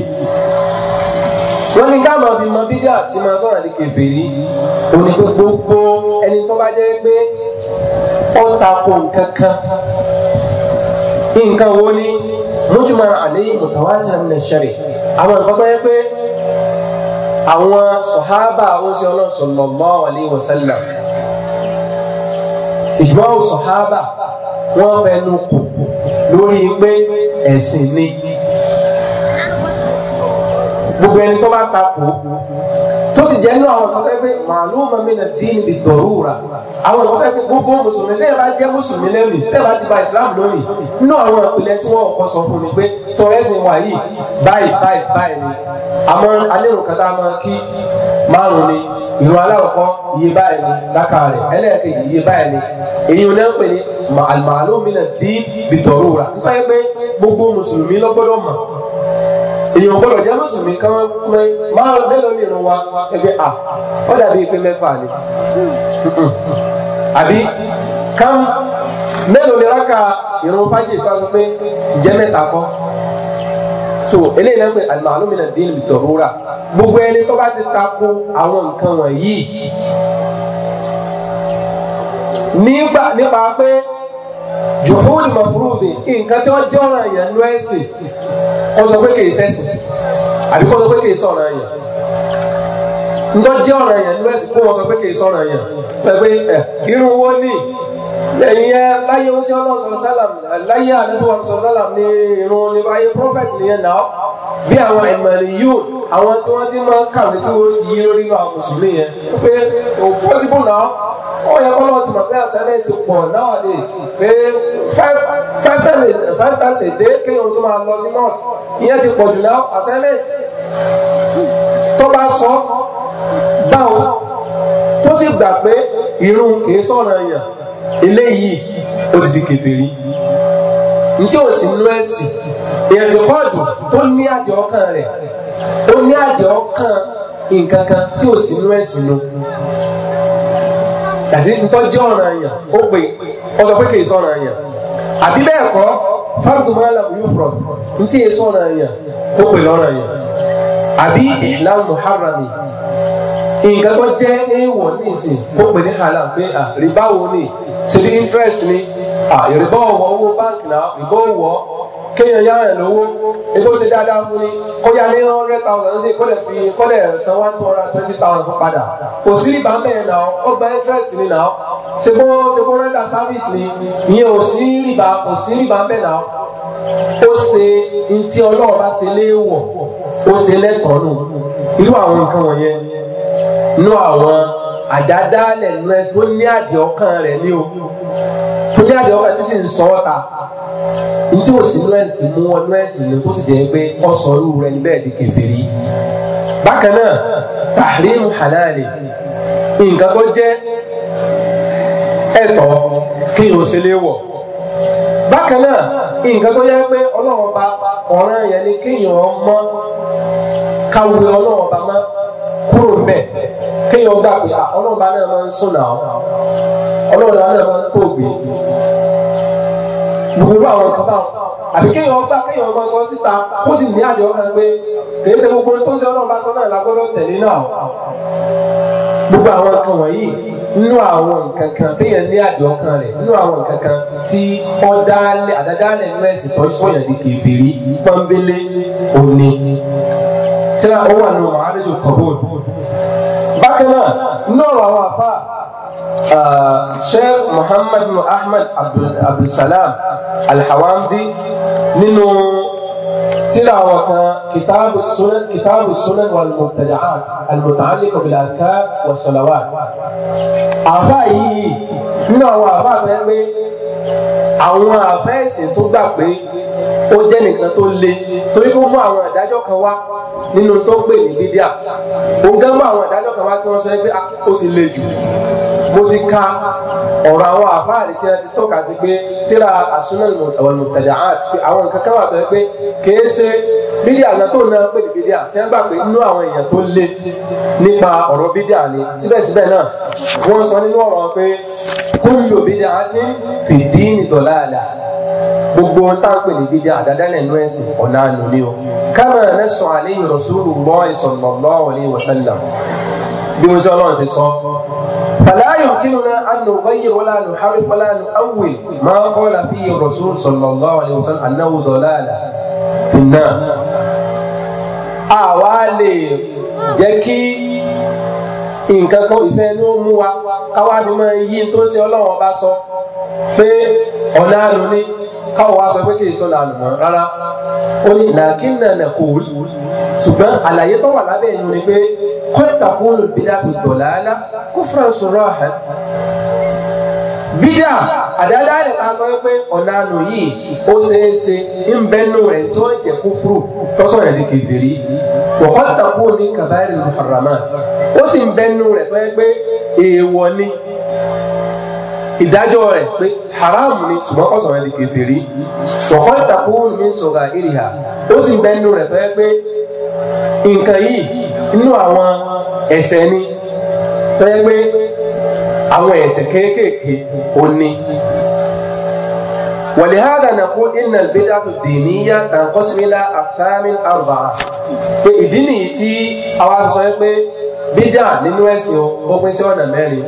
wọ́n ní ká máa fi mọ bídí àti máa sọ̀rọ̀ di kèfèrí òní gbogbo ẹni tó bá jẹ́ pé ó tako nǹkan kan nǹkan wo ni mujma alayhi mutawatir min ash-shari' àwọn nǹkan tó yẹ pé àwọn sọ̀hábà àwọn sí ọlọ́run sallallahu alayhi wa sọ̀hábà wọ́n fẹnu kò lórí pé ẹ̀sìn ni gbogbo ẹni tó bá tako jẹ́ nínú àwọn kan fẹ́ pé màálùú mami na dín ní dọ̀rúra àwọn kan fẹ́ pé gbogbo mùsùlùmí lẹ́yìn bá jẹ́ mùsùlùmí lẹ́yìn lẹ́yìn bá ti ba ìsìlámù lónìí nínú àwọn ìpìlẹ̀ tí wọ́n kọ́ sọ fún mi pé tọ́rẹ́sìn wà yìí báyìí báyìí báyìí ni àmọ́ alérò kan tá a máa kí márùn ni ìlú aláwọ̀kọ́ iye báyìí ni lákà rẹ̀ ẹlẹ́ẹ̀kejì iye báyìí ni èyí ò náà pè ní màálùú mi na dín ní dọ̀rúra nípa èyàn gbọ́dọ̀ jẹ́ mùsùlùmí kan máa mélòó ní ìrún wa ẹgbẹ́ à ó dàbí ìpè mẹ́fà ni àbí kan mélòó ní rákà ìrún fájì kan pé jẹ́ mẹ́ta kọ́ so eléyìí náà pé àlùmọ́ọ́lùmí náà dín ìlú tọ̀rọ̀ rà gbogbo ẹni tó bá ti tako àwọn nǹkan wọ̀nyí nípa pé juhul mafurumi nǹkan tí wọ́n jẹ́ ọ̀ràn yẹn nú ẹ̀sìn kó sọ pé kìí sẹ́sìn àbí kó sọ pé kìí sọ̀ràn yẹn ntọ́ jẹ́ ọ̀ràn yẹn nú ẹ̀sìn kó wọ́n sọ pé kìí sọ̀ràn yẹn pẹ̀lú ẹ̀ irun wo ni ẹ̀yin ẹ láyé ó sí ọlọ́sọ̀ sálàm láyé àdúgbò ọ̀sọ̀ sálàm ní irun ní báyé prophet nìyẹn náà bí àwọn ìmọ̀lẹ̀ yóò àwọn tí wọ́n ti máa kàwé tí wọ́n ti yé lórí àwọn mùsùlùmí yẹn pé òpó síbò náà ó yẹ kó lọ́wọ́ ti mọ̀ pé assignment pọ̀ nowadays pé five times five times a day kéèyàn tó máa lọ sí nọ́ọ̀sì ìyẹn ti pọ̀ jù náà assignment tó bá sọ báwo tó sì gbà pé irun kì í sọ̀rọ̀ èèyàn eléyìí ó ti di kèfèrí ntí o sì nú ẹsì ètò kọ́ọ̀dù tó ní àjọ ọkàn rẹ̀ ó ní àjọ ọkàn nǹkan kan tí o sì nú ẹsì nù dàtí ntọ́jú ọ̀ràn yẹn ó pè ó sọ pé kì í sọ̀ràn yẹn àbí bẹ́ẹ̀ kọ́ fáwọn máa la wíwú fúrọ̀ ntí yẹn sọ̀ràn yẹn ó pè lọ́ràn yẹn àbí ìlànà muharrami nǹkan tó jẹ́ èèwọ̀ nísìn ó pè ní halal pé à rìbá wo ni ṣe bí interest ni à rìbá ọ̀wọ́ owó báńkì náà rìbá ọ̀wọ́ kéèyàn yá ẹ̀ lówó ètò ṣe dáadáa fún yín kó yá ní hundred thousand ṣe kó lè fi kó san one two hundred twenty thousand fún padà kò sí ìbá mẹ́ẹ̀ náà ó gba interest ni náà ṣègbó ṣègbó rẹ́dà service ni ìyẹn ò sí ìrìbá kò sí ìbá mẹ́ẹ̀ náà ó ṣe ntí ọlọ́run bá ṣe léèwọ̀ ó ṣe lẹ́tọ̀ọ́ nù irú àwọn nǹkan wọ̀nyẹn nú àwọn àdádálẹ̀ nù ẹ̀sìn ó ní àdìọ́kàn rẹ̀ ní o. torí àjọ ẹtí sì si sọ ọta o si ti mú ọdún ẹ̀sìn ló tó sì jẹ́ pé ọ̀sán irú di bákan náà tahrim halali nǹkan tó kí n ò bákan náà nǹkan tó yẹ pé ọ̀ràn yẹn ni kéèyàn káwé kéèyàn gbà pé ah, ọlọ́ọ̀bá náà máa ń sùn náà ọlọ́ọ̀bá náà máa ń tóògbé gbogbo àwọn nǹkan báwọn àbí kéèyàn gbà kéèyàn ọmọ sọ síta ó sì ní àjọ kan pé kì í ṣe gbogbo tó ń ṣe ọlọ́ọ̀bá sọ náà lágbọ́dọ̀ tẹ̀lé náà gbogbo àwọn nǹkan wọ̀nyí nínú àwọn nǹkan kan téèyàn ní àjọ kan rẹ̀ nínú àwọn nǹkan kan tí ọ̀dàlẹ̀ àdádálẹ̀ nínú ẹ̀sìn tó ń sọ̀yàn di kèfèrí pọ́nbélé òní tíra ó wà nù màálùjù kọ̀bọ̀ọ̀dù nọ̀rọ̀ àwọn afa sheikh muhammad bin ahmed abdulsalam alhawamdi nínú tírà àwọn kan kitaabu sunan kitaabu sunan walmubtadaat almutaalliqa biladkaar wasalawat afa yìí nínú àwọn afa bẹ́ẹ̀ pé àwọn afa tó gbà pé ó jẹ́ nìkan tó le torí kó mú àwọn ìdájọ́ kan wá nínú tó ń pè ní bídíà òun gán mú àwọn ìdájọ́ kan wá tí wọ́n sọ pé ah, ó ti le jù mo ti ka ọ̀rọ̀ àwọn àfáàrí tí wọ́n ti tọ́ka sí pé tíra àsúná ìwọ̀nù tẹ̀dá àti pé àwọn nǹkan kan wà tó pé kìí ṣe bídíà náà tó náà pè ní bídíà tí wọ́n gbà pé inú àwọn èèyàn tó le nípa ọ̀rọ̀ bídíà ni síbẹ̀síbẹ̀ náà wọ́n sọ nínú ọ̀rọ̀ pé kúlù bídíà ti fìdí nìdọ̀láàlà gbogbo ohun tá à ń pè ní gíga àdádálẹ̀ inú ẹ̀sìn ọ̀nà àánú ni o kama nassa alayhi rasulullahi sallallahu alayhi wa sallam bí wọ́n sọ ọlọ́run ti sọ. fala yumkinuna an nughayyiru wala nuharrif wala nu'awwil ma qala fihi rasul sallallahu alayhi wa sallam annahu dalala iná. àwa lè jẹ́ kí nǹkan kan ìfẹ́ ló mú wa káwá ló máa yí tó ṣe ọlọ́run ọba sọ pé ọ̀nà àánú káwọ́ wa sọ pé kí èso là lùmọ́ rárá ó ní làákìnnà nà kò rí ṣùgbọ́n àlàyé tó wà lábẹ́ ẹ̀yìn ni pé kọ́ńtà kúnlù bídà tó dọ̀làálá kó fúránṣù rọ́ọ̀hà bídà àdáadáa rẹ̀ ta sọ pé ọ̀nà àlò yìí ó ṣeéṣe ń bẹ́nu rẹ̀ tí wọ́n jẹ́ kúfúrú tọ́sọ̀ rẹ̀ di kèfèrí wọ́kọ́ńtà kúnlù ní kàbáyé rẹ̀ tó ìdájọ́ rẹ̀ pé haram ni ṣùgbọ́n kọ́ sọ̀rọ̀ ẹni kèfèrí wọ̀kọ́ ìtàkùn mi sọ̀rọ̀ ìrìhà ó sì bẹ́ nínú rẹ̀ fẹ́ pé nǹkan yìí nínú àwọn ẹ̀ṣẹ̀ ni tó pé àwọn ẹ̀ṣẹ̀ kéékèèké ò ní. ولهذا نقول إن البدعة الدينية تنقسم إلى أقسام أربعة. ìdí nìyí tí àwa sọ pé bídà nínú ẹ̀sìn ó pín sí ọ̀nà mẹ́rin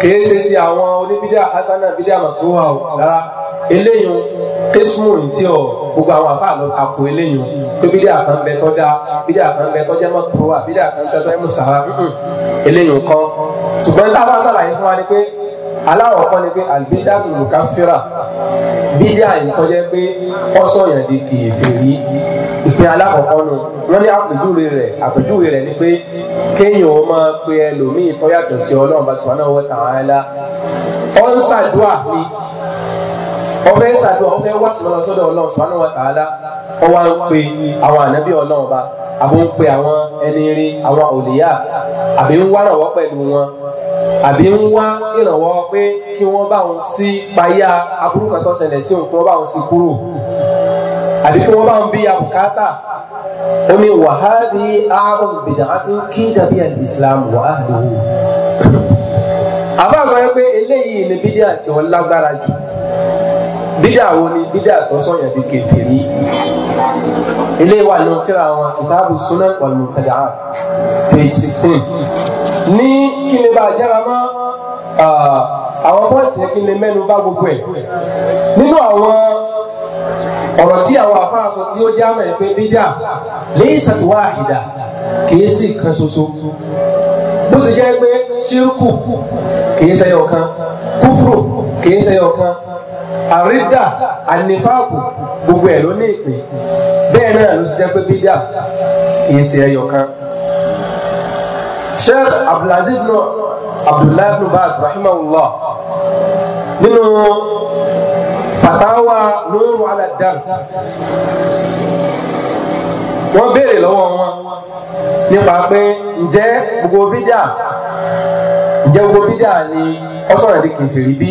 kìí ṣe ti àwọn oníbídà asana bídà màtó wà ó rárá eléyìí késùmù ní tí ọ gbogbo àwọn àfa àlọ àpò eléyìí pé bídà kan bẹ tọ́já bídà kan tọ́já mọ́tò wà bídà kan bẹ tọ́já mùsàlá eléyìí kan ṣùgbọ́n tá a bá ṣàlàyé fún wa ni pé aláwọ̀ kan ni pé àlùbídà tó lù ká fẹ́ra bídà ìkọjẹ́ pé ọ̀sọ̀ yẹn di kèfèrí ìpín alákọ̀ọ́kọ́ nù wọ́n ní àpèjúwe rẹ̀ àpèjúwe rẹ̀ ni pé kéèyàn ó máa pe ẹlòmíì tó yàtọ̀ sí Ọlọ́run bá Subhanahu wa ta'ala ó ń ṣàdúà ni ọfẹ ṣàdúrà ọfẹ wá sọlọ sọ́dọ̀ Ọlọ́run sọlọ wa tààlà ọwọ à ń pe àwọn ànábì Ọlọ́run ba àbí ń pe àwọn ẹni rí àwọn òlìyà àbí ń wá rànwọ́ pẹ̀lú wọn àbí ń wá ìrànwọ́ pé kí wọ́n bá wọn sí payá aburú kan tó ṣẹlẹ̀ sí òun kí wọ́n bá wọn sí kúrò àbí kí wọ́n bá wọn bí abùkátà ó wàhálì àrùn bìdàkátì kí dàbí al-Islam wàhálì àbá sọ pé eléyìí ni bídíà tí wọ́n lágbára jù bídà wo ni bídà tó sọyàn fi kèfèrí ilé wa ló tíra wọn kìtàbù sunan wal mubtada'at page sixteen ní kí ni bá a jára mọ́ àwọn pọ́ǹtì yẹn kí ni mẹ́nu bá gbogbo ẹ̀ nínú àwọn ọ̀rọ̀ tí àwọn afáàsọ tí ó já mẹ́ pé bídà laysat wahida kìí sì kan ṣoṣo bó sì jẹ́ pé ṣírkù kìí ṣẹyọ kan kúfùrù kìí ṣẹyọ kan àrídà ànífàkù gbogbo ẹ̀ ló ní ìpín bẹ́ẹ̀ náà ló ti jẹ́ pé bídà kì í ṣe ẹyọ kan. sheikh abdulaziz ibn abdullahi ibn baz rahimahullah nínú fatawa nuru ala dar wọ́n béèrè lọ́wọ́ wọn nípa pé ǹjẹ́ gbogbo bídà ǹjẹ́ gbogbo bídà ni ó sọ̀rọ̀ di kèfèrí bí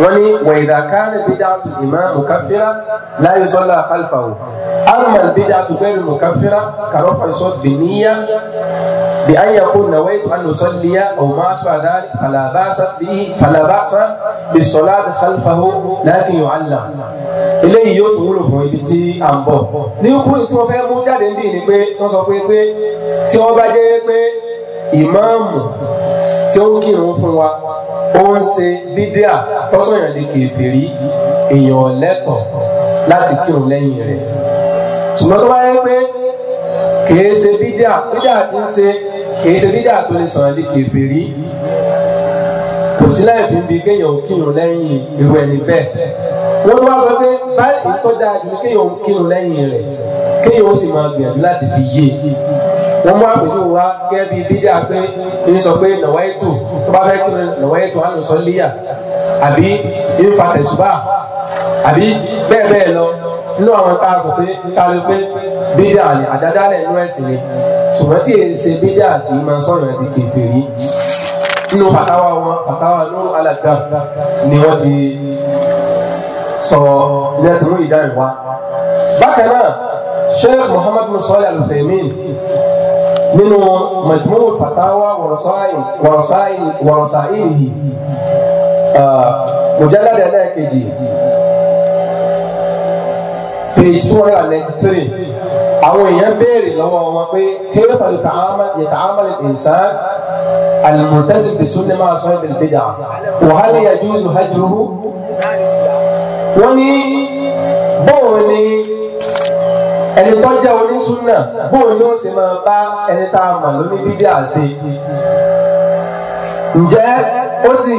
wọ́n ní wẹ̀yìdà kánà bídà tó ìmọ̀ mùkàfírà láyé sọ́lá àkàlfà o alùmọ̀ bídà tó bẹ́ẹ̀ mùkàfírà kàrọ́fà sọ bìníyà bí ayé kó nàwé ànú sọ́líyà ọ̀mọ́ àṣọ̀dá falabasa bí sọ́lá àkàlfà o láti yọ̀ àlà eléyìí yóò tún wúlò fún ibi tí à ń bọ̀ ní kúrò tí wọ́n fẹ́ mú jáde níbí ni pé wọ́n sọ pé pé tí wọ́n bá jẹ́ pé ìmáàmù tí ó ń kírun fún wa ó ń ṣe bídíà tọ́sọ̀yàn lè kèfèrí èèyàn lẹ́tọ̀ọ́ láti kírun lẹ́yìn rẹ̀ ṣùgbọ́n tó bá yẹ pé kìí ṣe bídíà bídíà ti ń ṣe kìí ṣe bídíà tó lè sọ̀rọ̀ lè kèfèrí kò sí láì fi bí kéèyàn ò kírun lẹ́yìn irú ẹni bẹ́ẹ̀ wọ́n wá sọ pé báyìí tó dáa ju kéèyàn ò kírun lẹ́yìn rẹ̀ kéèyàn ó sì máa gbìyànjú láti fi yé e mo mú àpèjú wa gẹ́gẹ́ bíi bídà pé ní sọ pé nàwáyétù tó bá fẹ́ kí ni nàwáyétù á lò sọ líyà àbí ìfà tẹ̀sùbà àbí bẹ́ẹ̀ bẹ́ẹ̀ lọ nínú àwọn tá a sọ pé tá a lè pé bídà ni àdádálẹ̀ inú ẹ̀sìn ni ṣùgbọ́n tí èyí ṣe bídà tí máa sọ̀rọ̀ ẹ̀dí kèfèrí nínú fatawa wọn fatawa lóru alàgbà ni wọ́n ti sọ ní tí mú ìdáhùn wa bákan náà sheikh muhammadu sọ́lá al-Uthaymeen nínú majmuu fatawa wọ̀rọ̀sáìn yìí mujallada ẹlẹ́ẹ̀kejì page two hundred and ninety three àwọn èèyàn béèrè lọ́wọ́ wọn pé kayfa yata'amalu al-insan al-multazim bis-sunna ma'a sahibil bid'ah wa hal yajuzu hajruhu wọ́n ní bọ́ọ̀ ni ẹni tó jẹ́ onísúnà bóun ni ó sì máa bá ẹni tá a mọ̀ lóní bíbí àṣe ǹjẹ́ ó sì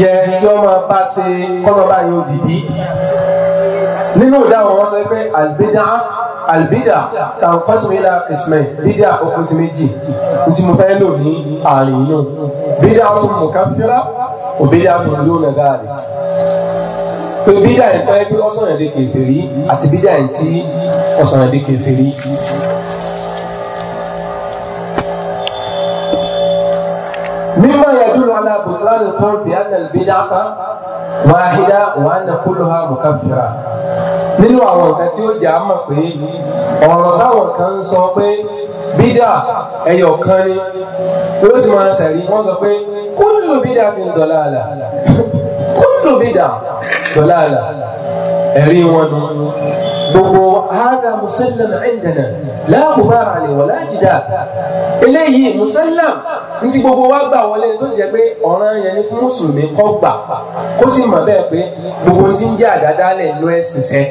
yẹ kí wọ́n máa bá ṣe kọ́nà báyìí ó dìbí nínú ìdáhùn wọn sọ pé àlùbídà àlùbídà tàǹkọ́sùn ilà ìsìmẹ̀ bídà okùn sí méjì tí mo fẹ́ lò ní àárín náà bídà tún mùkàfírà òbídà tún lónà gáàrí pé bídà yìí tó yẹ pé ọsàn yẹn di kèfèrí àti bídà yìí tí ọsàn yẹn di kèfèrí. mímọ yadúlọ alábùlánu tó bí àná bídà kan wáhídà wà á nà kúlù ha mùkàfìrà nínú àwọn nǹkan tí ó jà á mọ̀ pé ọ̀rọ̀ táwọn kan sọ pé bídà ẹyọ kan ni ó sì máa ń sẹ̀rí wọ́n sọ pé kúlù bídà ti ń dọ̀là àlà kúlù bídà dọ̀láàlà ẹ̀rí wọn nù gbogbo hada musallam indana la gubara alayhi wala jidal eléyìí musallam ntí gbogbo wa gbà wọlé tó sì jẹ́ pé ọ̀ràn yẹn ní fún mùsùlùmí kọ́ gbà kó sì mọ̀ bẹ́ẹ̀ pé gbogbo tí ń jẹ́ àdádálẹ̀ inú ẹ̀sìn sẹ́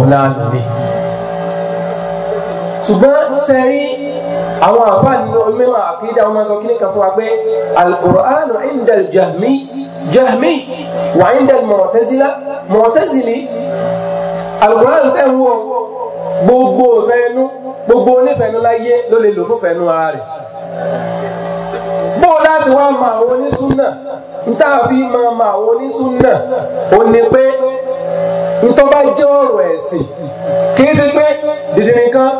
ọ̀nà àná ni. ṣùgbọ́n sẹ́rí àwọn àfáà nínú onímọ̀ àkídà wọn sọ kí ní kan wa pé al-Qur'anu indal jahmi jahmi wà ń dẹ̀ القرآن mọ̀tẹ́sílì هو tẹ̀ ń wọ gbogbo لا يه onífẹ́nu láyé ló lè lò fún fẹ́nu ara rẹ̀ bóò láti wá mọ àwọn onísúnà níta fi máa mọ àwọn onísúnà ó ní pé ntọ́ bá jẹ́ ọ̀rọ̀ ẹ̀sìn kì í ṣe pé dìde nìkan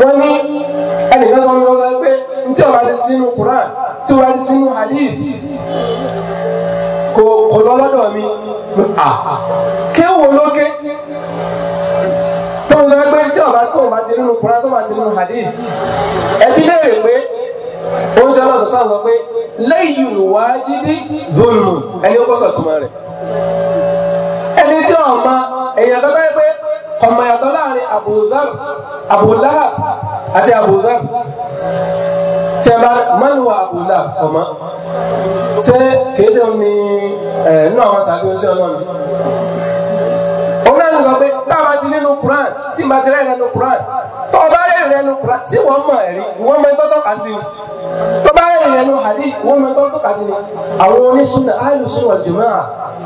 wọ́n ní ẹnìkan sọ wọn pé ntí ọba ti sínú Quran tí ọba ti sínú hadith kò lọ lọ́dọ̀ mi kéwò lókè tó ń sọ pé tí ọba tó bá ti nínú kura tó bá ti nínú hadith ẹbí léèrè pé ó ń sọ lọ́sọ̀ sáà sọ pé lẹ́yìn wájíbí dùnmù ẹni ó kọ́ sọ̀túnmọ́ rẹ̀ ẹni tí ọ̀ma èèyàn tó bá yẹ pé ọmọ yàtọ̀ láàrin abudar abudar àti abudar tí a bá mọ́nùwà abudar ọmọ ṣé kìí ṣe omi ẹ̀ nínú àwọn sàbíyàn sí ọlọ́run òun náà sọ pé táwa ti nínú Quran tí màá ti rẹ́ nínú Quran tó o bá rẹ́ nínú Quran sí wọ́n mọ̀ ẹ̀rí wọ́n mọ ẹgbẹ́ tọ́ka sí tó bá rẹ́ nínú hadith wọ́n mọ ẹgbẹ́ tọ́ka sí ni àwọn oníṣúná àìlùsùn ọ̀jọ̀mọ́ à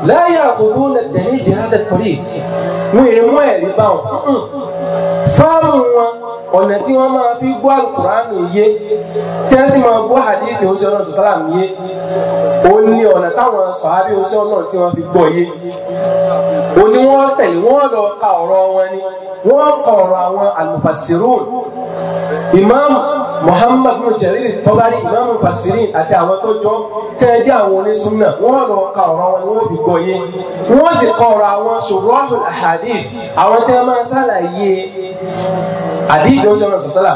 láyé àkókò náà tẹ̀lé ìdí hàdẹ̀ torí ọ̀nà tí wọ́n máa fi gbọ́ alukur'an yé tí wọ́n sì máa gbọ́ hadith oṣù ọ̀nà sọ̀sálàm yé ó ní ọ̀nà táwọn sọ̀hábí oṣù ọ̀nà tí wọ́n fi gbọ́ yé ó ní wọ́n tẹ̀lé wọ́n lọ ka ọ̀rọ̀ wọn ni wọ́n kọ ọ̀rọ̀ àwọn alufasirun ìmáàmù Muhammad bin Jarir Imam ìmáàmù fasirin àti àwọn tó jọ tẹ́jú àwọn onísúnà wọ́n lọ ka ọ̀rọ̀ wọn ni wọ́n fi gbọ́ yé wọ́n sì kọ ọ̀rọ̀ àwọn ṣòro àhàdí àwọn tí wọ́n máa ń sàlàyé àbí ìjọba sọ̀rọ̀ sọ̀sọ́là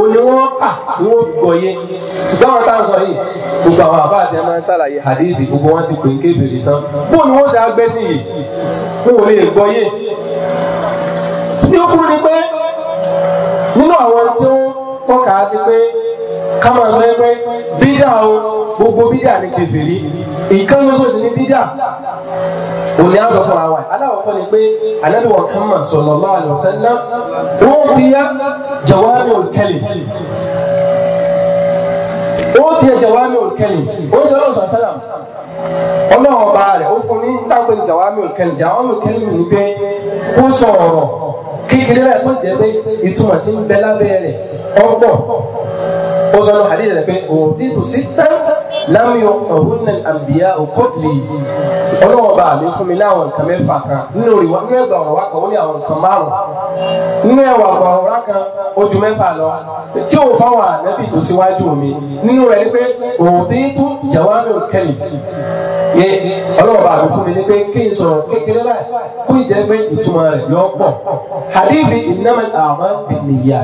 o ní wọ́n kà ní wọ́n fi gbọ́ yé ṣùgbọ́n àwọn táwọn sọ yìí gbogbo àwọn àbá àti ẹ̀ máa ń ṣàlàyé àdéhìí gbogbo wọn ti pè ń kébèrè tán bóun ni wọ́n ṣe agbẹ́sìn yìí fún òun lè gbọ́ yé ní ó kúrò ní pé nínú àwọn tí ó tọ́ka sí pé ká máa sọ pé bídà o gbogbo bídà ni kèfèrí ìkànnì sọ̀sì ni bídà òní àwọn sọ fúnra wa aláwọ̀kọ́ ni pé Ànábì Muhammad sallallahu alaihi wasallam wọ́n ti yá jawami'ul kalim wọ́n ti yá jawami'ul kalim ó sọ lọ́wọ́ sọ sẹ́lá ọlọ́run ọba rẹ̀ ó fún ní táwọn ní jawami'ul kalim jawami'ul kalim ní pé kó sọ ọ̀rọ̀ kékeré rẹ̀ kó sì yẹ pé ìtumọ̀ ti ń bẹ lábẹ́ rẹ̀ ọgbọ̀ ó sọ lọ́ hadith rẹ̀ pé òun ti tù sí tán lámì ọ̀húnnà àbíyá òkòtìlì ọlọ́wọ́ba mi fún mi láwọn nǹkan mẹ́fà kan nínú ìwà nínú ẹgbà ọ̀rọ̀ wa kan ó ní àwọn nǹkan márùn nínú ẹwà ọ̀gbà ọ̀rọ̀ kan ó ju lọ tí òun fáwọn ànábì tó síwájú mi nínú rẹ̀ ni pé òun ti tún jàwá mi ò kẹ́lì yé ọlọ́wọ́ba mi fún mi ní pé kí n sọ̀rọ̀ kékeré báyìí kó ìjẹ́ pé ìtumọ̀ rẹ̀ yọ pọ̀ hadithi ìnáwó àwọn bìnnìyà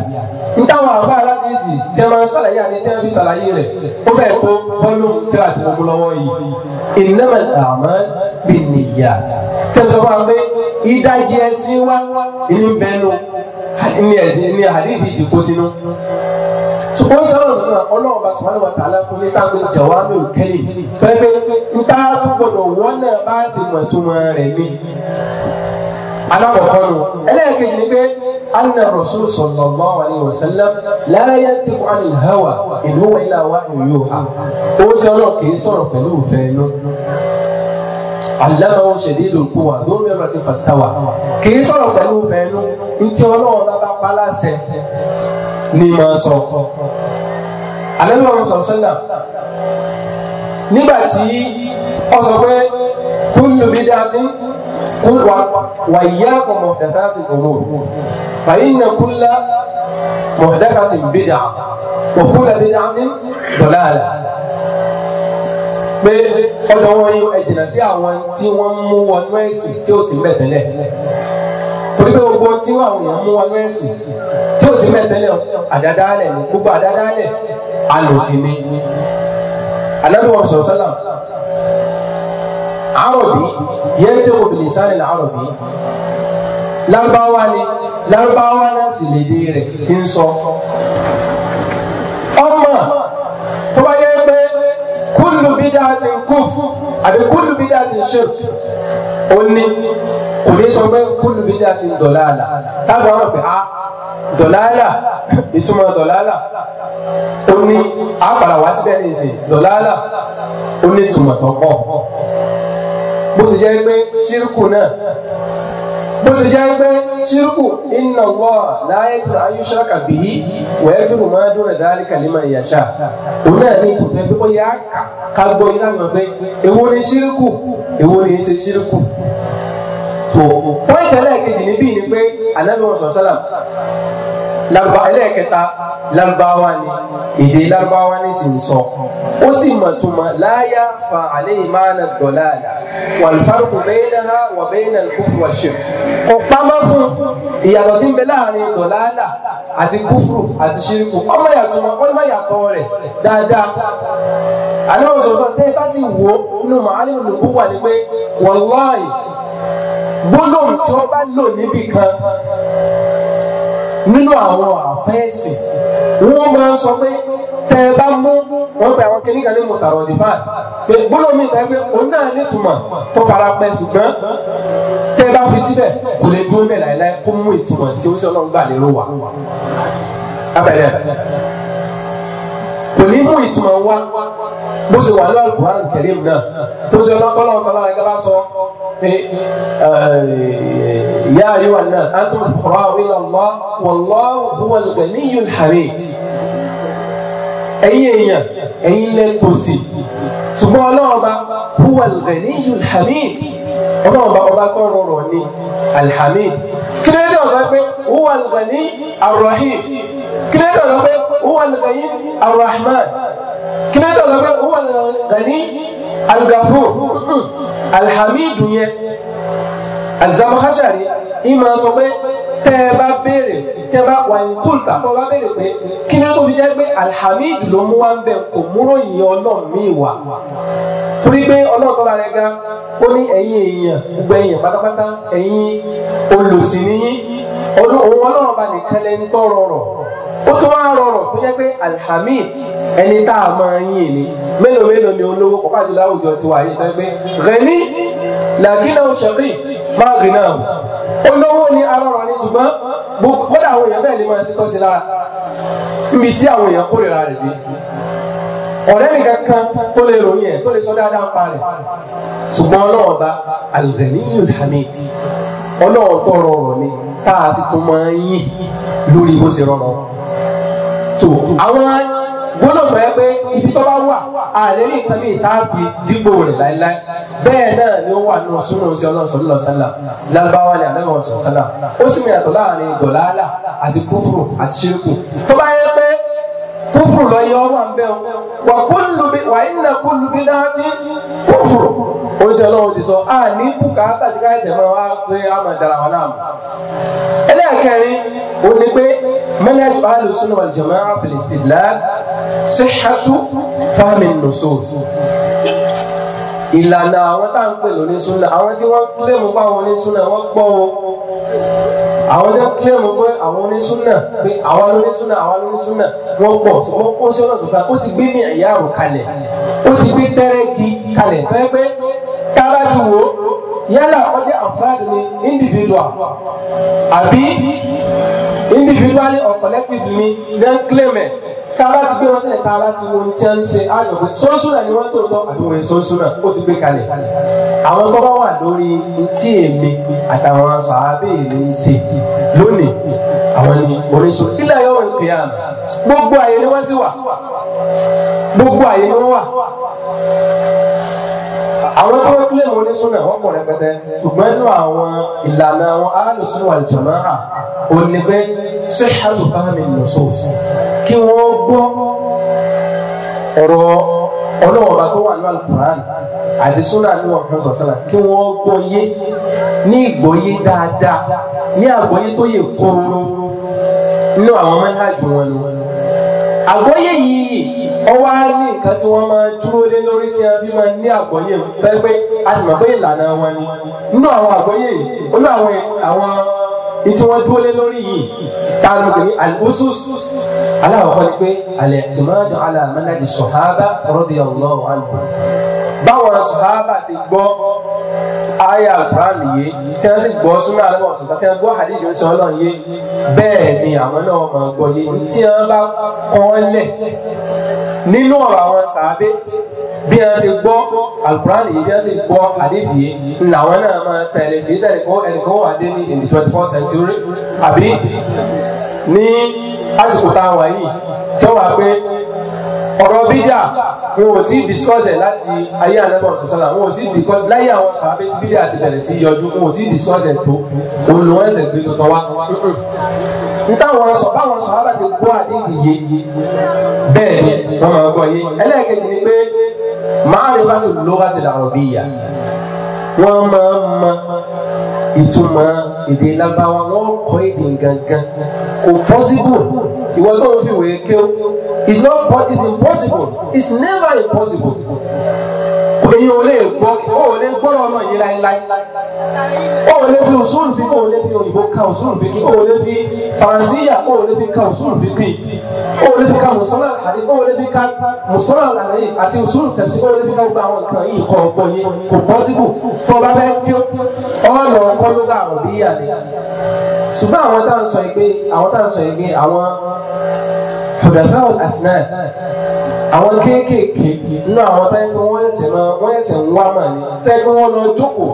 ntàwọn àbá aládìsí tẹ́ máa ń sàlàyé àti tẹ́ máa ń fi sàlàyé rẹ̀ ó bẹ̀ tó bọ́lú tíra tí mo mú lọ́wọ́ yìí innamal a'mal binniyat tẹ̀sán fún wa pé ìdajì ẹ̀sìn wa ìní bẹ́ẹ̀nu ní ẹ̀sìn ní àdéhìí ti kó sínú. wọ́n sọ̀rọ̀ sọ̀rọ̀ ọlọ́run bá sọ̀rọ̀ wà tààlà fún mi táwọn jàwámi ò kẹ́lì pẹ́pẹ́ ń tá a tó gbọdọ̀ wọ́n náà bá sì mọ̀túnmọ̀ rẹ̀ ní alákọ̀ọ́kọ́ ló ẹlẹ́ẹ̀kejì ni pé anna rasul sallallahu alayhi wa sallam la yantiqu anil hawa in huwa illa wahyun yuha ó sọ náà kì í sọ̀rọ̀ pẹ̀lú ìfẹ́ inú alamawo shadidul quwa lórí ọ̀rọ̀ ti fastawa kì í sọ̀rọ̀ pẹ̀lú ìfẹ́ inú ntí ọlọ́run bá bá pa láṣẹ ni máa sọ alẹ́lọ́run sọ̀rọ̀ sọ́là nígbà tí ó sọ pé kullu bid'atin. وإياكم محدثات الأمور فإن كل محدثة بدعة وكل بدعة ضلالة pé ọ̀dọ̀ wọn yóò ẹ̀jìnà sí àwọn tí wọ́n mú wọnú ẹ̀sìn tí ó sì mẹ̀tẹ́lẹ̀ torí pé gbogbo tí àwọn èèyàn mú wọnú ẹ̀sìn tí ó sì mẹ̀tẹ́lẹ̀ àdádálẹ̀ gbogbo àdádálẹ̀ alòsì ni anábìwọ̀n sọ̀rọ̀ arabi yantiqu bilisani arabi Lárúbáwá ni Lárúbáwá náà sì lédè rẹ̀ ti ń sọ ọmọ tó bá yẹ pé kullu bid'atin kufr àbí kullu bid'atin shirk ó ní kò ní sọ pé kullu bid'atin dalala táwọn àwọn pé a ah, dọ̀làlà ìtumọ̀ dọ̀làlà ó ní àpàlà wá síbẹ̀ nìyí dọ̀làlà ó ní ìtumọ̀ tó pọ̀ bó ti jẹ́ pé ṣírkù náà bó ti jẹ́ pé ṣírkù inna Allah la yaghfiru an yushraka bihi wa yaghfiru ma duna dhalika liman yasha òun náà ní ìtòkẹ́ pé bóyá ká gbọ́ ilé àwọn pé èwo ni ṣírkù èwo ni ṣe ṣírkù. tó pọ́ńtẹ́lẹ̀ kejì níbí ni pé Ànábì wọn Lárúbá ẹlẹ́ẹ̀kẹta Lárúbáwá ni èdè Lárúbáwá ni sì ń sọ ó sì mọ̀ tó mọ̀ láyà fa àléyìn máa na dọ̀là àlà wàlúfàrúkù bẹ́ẹ̀nà ha wà bẹ́ẹ̀nà kúfù wà ṣe. kò pamọ́ fún ìyàtọ̀ tí ń bẹ láàrin dọ̀là àlà àti kúfù àti ṣíríkù ọmọ yàtọ̀ wọn ọmọ yàtọ̀ rẹ̀ dáadáa. àlọ́ òṣòṣò tẹ́ ẹ bá sì wò ó nínú màálùú ló kú wà ní pé wọ́n láì tí wọ́n bá lò níbì kan nínú àwọn àfẹ́ẹ̀sì wọ́n máa ń sọ pé tẹ́ ẹ bá mú wọ́n pe àwọn kìnnìkan ní mọ̀tàrọ̀ nípa pé gbọ́dọ̀ mi ìta pé òun náà nítumọ̀ tó fara pẹ́ ṣùgbọ́n tẹ́ ẹ bá fi síbẹ̀ kò lè dúró bẹ́ẹ̀ láìláì kó mú ìtumọ̀ tí ó ń sọ lọ́n gbà lérò wá. kò ní mú ìtumọ̀ wá bó ṣe wà ní alukuran kẹrin náà tó ṣe ọlọ́kọ́lọ́ ọ̀kọ́lọ́ rẹ̀ kábà sọ pé yá ayé wà náà antum kọ́ra ila Allah wallahu huwal ghaniyyul hamid ẹ̀yin èèyàn ẹ̀yin lẹ́tọ̀ọ̀sì ṣùgbọ́n ọlọ́ọ̀ba huwal ghaniyyul hamid ọlọ́ọ̀ba ọba kọ́ rọrọ̀ ni alhamid kí ló dé ọ̀sán pé huwal kí ló ọ̀sán pé kí náà sọ̀rọ̀ pé owó gani alugafo alhamidu yẹn alizamakasari ìmọ̀ sọ pé tẹ́ ẹ bá béèrè tẹ́ ẹ bá wà ní kúlùtà tó bá béèrè pé kí náà tó fi jẹ́ pé alhamidu ló mú wá ń bẹ̀ kò múrò mi wà torí pé ọlọ́run tó bá rẹ ó ní ẹ̀yin èèyàn gbogbo èèyàn pátápátá ẹ̀yin olùsìn níyìn ọdún òun ọlọ́run bá nìkan lẹ́ni tó ó tún wá rọrùn tó jẹ́ pé alhamid ẹni tá a máa yìn ni mélòó mélòó ni olówó kọ́kọ́ àjùlọ àwùjọ ti wà yìí tó jẹ́ pé rẹ̀ní làkínà òṣèlú máa rìn náà olówó ni arọrọ ni ṣùgbọ́n kódà àwọn èèyàn bẹ́ẹ̀ ni máa ń sikọ́ sí lára níbi tí àwọn èèyàn kórìíra rẹ̀ dé ọ̀rẹ́ nìkan kan tó lè ròyìn ẹ̀ tó lè sọ dáadáa ń pa ṣùgbọ́n ọlọ́run ọba alghaniyul hamid ọlọ́run tó rọrùn ni tá a sì tún máa ń yìn lórí bó ṣe rọrùn so àwọn gbólóògbé pé ibi tó bá wà àlè ní nǹkan bíi tá a fi dípò rẹ̀ láéláé bẹ́ẹ̀ náà ni ó wà nínú súnú sí ọlọ́run sọlọ́ sálà lágbáwá ni àlẹ́ wọn sọ sálà ó sì mìíràn tó láàrin dọ̀làálà àti kófòrò àti ṣírùkù tó bá yẹ pé lọ yẹ ọwọ́ àbẹ o wà kúlù bí wà ìnà kúlù bí dáhàtì kófò ó ṣe lọ́wọ́ ti sọ a ní bùkà àtàtì káyọ̀sẹ̀ máa wá pé a máa dara wọn náà. ẹlẹ́ẹ̀kẹrin ó ní pé mẹ́lẹ́jì ahlu sunna wal jamaa fil istidlal sihhatu fahmi nusus ìlànà àwọn tá à ń pè lóní sunna àwọn tí wọ́n ń kílèmù pa àwọn oní sunna wọ́n gbọ́ o àwọn tí wọ́n kílẹ̀ mọ́ pé àwọn onísúnà pé àwọn onísúnà àwọn onísúnà wọ́n pọ̀ wọ́n kó sí ọ̀nà tuntun ó ti gbé ní ẹ̀yà àrò kalẹ̀ ó ti gbé tẹ́rẹ́gì kalẹ̀ tó yẹ pé tábà ti wò ó yálà ó jẹ́ àǹfààní ni individual àbí individually or collectively then claim it tá a bá ti gbé wọn sílẹ̀ tá a bá ti wo ohun tí wọ́n ń ṣe á lò wọ́n sọ́nsúrà ni wọ́n tó tọ́ àbí wọ́n sọ́nsúrà ó ti gbé kalẹ̀. àwọn tó wà lórí tí èmi àtàwọn sàábé mi ń ṣe lónìí àwọn ni oríṣi ilé ayé wọn kì í àná gbogbo àyè ni wọ́n sì wà gbogbo àyè ni wọ́n wà àwọn tí wọ́n kílẹ̀ wọn ní súnà wọ́n pọ̀ rẹpẹtẹ ṣùgbọ́n inú àwọn ìlànà àwọn alùsùn wal jama'a ò ní pẹ́ sihhatu fahmi nusus kí wọ́n gbọ́ ọ̀rọ̀ ọlọ́wọ́ba tó wà ní alukur'an àti súnà ní ọ̀kan sọ̀sánà kí wọ́n gbọ́ yé ní ìgbọ́yé dáadáa ní àgbọ́yé tó yẹ kóró inú àwọn mẹ́ta jù wọn ni àgbọ́yé yìí ó wá ní nǹkan tí wọ́n máa dúró lé lórí tí wọ́n fi máa ní àgbọ́yé pẹ́pẹ́ a sì mọ̀ pé ìlànà wọn ni nínú àwọn àgbọ́yé yìí ó ní àwọn àwọn ìtí wọ́n dúró lé lórí yìí tá a lò pé al-usus aláwọ̀ fọ́ ni pé al-i'timadu ala manhaj as-sahaba radiyallahu báwọn sahaba ṣe gbọ́ aya alukuraan yìí tí wọ́n sì gbọ́ súnmọ́ àlọ́ ọ̀sùn tí wọ́n gbọ́ àdéjì oṣù ọlọ́run yìí bẹ́ẹ̀ ni àwọn náà máa gbọ́ yìí tí wọ́n bá kọ́ lẹ̀ nínú ọ̀rọ̀ àwọn sàábé bí wọ́n ṣe gbọ́ alukuraan yìí bí wọ́n ṣe gbọ́ àdéjì yìí làwọn náà máa tẹ̀lé kì í sẹ́ni kó ẹnìkan wà dé ní in the twenty fourth century àbí ní àsìkò táwọn yìí tí wọ́n wà pé ọ̀rọ̀ bídà wọn ò tí ì discuss ẹ̀ láti ayé ànábọ̀ sọ̀sọ́là wọn ò tí ì discuss láyé àwọn sàbẹ̀ tí bídà ti bẹ̀rẹ̀ sí yọjú wọn ò tí ì discuss ẹ̀ tó òun ló ẹsẹ̀ gbé tuntun wá. ntáwọn sọ báwọn sọ bá ti gbọ́ àdéhùn yé bẹ́ẹ̀ ni wọ́n máa gbọ́ yé ẹlẹ́ẹ̀kejì ni pé ma'rifatul lughatil arabiyya wọ́n máa ma ìtumọ̀ èdè lábáwá wọ́n kọ́ èdè gangan kò pọ́sibú ìwọ tó ń fi wèé kéwòn it's not but it's impossible it's never impossible èyí ò lè gbọ́ ó ò lè gbọ́dọ̀ ọmọ yìí láéláé ó ò lè fi òṣùn fi ó ò lè fi òyìnbó ka òṣùn fi kí ó ò lè fi faransiya ó ò lè fi ka òṣùn fi kí ó ò lè fi ka mùsọ́lá àti ó ò lè fi ka mùsọ́lá àlàyé àti òṣùn tẹ̀sí ó ò lè fi ka gba àwọn nǹkan yìí kọ̀ ọ̀pọ̀ yìí kò pọ́sibù tó o bá fẹ́ kí ó lọ kọ́ ló bá àwọn bí yà ni ṣùgbọ́n àwọn tá à ń sọ yìí pé àwọn tá à ń sọ yìí pé àwọn fòdàfà àsìnà àwọn kéékèèké nínú àwọn táyé pé wọ́n ẹ̀sìn náà wọ́n ẹ̀sìn ń wá mà ní táyé pé wọ́n lọ jókòó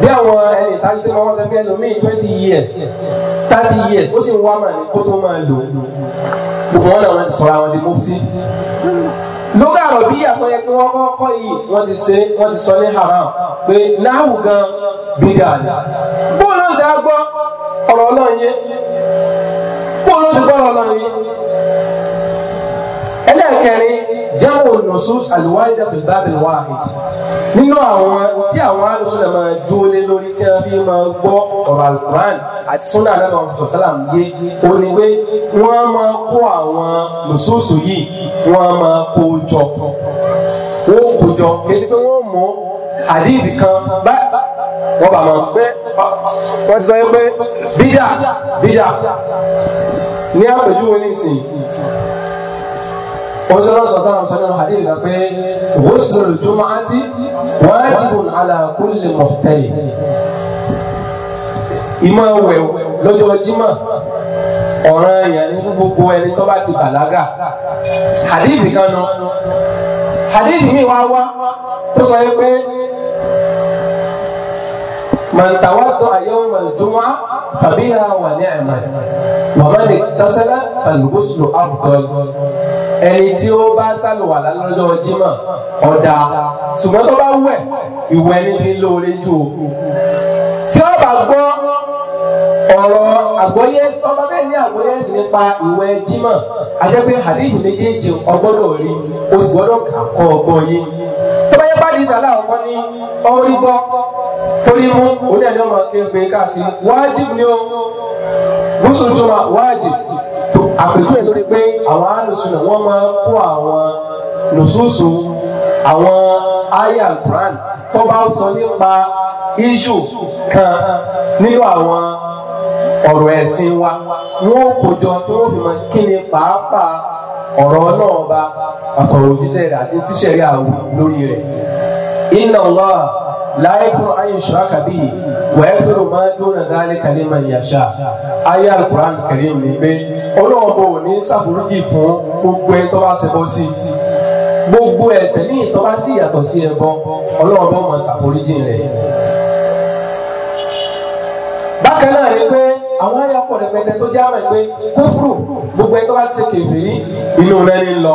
bí àwọn ẹni ìsáájú sí wọn fẹ́ fẹ́ lómìn twenty years thirty years ó sì ń wá mà ní kó tó máa lò gbogbo wọn náà sọ̀rọ̀ àwọn di mufti lórí àrò bí àtọ́ yẹ kí wọ́n kọ́ kọ́ yìí wọ́n ti ṣe wọ́n ti sọ ní haram pé náhù gan bídà ni. bóun ló ń ṣe á gbọ́ ọ̀rọ̀ ọlọ́run yé bóun ló ṣe gbọ́ ọ̀rọ̀ ọlọ́run yé ẹlẹ́kẹrin jẹ́wò nusus al-warida fil bab al-wahid nínú àwọn tí àwọn alùsùnà máa dúólé lórí tí wọ́n fi máa gbọ́ ọ̀rọ̀ alukuran àti sunna alábà ọ̀sán sálàm yé oníwé wọ́n máa kó àwọn nusus yìí wọ́n máa kó jọ wọ́n kó jọ kí pé wọ́n mú àdìsí kan bá wọ́n bá máa pé wọ́n ti sọ yẹn pé bídà bídà ní àpèjúwe nísìnyí wọ́n sọ lọ́sọ̀ tó àwọn sọ́nà hadith rẹ̀ pé ghusl jumu'ati wajibun ala kulli muhtali. ìmọ̀ wẹ̀ lọ́jọ́ jímọ̀ ọ̀ràn èèyàn ní gbogbo ẹni tó bá ti bàlágà hadith kan nọ hadith mi wá wá tó sọ yẹ pé man tawadda'a yawmal jumu'ah. فبها ونعمة ومن اغتسل فالغسل أفضل ẹni tí ó bá sàlùwàlá lọ́jọ́ Jímọ̀ ọ̀dà ṣùgbọ́n tó bá wẹ̀ ìwẹ̀ ni fi lóore jù o tí ó bá gbọ́ ọ̀rọ̀ àgbọ́yé ọmọ bẹ́ẹ̀ ní àgbọ́yé sí nípa ìwẹ̀ Jímọ̀ àjẹpẹ́ àdéhùn méjèèjì ọgbọ́dọ̀ rí o gbọ́dọ̀ kà kọ́ ọgbọ́n yìí bá di sàlá ọkọ ní ọrí gbọ́ torí mú oní ẹ̀yọ́ máa ké pé káàkiri wájib ni ó gúúsù tó máa wájib àpèjúwe lórí pé àwọn alùsùnà wọ́n máa kó àwọn lùsùsù àwọn aya Quran tó bá ń sọ nípa iṣu kan nínú àwọn ọ̀rọ̀ ẹ̀sìn wa wọ́n kò jọ tí wọ́n fi mọ kí ni pàápàá ọ̀rọ̀ náà bá àtọ̀rọ̀ òjíṣẹ́ rẹ̀ àti tíṣẹ́ rẹ̀ àwọn lórí rẹ̀. inna Allah la yaghfiru an yushraka bihi wa yaghfiru ma duna dhalika liman yasha ayé al-Qur'an Karim ni pé ọlọ́ọ̀bọ ò ní sàbúrúdì fún gbogbo ẹ tó bá ṣe bọ́ sí gbogbo ẹ̀ṣẹ̀ ní ìtọ́ bá sì yàtọ̀ sí ẹbọ ọlọ́ọ̀bọ mọ̀ sàbúrúdì rẹ̀. àwọn àyà pọ̀ rẹpẹtẹ tó jẹ́ àmọ̀ pé kófúrù gbogbo ẹni tó bá ti ṣe kèfèrí inú rẹ̀ ní lọ.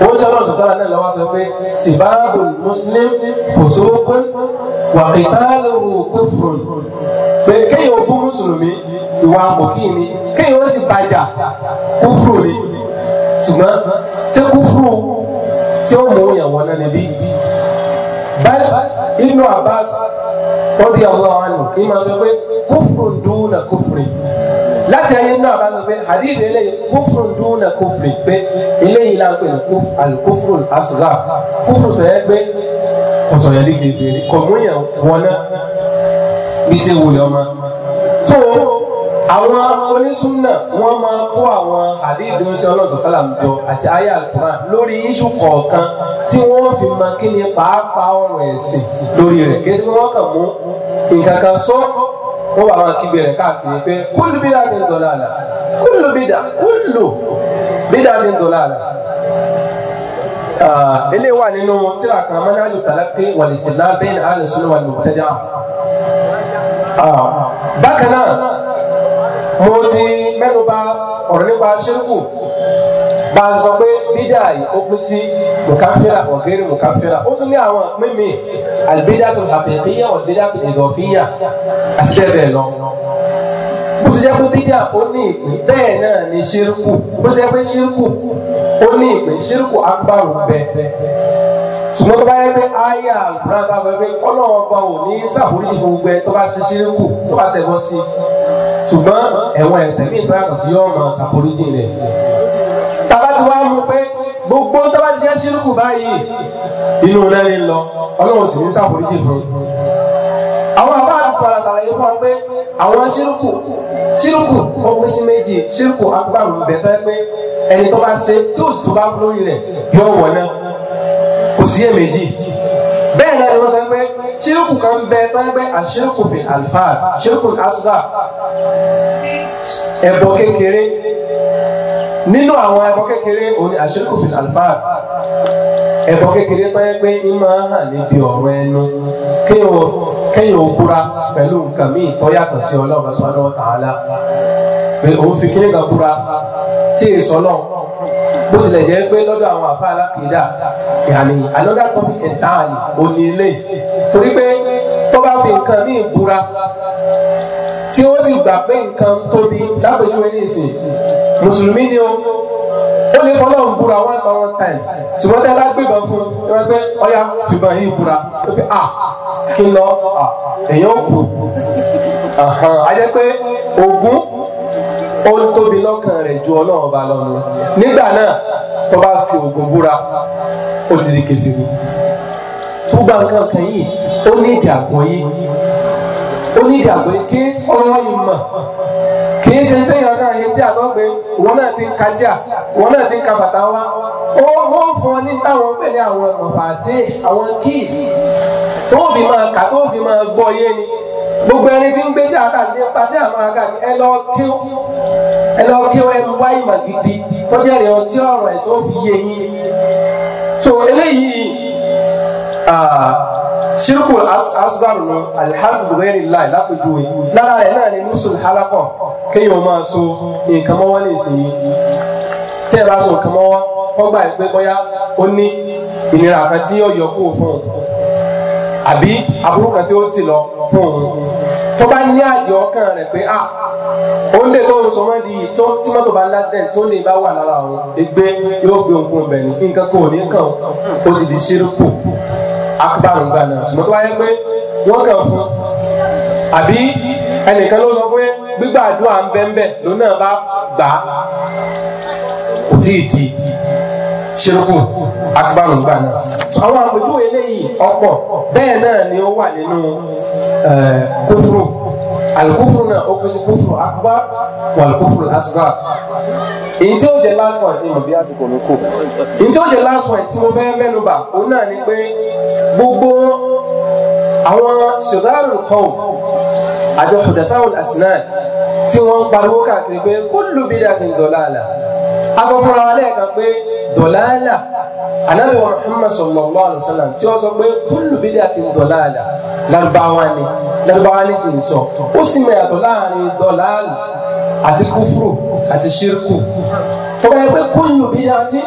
ó ń sọ́nà sọ̀tàrà náà lọ́wọ́ sọ pé sibáàbù muslim fòsókún wà qitaluhu kófúrù pé kéèyàn ogún mùsùlùmí ìwà àpòkì ni kéèyàn ó sì bàjà kófúrù ni ṣùgbọ́n ṣé kófúrù tí ó mú ìyàwó náà níbí. bẹ́ẹ̀ inú Abbas wọ́n bí ọ̀gbọ́n wa nù ní ma sọ pé kófùrùn dùn nà kófùrì láti ayé náà bá mi pé hadith eléyìí kófùrùn dùn nà kófùrì pé eléyìí là ń pè ní alukófùrùn asùgà kófùrùn tó yẹ pé kòsòyẹ́lì gègèrè kò múyàn wọná bí sẹ́wọ̀n yọ máa àwọn onísúnà wọn máa kó àwọn àdéhùn ìdúnṣe ọlọ́sùn sálàm jọ àti ayé àkùrà lórí iṣu kọ̀ọ̀kan tí wọ́n fi máa kí ni pàápàá ọ̀rọ̀ ẹ̀sìn lórí rẹ̀ kí ẹsẹ̀ wọn kàn mú nǹkan kan sọ wọ́n wà máa kígbe rẹ̀ káàkiri pé kúlù bídà ti ń dọ̀là àlà kúlù bídà kúlù bídà ti ń dọ̀là àlà ilé wà nínú tíra kan mọ́nájú tàlákì wàlìsílá bẹ́ẹ̀ ni alùsùn wà ní òkútẹ́dá mo ti ba ọ̀rọ̀ nípa ṣírkù bá a sọ pé bídà ó kú sí mùkáfíra ọ̀gẹ́rì mùkáfíra ó tún ní àwọn mímì àlùbídà tó àbẹ̀bíyà ọ̀bídà tó ìdọ̀fíyà àti bẹ́ẹ̀ bẹ́ẹ̀ lọ bó ṣe jẹ́ pé bídà ó ní ìpín bẹ́ẹ̀ náà ni ṣírkù bó ṣe jẹ́ pé ṣírkù ó ní ìpín ṣírkù akbar bẹ́ẹ̀ bẹ́ẹ̀ ṣùgbọ́n tó bá yẹ pé aya àgbàlagbà wẹ́wẹ́ ọlọ́wọ́ ọba ò ní sàforíjì gbogbo ẹ tó bá ṣe ṣe ń kù tó bá ṣẹ̀wọ́ sí i ṣùgbọ́n ẹ̀wọ̀n ẹ̀ṣẹ̀ ní ìtura kò sí yọ ọmọ sàforíjì rẹ̀. bàbá ti wá mú pé gbogbo tó bá ṣe ṣe ń kù báyìí inú rẹ̀ ń lọ ọlọ́wọ́ sì ní sàforíjì fún un. àwọn àbá àti sàrà sàlàyé fún wa pé àwọn ṣírùkù ṣírùkù ó pín sí méjì ṣírùkù akpọ̀ àrùn bẹ̀tẹ́ pé ẹni tó bá ṣe tí ó sì tó bá kú lórí rẹ̀ yọ wọ̀ náà kò sí èméjì bẹ́ẹ̀ náà ni wọ́n sọ pé ṣírùkù kan bẹ pẹ́pẹ́ àṣírùkù fi àlùfáà ṣírùkù asghar ẹ̀bọ kékeré nínú àwọn ẹ̀bọ kékeré òun ni àṣírùkù fi àlùfáà ẹ̀bọ kékeré pẹ́pẹ́ ń máa hàn níbi ọ̀rọ̀ ẹnu kéèyàn ó búra pẹ̀lú nǹkan míì tó yàtọ̀ sí Ọlọ́run subhanahu wa òun fi kíníkà búra tí èso náà bó tilẹ̀ jẹ́ pé lọ́dọ̀ àwọn àfa alákìídà yàní another topic entirely òní torí pé tó bá fi nǹkan míì búra tí ó sì gbà pé nǹkan tóbi lápèjúwe ní ìsìn mùsùlùmí ni ó ó lè fọlọ́ ń búra one thousand times ṣùgbọ́n tí a bá gbébọn fún un ẹ pé ọ̀ya fìbọn yìí búra ó fi à ah, kí n lọ ah, èèyàn kù a jẹ́ ogun ó ń tóbi lọ́kàn rẹ̀ ju ọlọ́run ba lọ́nu nígbà náà tó bá fi oògùn búra ó ti di kẹfìrí tó gba nǹkan kan yìí ó ní ìdí àgbọn yìí ó ní ìdí àgbọn yìí kí ọlọ́wọ́ yìí mọ̀ kì í ṣe téèyàn náà yẹn tí àgbọn pé wọn náà ti ń ka díà wọn náà ti ń ka bàtà wá ó ó fún ọ ní táwọn ń pèlè àwọn mọ̀fà àti àwọn kíìsì tó fi máa kà tó fi máa gbọ́ yé ni. gbogbo ẹni tí ń gbé sí àtàlẹ́ nípa tí àwọn akáàdì ẹ lọ kí ẹ lọ kí o wá ìmọ̀ tó jẹ́rìí ọtí ọ̀rọ̀ ẹ̀ tó fi yé yín so eléyìí ṣírkù asgar nù alihamdu bẹ́ẹ̀ni láì lára so nǹkan mọ́wọ́ lè sè é tẹ́ ẹ bá so nǹkan mọ́wọ́ ó ní ìnira kan tí yóò yọ kó fún un àbí lọ. fún hmm. un tó bá ní àjọ ọkàn rẹ̀ pé a ah, ó lè tó ń sọmọ́ di tó tí mọ́tò bá lásìdẹ̀ntì tó lè bá wà lára òun ẹgbẹ́ yóò gbé òkun ibẹ̀ ní nǹkan kan ò ní kàn ó ti di ṣírùkù akpárùn gbà náà ṣùgbọ́n tó bá yẹ pé wọ́n kàn fún àbí ẹnìkan ló sọ pé gbígbàdúrà ń bẹ́ńbẹ́ lónà bá gbà kò tí ì di ṣírùkù akíbàrún gbà náà àwọn àpèjúwe eléyìí ọ̀pọ̀ bẹ́ẹ̀ náà ni ó wà nínú kúfùrù alikufuru náà ó pèsè kufuru akbar wà alikufuru asghar èyí tí ó jẹ last one ni mo bí àsìkò mi kù èyí tí ó jẹ last one tí mo fẹ́ mẹ́nu bà òun náà ni pé gbogbo àwọn sọdáàrù kan àjọ fòdàtàwọn àsìnáà tí wọ́n ń pariwo káàkiri pé kullu bidatin dalala aṣọ fúnra wa lẹ́ẹ̀kan pé dọ̀láàlà anábì wa Muhammad sallallahu alayhi wa sallam tí wọ́n sọ pé kullu bid'atin dọ̀láàlà Lárúbáwá ni Lárúbáwá ni sì ń sọ ó sì mọ ìyàtọ̀ láàrin dọ̀láàlà àti kúfúrù àti ṣírkù tó bá yẹ pé kullu bid'atin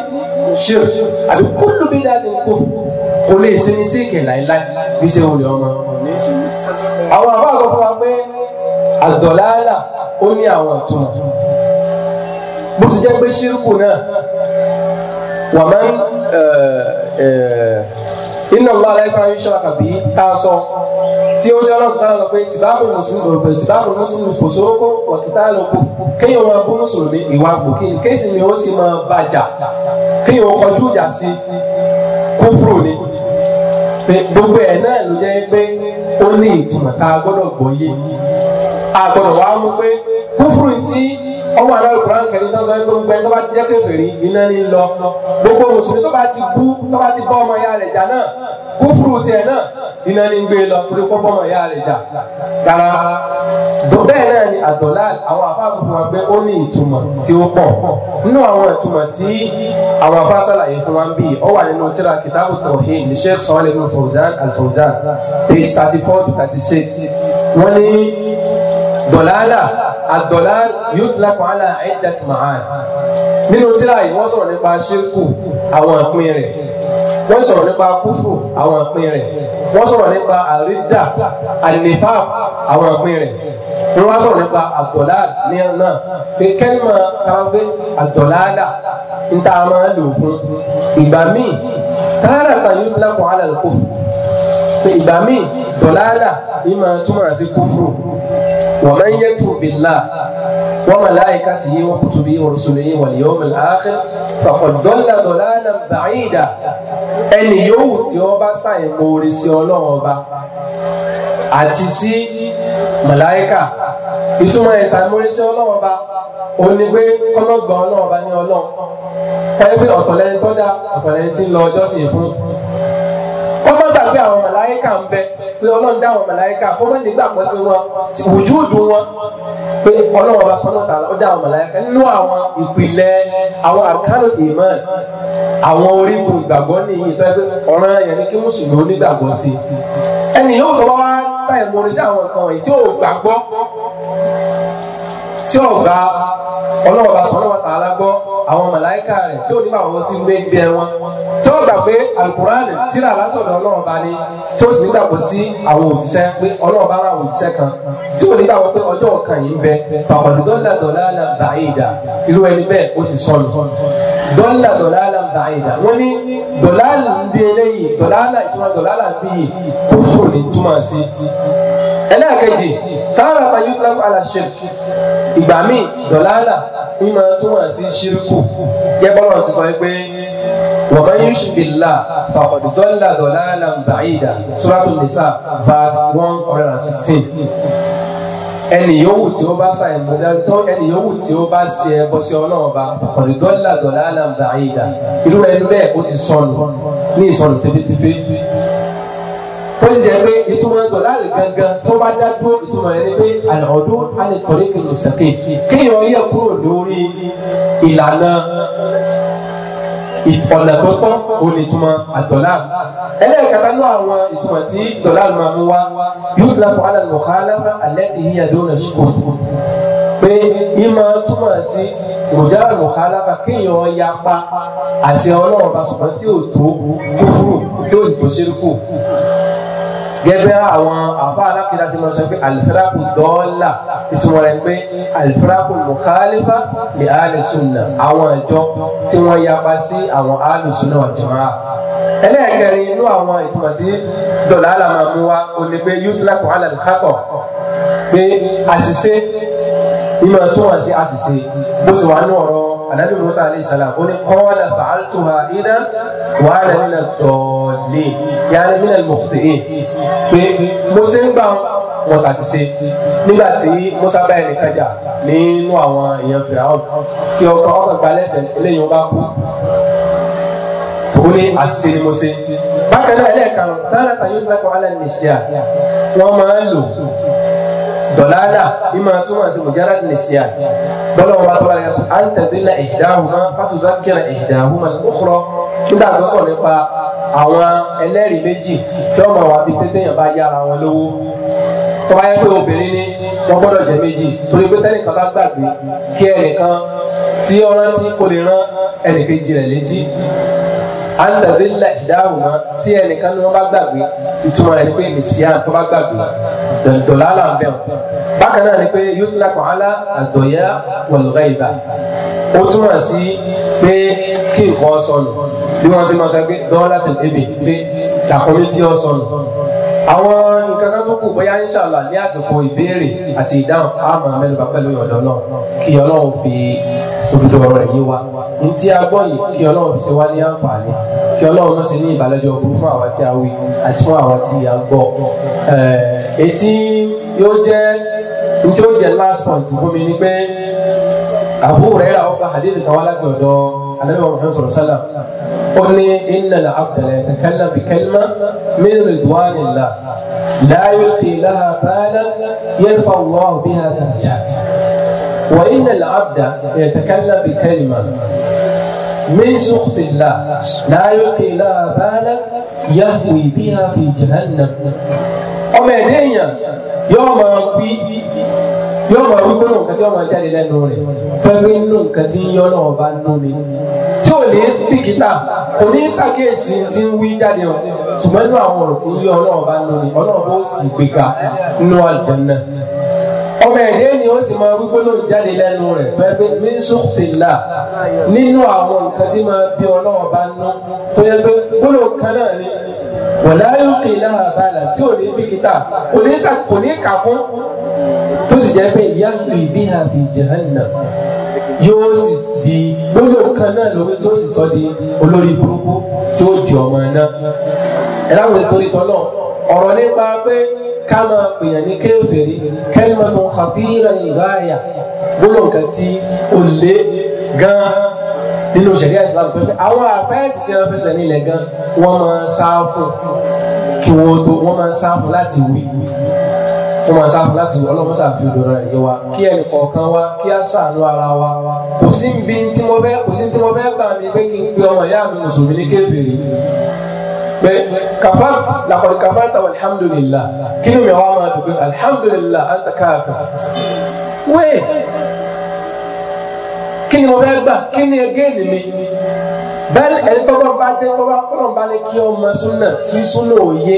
ṣírkù àbí kullu bid'atin kúfúrù kò lè ṣe ní sí ìkẹ̀ bí ṣe ń ọmọ. àwọn àbá sọ pé àdọ̀láàlà ó ní àwọn ìtumọ̀ bó ti jẹ́ pé ṣírùkù náà wà máa ń iná ńlá aláìfà ń ṣọ́ra kàbí tá a sọ tí ó ṣọ́ra sọ́ra lọ pé sìbáàbù mùsùlùmí ọ̀pẹ̀ sìbáàbù mùsùlùmí fòṣókò wàkìtá lọ́kọ̀ kéèyàn máa bú mùsùlùmí ìwà gbòkè kéèsì ni ó sì máa bàjà kéèyàn kọjú ìjà sí kófúrò ni gbogbo ẹ̀ náà ló jẹ́ pé ó ní ìtumọ̀ tá a gbọ́dọ̀ gbọ́ yé a gbọ́dọ̀ mú pé kófúrò ti ọmọ aláwọ kuran kẹrin tó sọ pé gbogbo ẹni tó bá ti jẹ kékeré iná ní lọ gbogbo mùsùlùmí tó bá ti bú tó bá ti bọ ọmọ ya rẹ̀ jà náà kúfùrù tiẹ̀ náà iná ní gbé lọ torí kó bọ ọmọ ya rẹ̀ jà dára bẹ́ẹ̀ náà ni àdọlá àwọn afáàfù fún wa pé ó ní ìtumọ̀ tí ó pọ̀ nínú àwọn ìtumọ̀ tí àwọn afáàsàlà yìí fún wa ń bì ọ wà nínú tíra kìtàbù tọhìn ní sheikh sọlẹ ibn Fawzan al page thirty four to thirty six wọn ní dọ̀làlà àdọ̀là yóò tilá kan àlà ẹ̀dàtì màhán nínú tíra yìí wọ́n sọ̀rọ̀ nípa ṣírkù àwọn ìpín rẹ̀ wọ́n sọ̀rọ̀ nípa kúfù àwọn ìpín rẹ̀ wọ́n sọ̀rọ̀ nípa àrídà ànífà àwọn ìpín rẹ̀ wọ́n wá sọ̀rọ̀ nípa àdọ̀là ní náà pé kẹ́lìmọ̀ táwọn gbé àdọ̀làlà ń tá a máa lò fún ìgbà míì tààrà kan yóò tilá kan àlà kúfù ìgbà míì dọ̀làlà ní túmọ̀ sí kúfù ومن يكفر بالله وملائكته وكتبه ورسله واليوم الآخر فقد ضل ضلالا بعيدا ẹni yòówù tí ó bá ṣàìmoore sí Ọlọ́run ọba àti sí màláíkà ìtumọ̀ ẹ̀ ṣàìmoore sí Ọlọ́run ọba ó ní pé kọ́lọ́gbọ̀n Ọlọ́run ọba ní Ọlọ́run kọ́ ẹ pé ọ̀tọ̀lẹ́ni tó dá ọ̀tọ̀lẹ́ni tí ń lọ ọjọ́ sí fún un kọ́mọ́ gbàgbé àwọn màláyíkà ń bẹ pé ọlọ́run dá àwọn màláyíkà kọ́mọ́ nígbà pọ̀ sí wọn wùjúùdù wọn pé ọlọ́run ọba sọ́nà tààlà ó dá àwọn màláyíkà nínú àwọn ìpìlẹ̀ àwọn àkàrò ìmọ̀ àwọn orígun ìgbàgbọ́ nìyí tó yẹ pé ọ̀ràn yẹn ni kí mùsùlùmí onígbàgbọ́ sí ẹnì yóò tó bá wá sáyẹn mọ sí àwọn nǹkan yìí tí ò gbàgbọ́ tí ò gbà ọlọ́wọ́ bá sọ́nà wọ́n tààlà gbọ́ àwọn màláìka rẹ̀ tí ó nígbà wọ́n sí gbẹ́gbẹ́ wọn tí wọ́n gbà pé alukuraani tíra látọ̀dọ̀ ọlọ́wọ́ bá ní tí ó sì ń gbàgbọ́ sí àwọn òṣìṣẹ́ pé ọlọ́wọ́ bá àwọn òṣìṣẹ́ kan tí ó nígbà wọ́n pé ọjọ́ kan yìí ń bẹ fàkọ̀dé dọ́là dọ́là la bàáyìdà irú ẹni bẹ́ẹ̀ ó ti sọnù dọ́là dọ́là la bàáyìdà wọ́n ní dọ́là ń bí eléyìí dọ́là ìtumọ̀ dọ́là ń bí kófò ní ẹlẹ́ẹ̀kejì táàrà bá yúkúlákù aláṣẹ ìgbà míì dọ̀làlà mímọ túmọ̀ sí ṣírkù gẹ́gbọ́n sì sọ pé wa man yushrik billah faqad dalla dalalan ba'ida suratul nisa verse one hundred and sixteen ẹnì yòówù tí ó bá sàn ìmọ̀lẹ́ tó ẹnì yòówù tí ó bá ṣe ẹbọ sí ọlọ́run bá faqad dalla dalalan ba'ida irú ẹni bẹ́ẹ̀ ó ti sọnù ní ìsọnù tẹ́fẹ́tẹ́fẹ́ ìtumọ̀ dọ̀láàlì gangan tó bá dá dúró ìtumọ̀ yẹn ni pé àlọ́dún alẹ́kọ̀ọ́lẹ́ kìlọ̀ sẹ́kẹ̀ kéèyàn yẹ kúrò lórí ìlànà ọ̀nà tó tọ́ òun ìtumọ̀ àdọ̀láàlì ẹlẹ́ẹ̀kẹta ló àwọn ìtumọ̀ tí dọ̀láàlì máa mú wá yóò dàpọ̀ alàlùkọ́lá alẹ́ ti yíyà dóná ṣùkọ́ pé ìmọ̀ túmọ̀ sí mùjára mùkálàfà kéèyàn yapa àti ọlọ́run bá ṣùgbọ́n tí ò tó kúfúrú tí ó sì tó ṣerúkù gẹ́gẹ́ àwọn àfa alákìlá ti máa sọ pé alifiraku dọ́ọ́là ìtumọ̀ rẹ̀ pé alifiraku mukhalifa li ahli sunna àwọn ìjọ tí wọ́n yapa sí àwọn ahli sunna wal jamaa ẹlẹ́ẹ̀kẹrin inú àwọn ìtumọ̀ tí dọ̀là àlàmà mú wa ò ní pé yutlaku ala al pé àṣìṣe ìmọ̀ tó wà sí àṣìṣe bó sì wà ní ọ̀rọ̀ anabi musa alayhi salam ó ní kọ́ọ̀lá fàáltùmá iná wà á nàní nà tọ̀ọ̀lì yàrá mi nà mọ̀kútì ẹ̀ pé mose ń gbà wọn ṣàṣìṣe nígbà tí musa bá ẹnì kájà nínú àwọn èèyàn fìràwọn tí ọkọ ọkọ gba lẹ́sẹ̀ eléyìí wọn kú ó ní àṣìṣe ni mo ṣe bákan náà ẹlẹ́ẹ̀kan tààràtà yóò dákọ̀ alẹ́ nìṣíà wọ́n máa ń lò dọ̀làlà ìmọ̀ tó wà sí mùjára nìsíà bọ́lá wọn bá tọ́lá yẹn sọ à ń tẹ̀lé ìdáhùnmá fàtúndà kẹrẹ ìdáhùnmá lókùrọ̀ nígbà tó sọ nípa àwọn ẹlẹ́rìí méjì tí wọ́n mọ̀ wá bí tètè yẹn bá yára wọn lówó tó bá yẹ pé obìnrin ni wọ́n gbọ́dọ̀ jẹ́ méjì torí pé tẹ́nìkan bá gbàgbé kí ẹnìkan tí ó rántí kò lè rán ẹnìkejì rẹ̀ létí à ń tẹ̀lé ìdáhùnmá tí ẹnìkan ni wọ́n bá gbàgbé ìtumọ̀ rẹ̀ pé mẹ̀síà tó bá gbàgbé dọ̀là là ń bẹ̀ wọ́n. bákan náà ni pé yóò tún lakọ̀ ala àdọ̀yà wọ̀lọ́gà ìbá ó túmọ̀ sí pé kí nǹkan sọnù bí wọ́n ti máa sọ pé dọ́là tẹ̀lé bè pé làkọ́mí tí ó sọnù àwọn nǹkan kan tó kù bóyá inṣàlá ní àsìkò ìbéèrè àti ìdáhùn àmọ́ amẹ́nuba pẹ̀lú ọ̀dọ́ náà kí ọlọ́run fi òfìdí ọ̀rọ̀ yìí wá ní tí a gbọ́ yìí kí ọlọ́run fi ṣe wá ní àǹfààní kí ọlọ́run náà ṣe ní ìbàlẹ́jọ́ burú fún àwọn tí a wí àti fún àwọn tí a gbọ́ etí eh, yóò jẹ́ ní tí ó jẹ́ last point fún mi ni pé àbúrò rẹ̀ ra ọgbà àdéhùn kan wá láti ọ̀dọ̀ النبي محمد صلى الله عليه وسلم قل لي ان العبد لا يتكلم بكلمه من رضوان الله لا يلقي لها بالا يرفع الله بها درجات وان العبد يتكلم بكلمه من سخط الله لا يلقي لها بالا يهوي بها في جهنم وما ẹ̀dẹ́ يوم ربي yóò mọ wípé nǹkan tí ọmọ jáde lẹ́nu rẹ̀ fẹ́fẹ́ nínú nǹkan tí ń yọ́nà ọba nù mí tí ò ní bìkítà kò ní ṣàkíyèsí tí ń wí jáde o ṣùgbọ́n nínú àwọn ọ̀rọ̀ tí ń yọ ọlọ́run bá nù mí ọlọ́run bó sì gbéga nínú àlùjànnà ọmọ ẹ̀dẹ́ ni ó sì máa wípé ló ń jáde lẹ́nu rẹ̀ fẹ́fẹ́ ní sọ́kìlá nínú àwọn nǹkan tí máa bí ọlọ́run bá nù tó yẹ pé gbọ́dọ̀ kan náà ni wọ̀láyọ̀ kìlá àbálà jẹ́ pé yahwi biha fi jahannam yóò sì di gbólóhùn kan náà lórí tó sì sọ di olórí burúkú tí ó di ọmọ iná ẹ láwọn ètò ìtọ́nà ọ̀rọ̀ nípa pé ká máa pèèyàn ní kéèfèrí kalimatu khatira al-ghaya gbólóhùn kan tí ó lé gan-an nínú ṣẹ̀ríà Islam pé àwọn àfẹ́sì tí wọ́n fẹsẹ̀ nílẹ̀ gan wọ́n máa ń sá fún kí wọ́n tó wọ́n máa ń sá fún láti wí fún wa sáfù láti wọ ọlọ́run sáfù ìdòrò ẹ̀yẹ wa kí ẹnì kọ̀ọ̀kan wa kí á ṣàánú ara wa kò sí ibi tí mo fẹ́ kò sí tí mo fẹ́ gbà mí pé kí n pe ọmọ ìyá mi mùsùlùmí ní kébèrè pé kafart làkọ̀dé kafart àwọn alhamdulillah kí ni mi wá máa dùn pé alhamdulillah anta kafir wẹ́ẹ̀ kí ni mo fẹ́ gbà kí ni ẹgẹ́ mi. bẹ́ẹ̀ ẹni tọ́gbọ́n bá jẹ́ tọ́gbà kọ́lọ́n bá kí ọmọ súnà kí súnà òye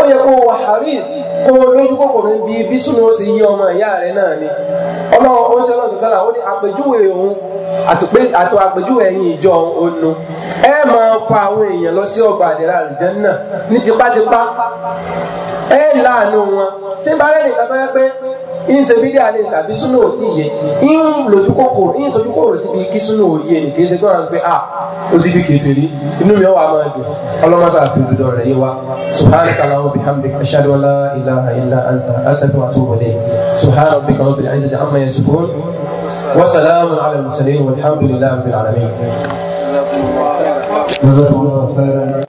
ó yẹ kó wà haris kó lójú kòkòrò níbi bí súnà ó sì yí ọmọ ìyá ni ọlọ́run ó ń ṣe ó ní àpèjúwe òun àpèjúwe ẹ̀yìn ìjọ ẹ máa fa àwọn èèyàn lọ sí ọgbà àdìrà ìṣe bídí àlẹ́ ìṣàbí súnú ò tí ì yẹ ń lójú kòkòrò ń sojú kòkòrò síbi kí súnú ò yẹ nìkan ṣe gbọ́dọ̀ pé ah ó ti di kèfèrí inú mi wà máa dùn ọlọ́mọṣà àfihàn rẹ̀ yé wa subhanaka allahumma bihamdika ashhadu an la ilaha illa anta astaghfiruka wa atubu ilayk subhana rabbika rabbil izzati amma yasifun wa salamun ala al-mursalin walhamdulillahi rabbil alamin.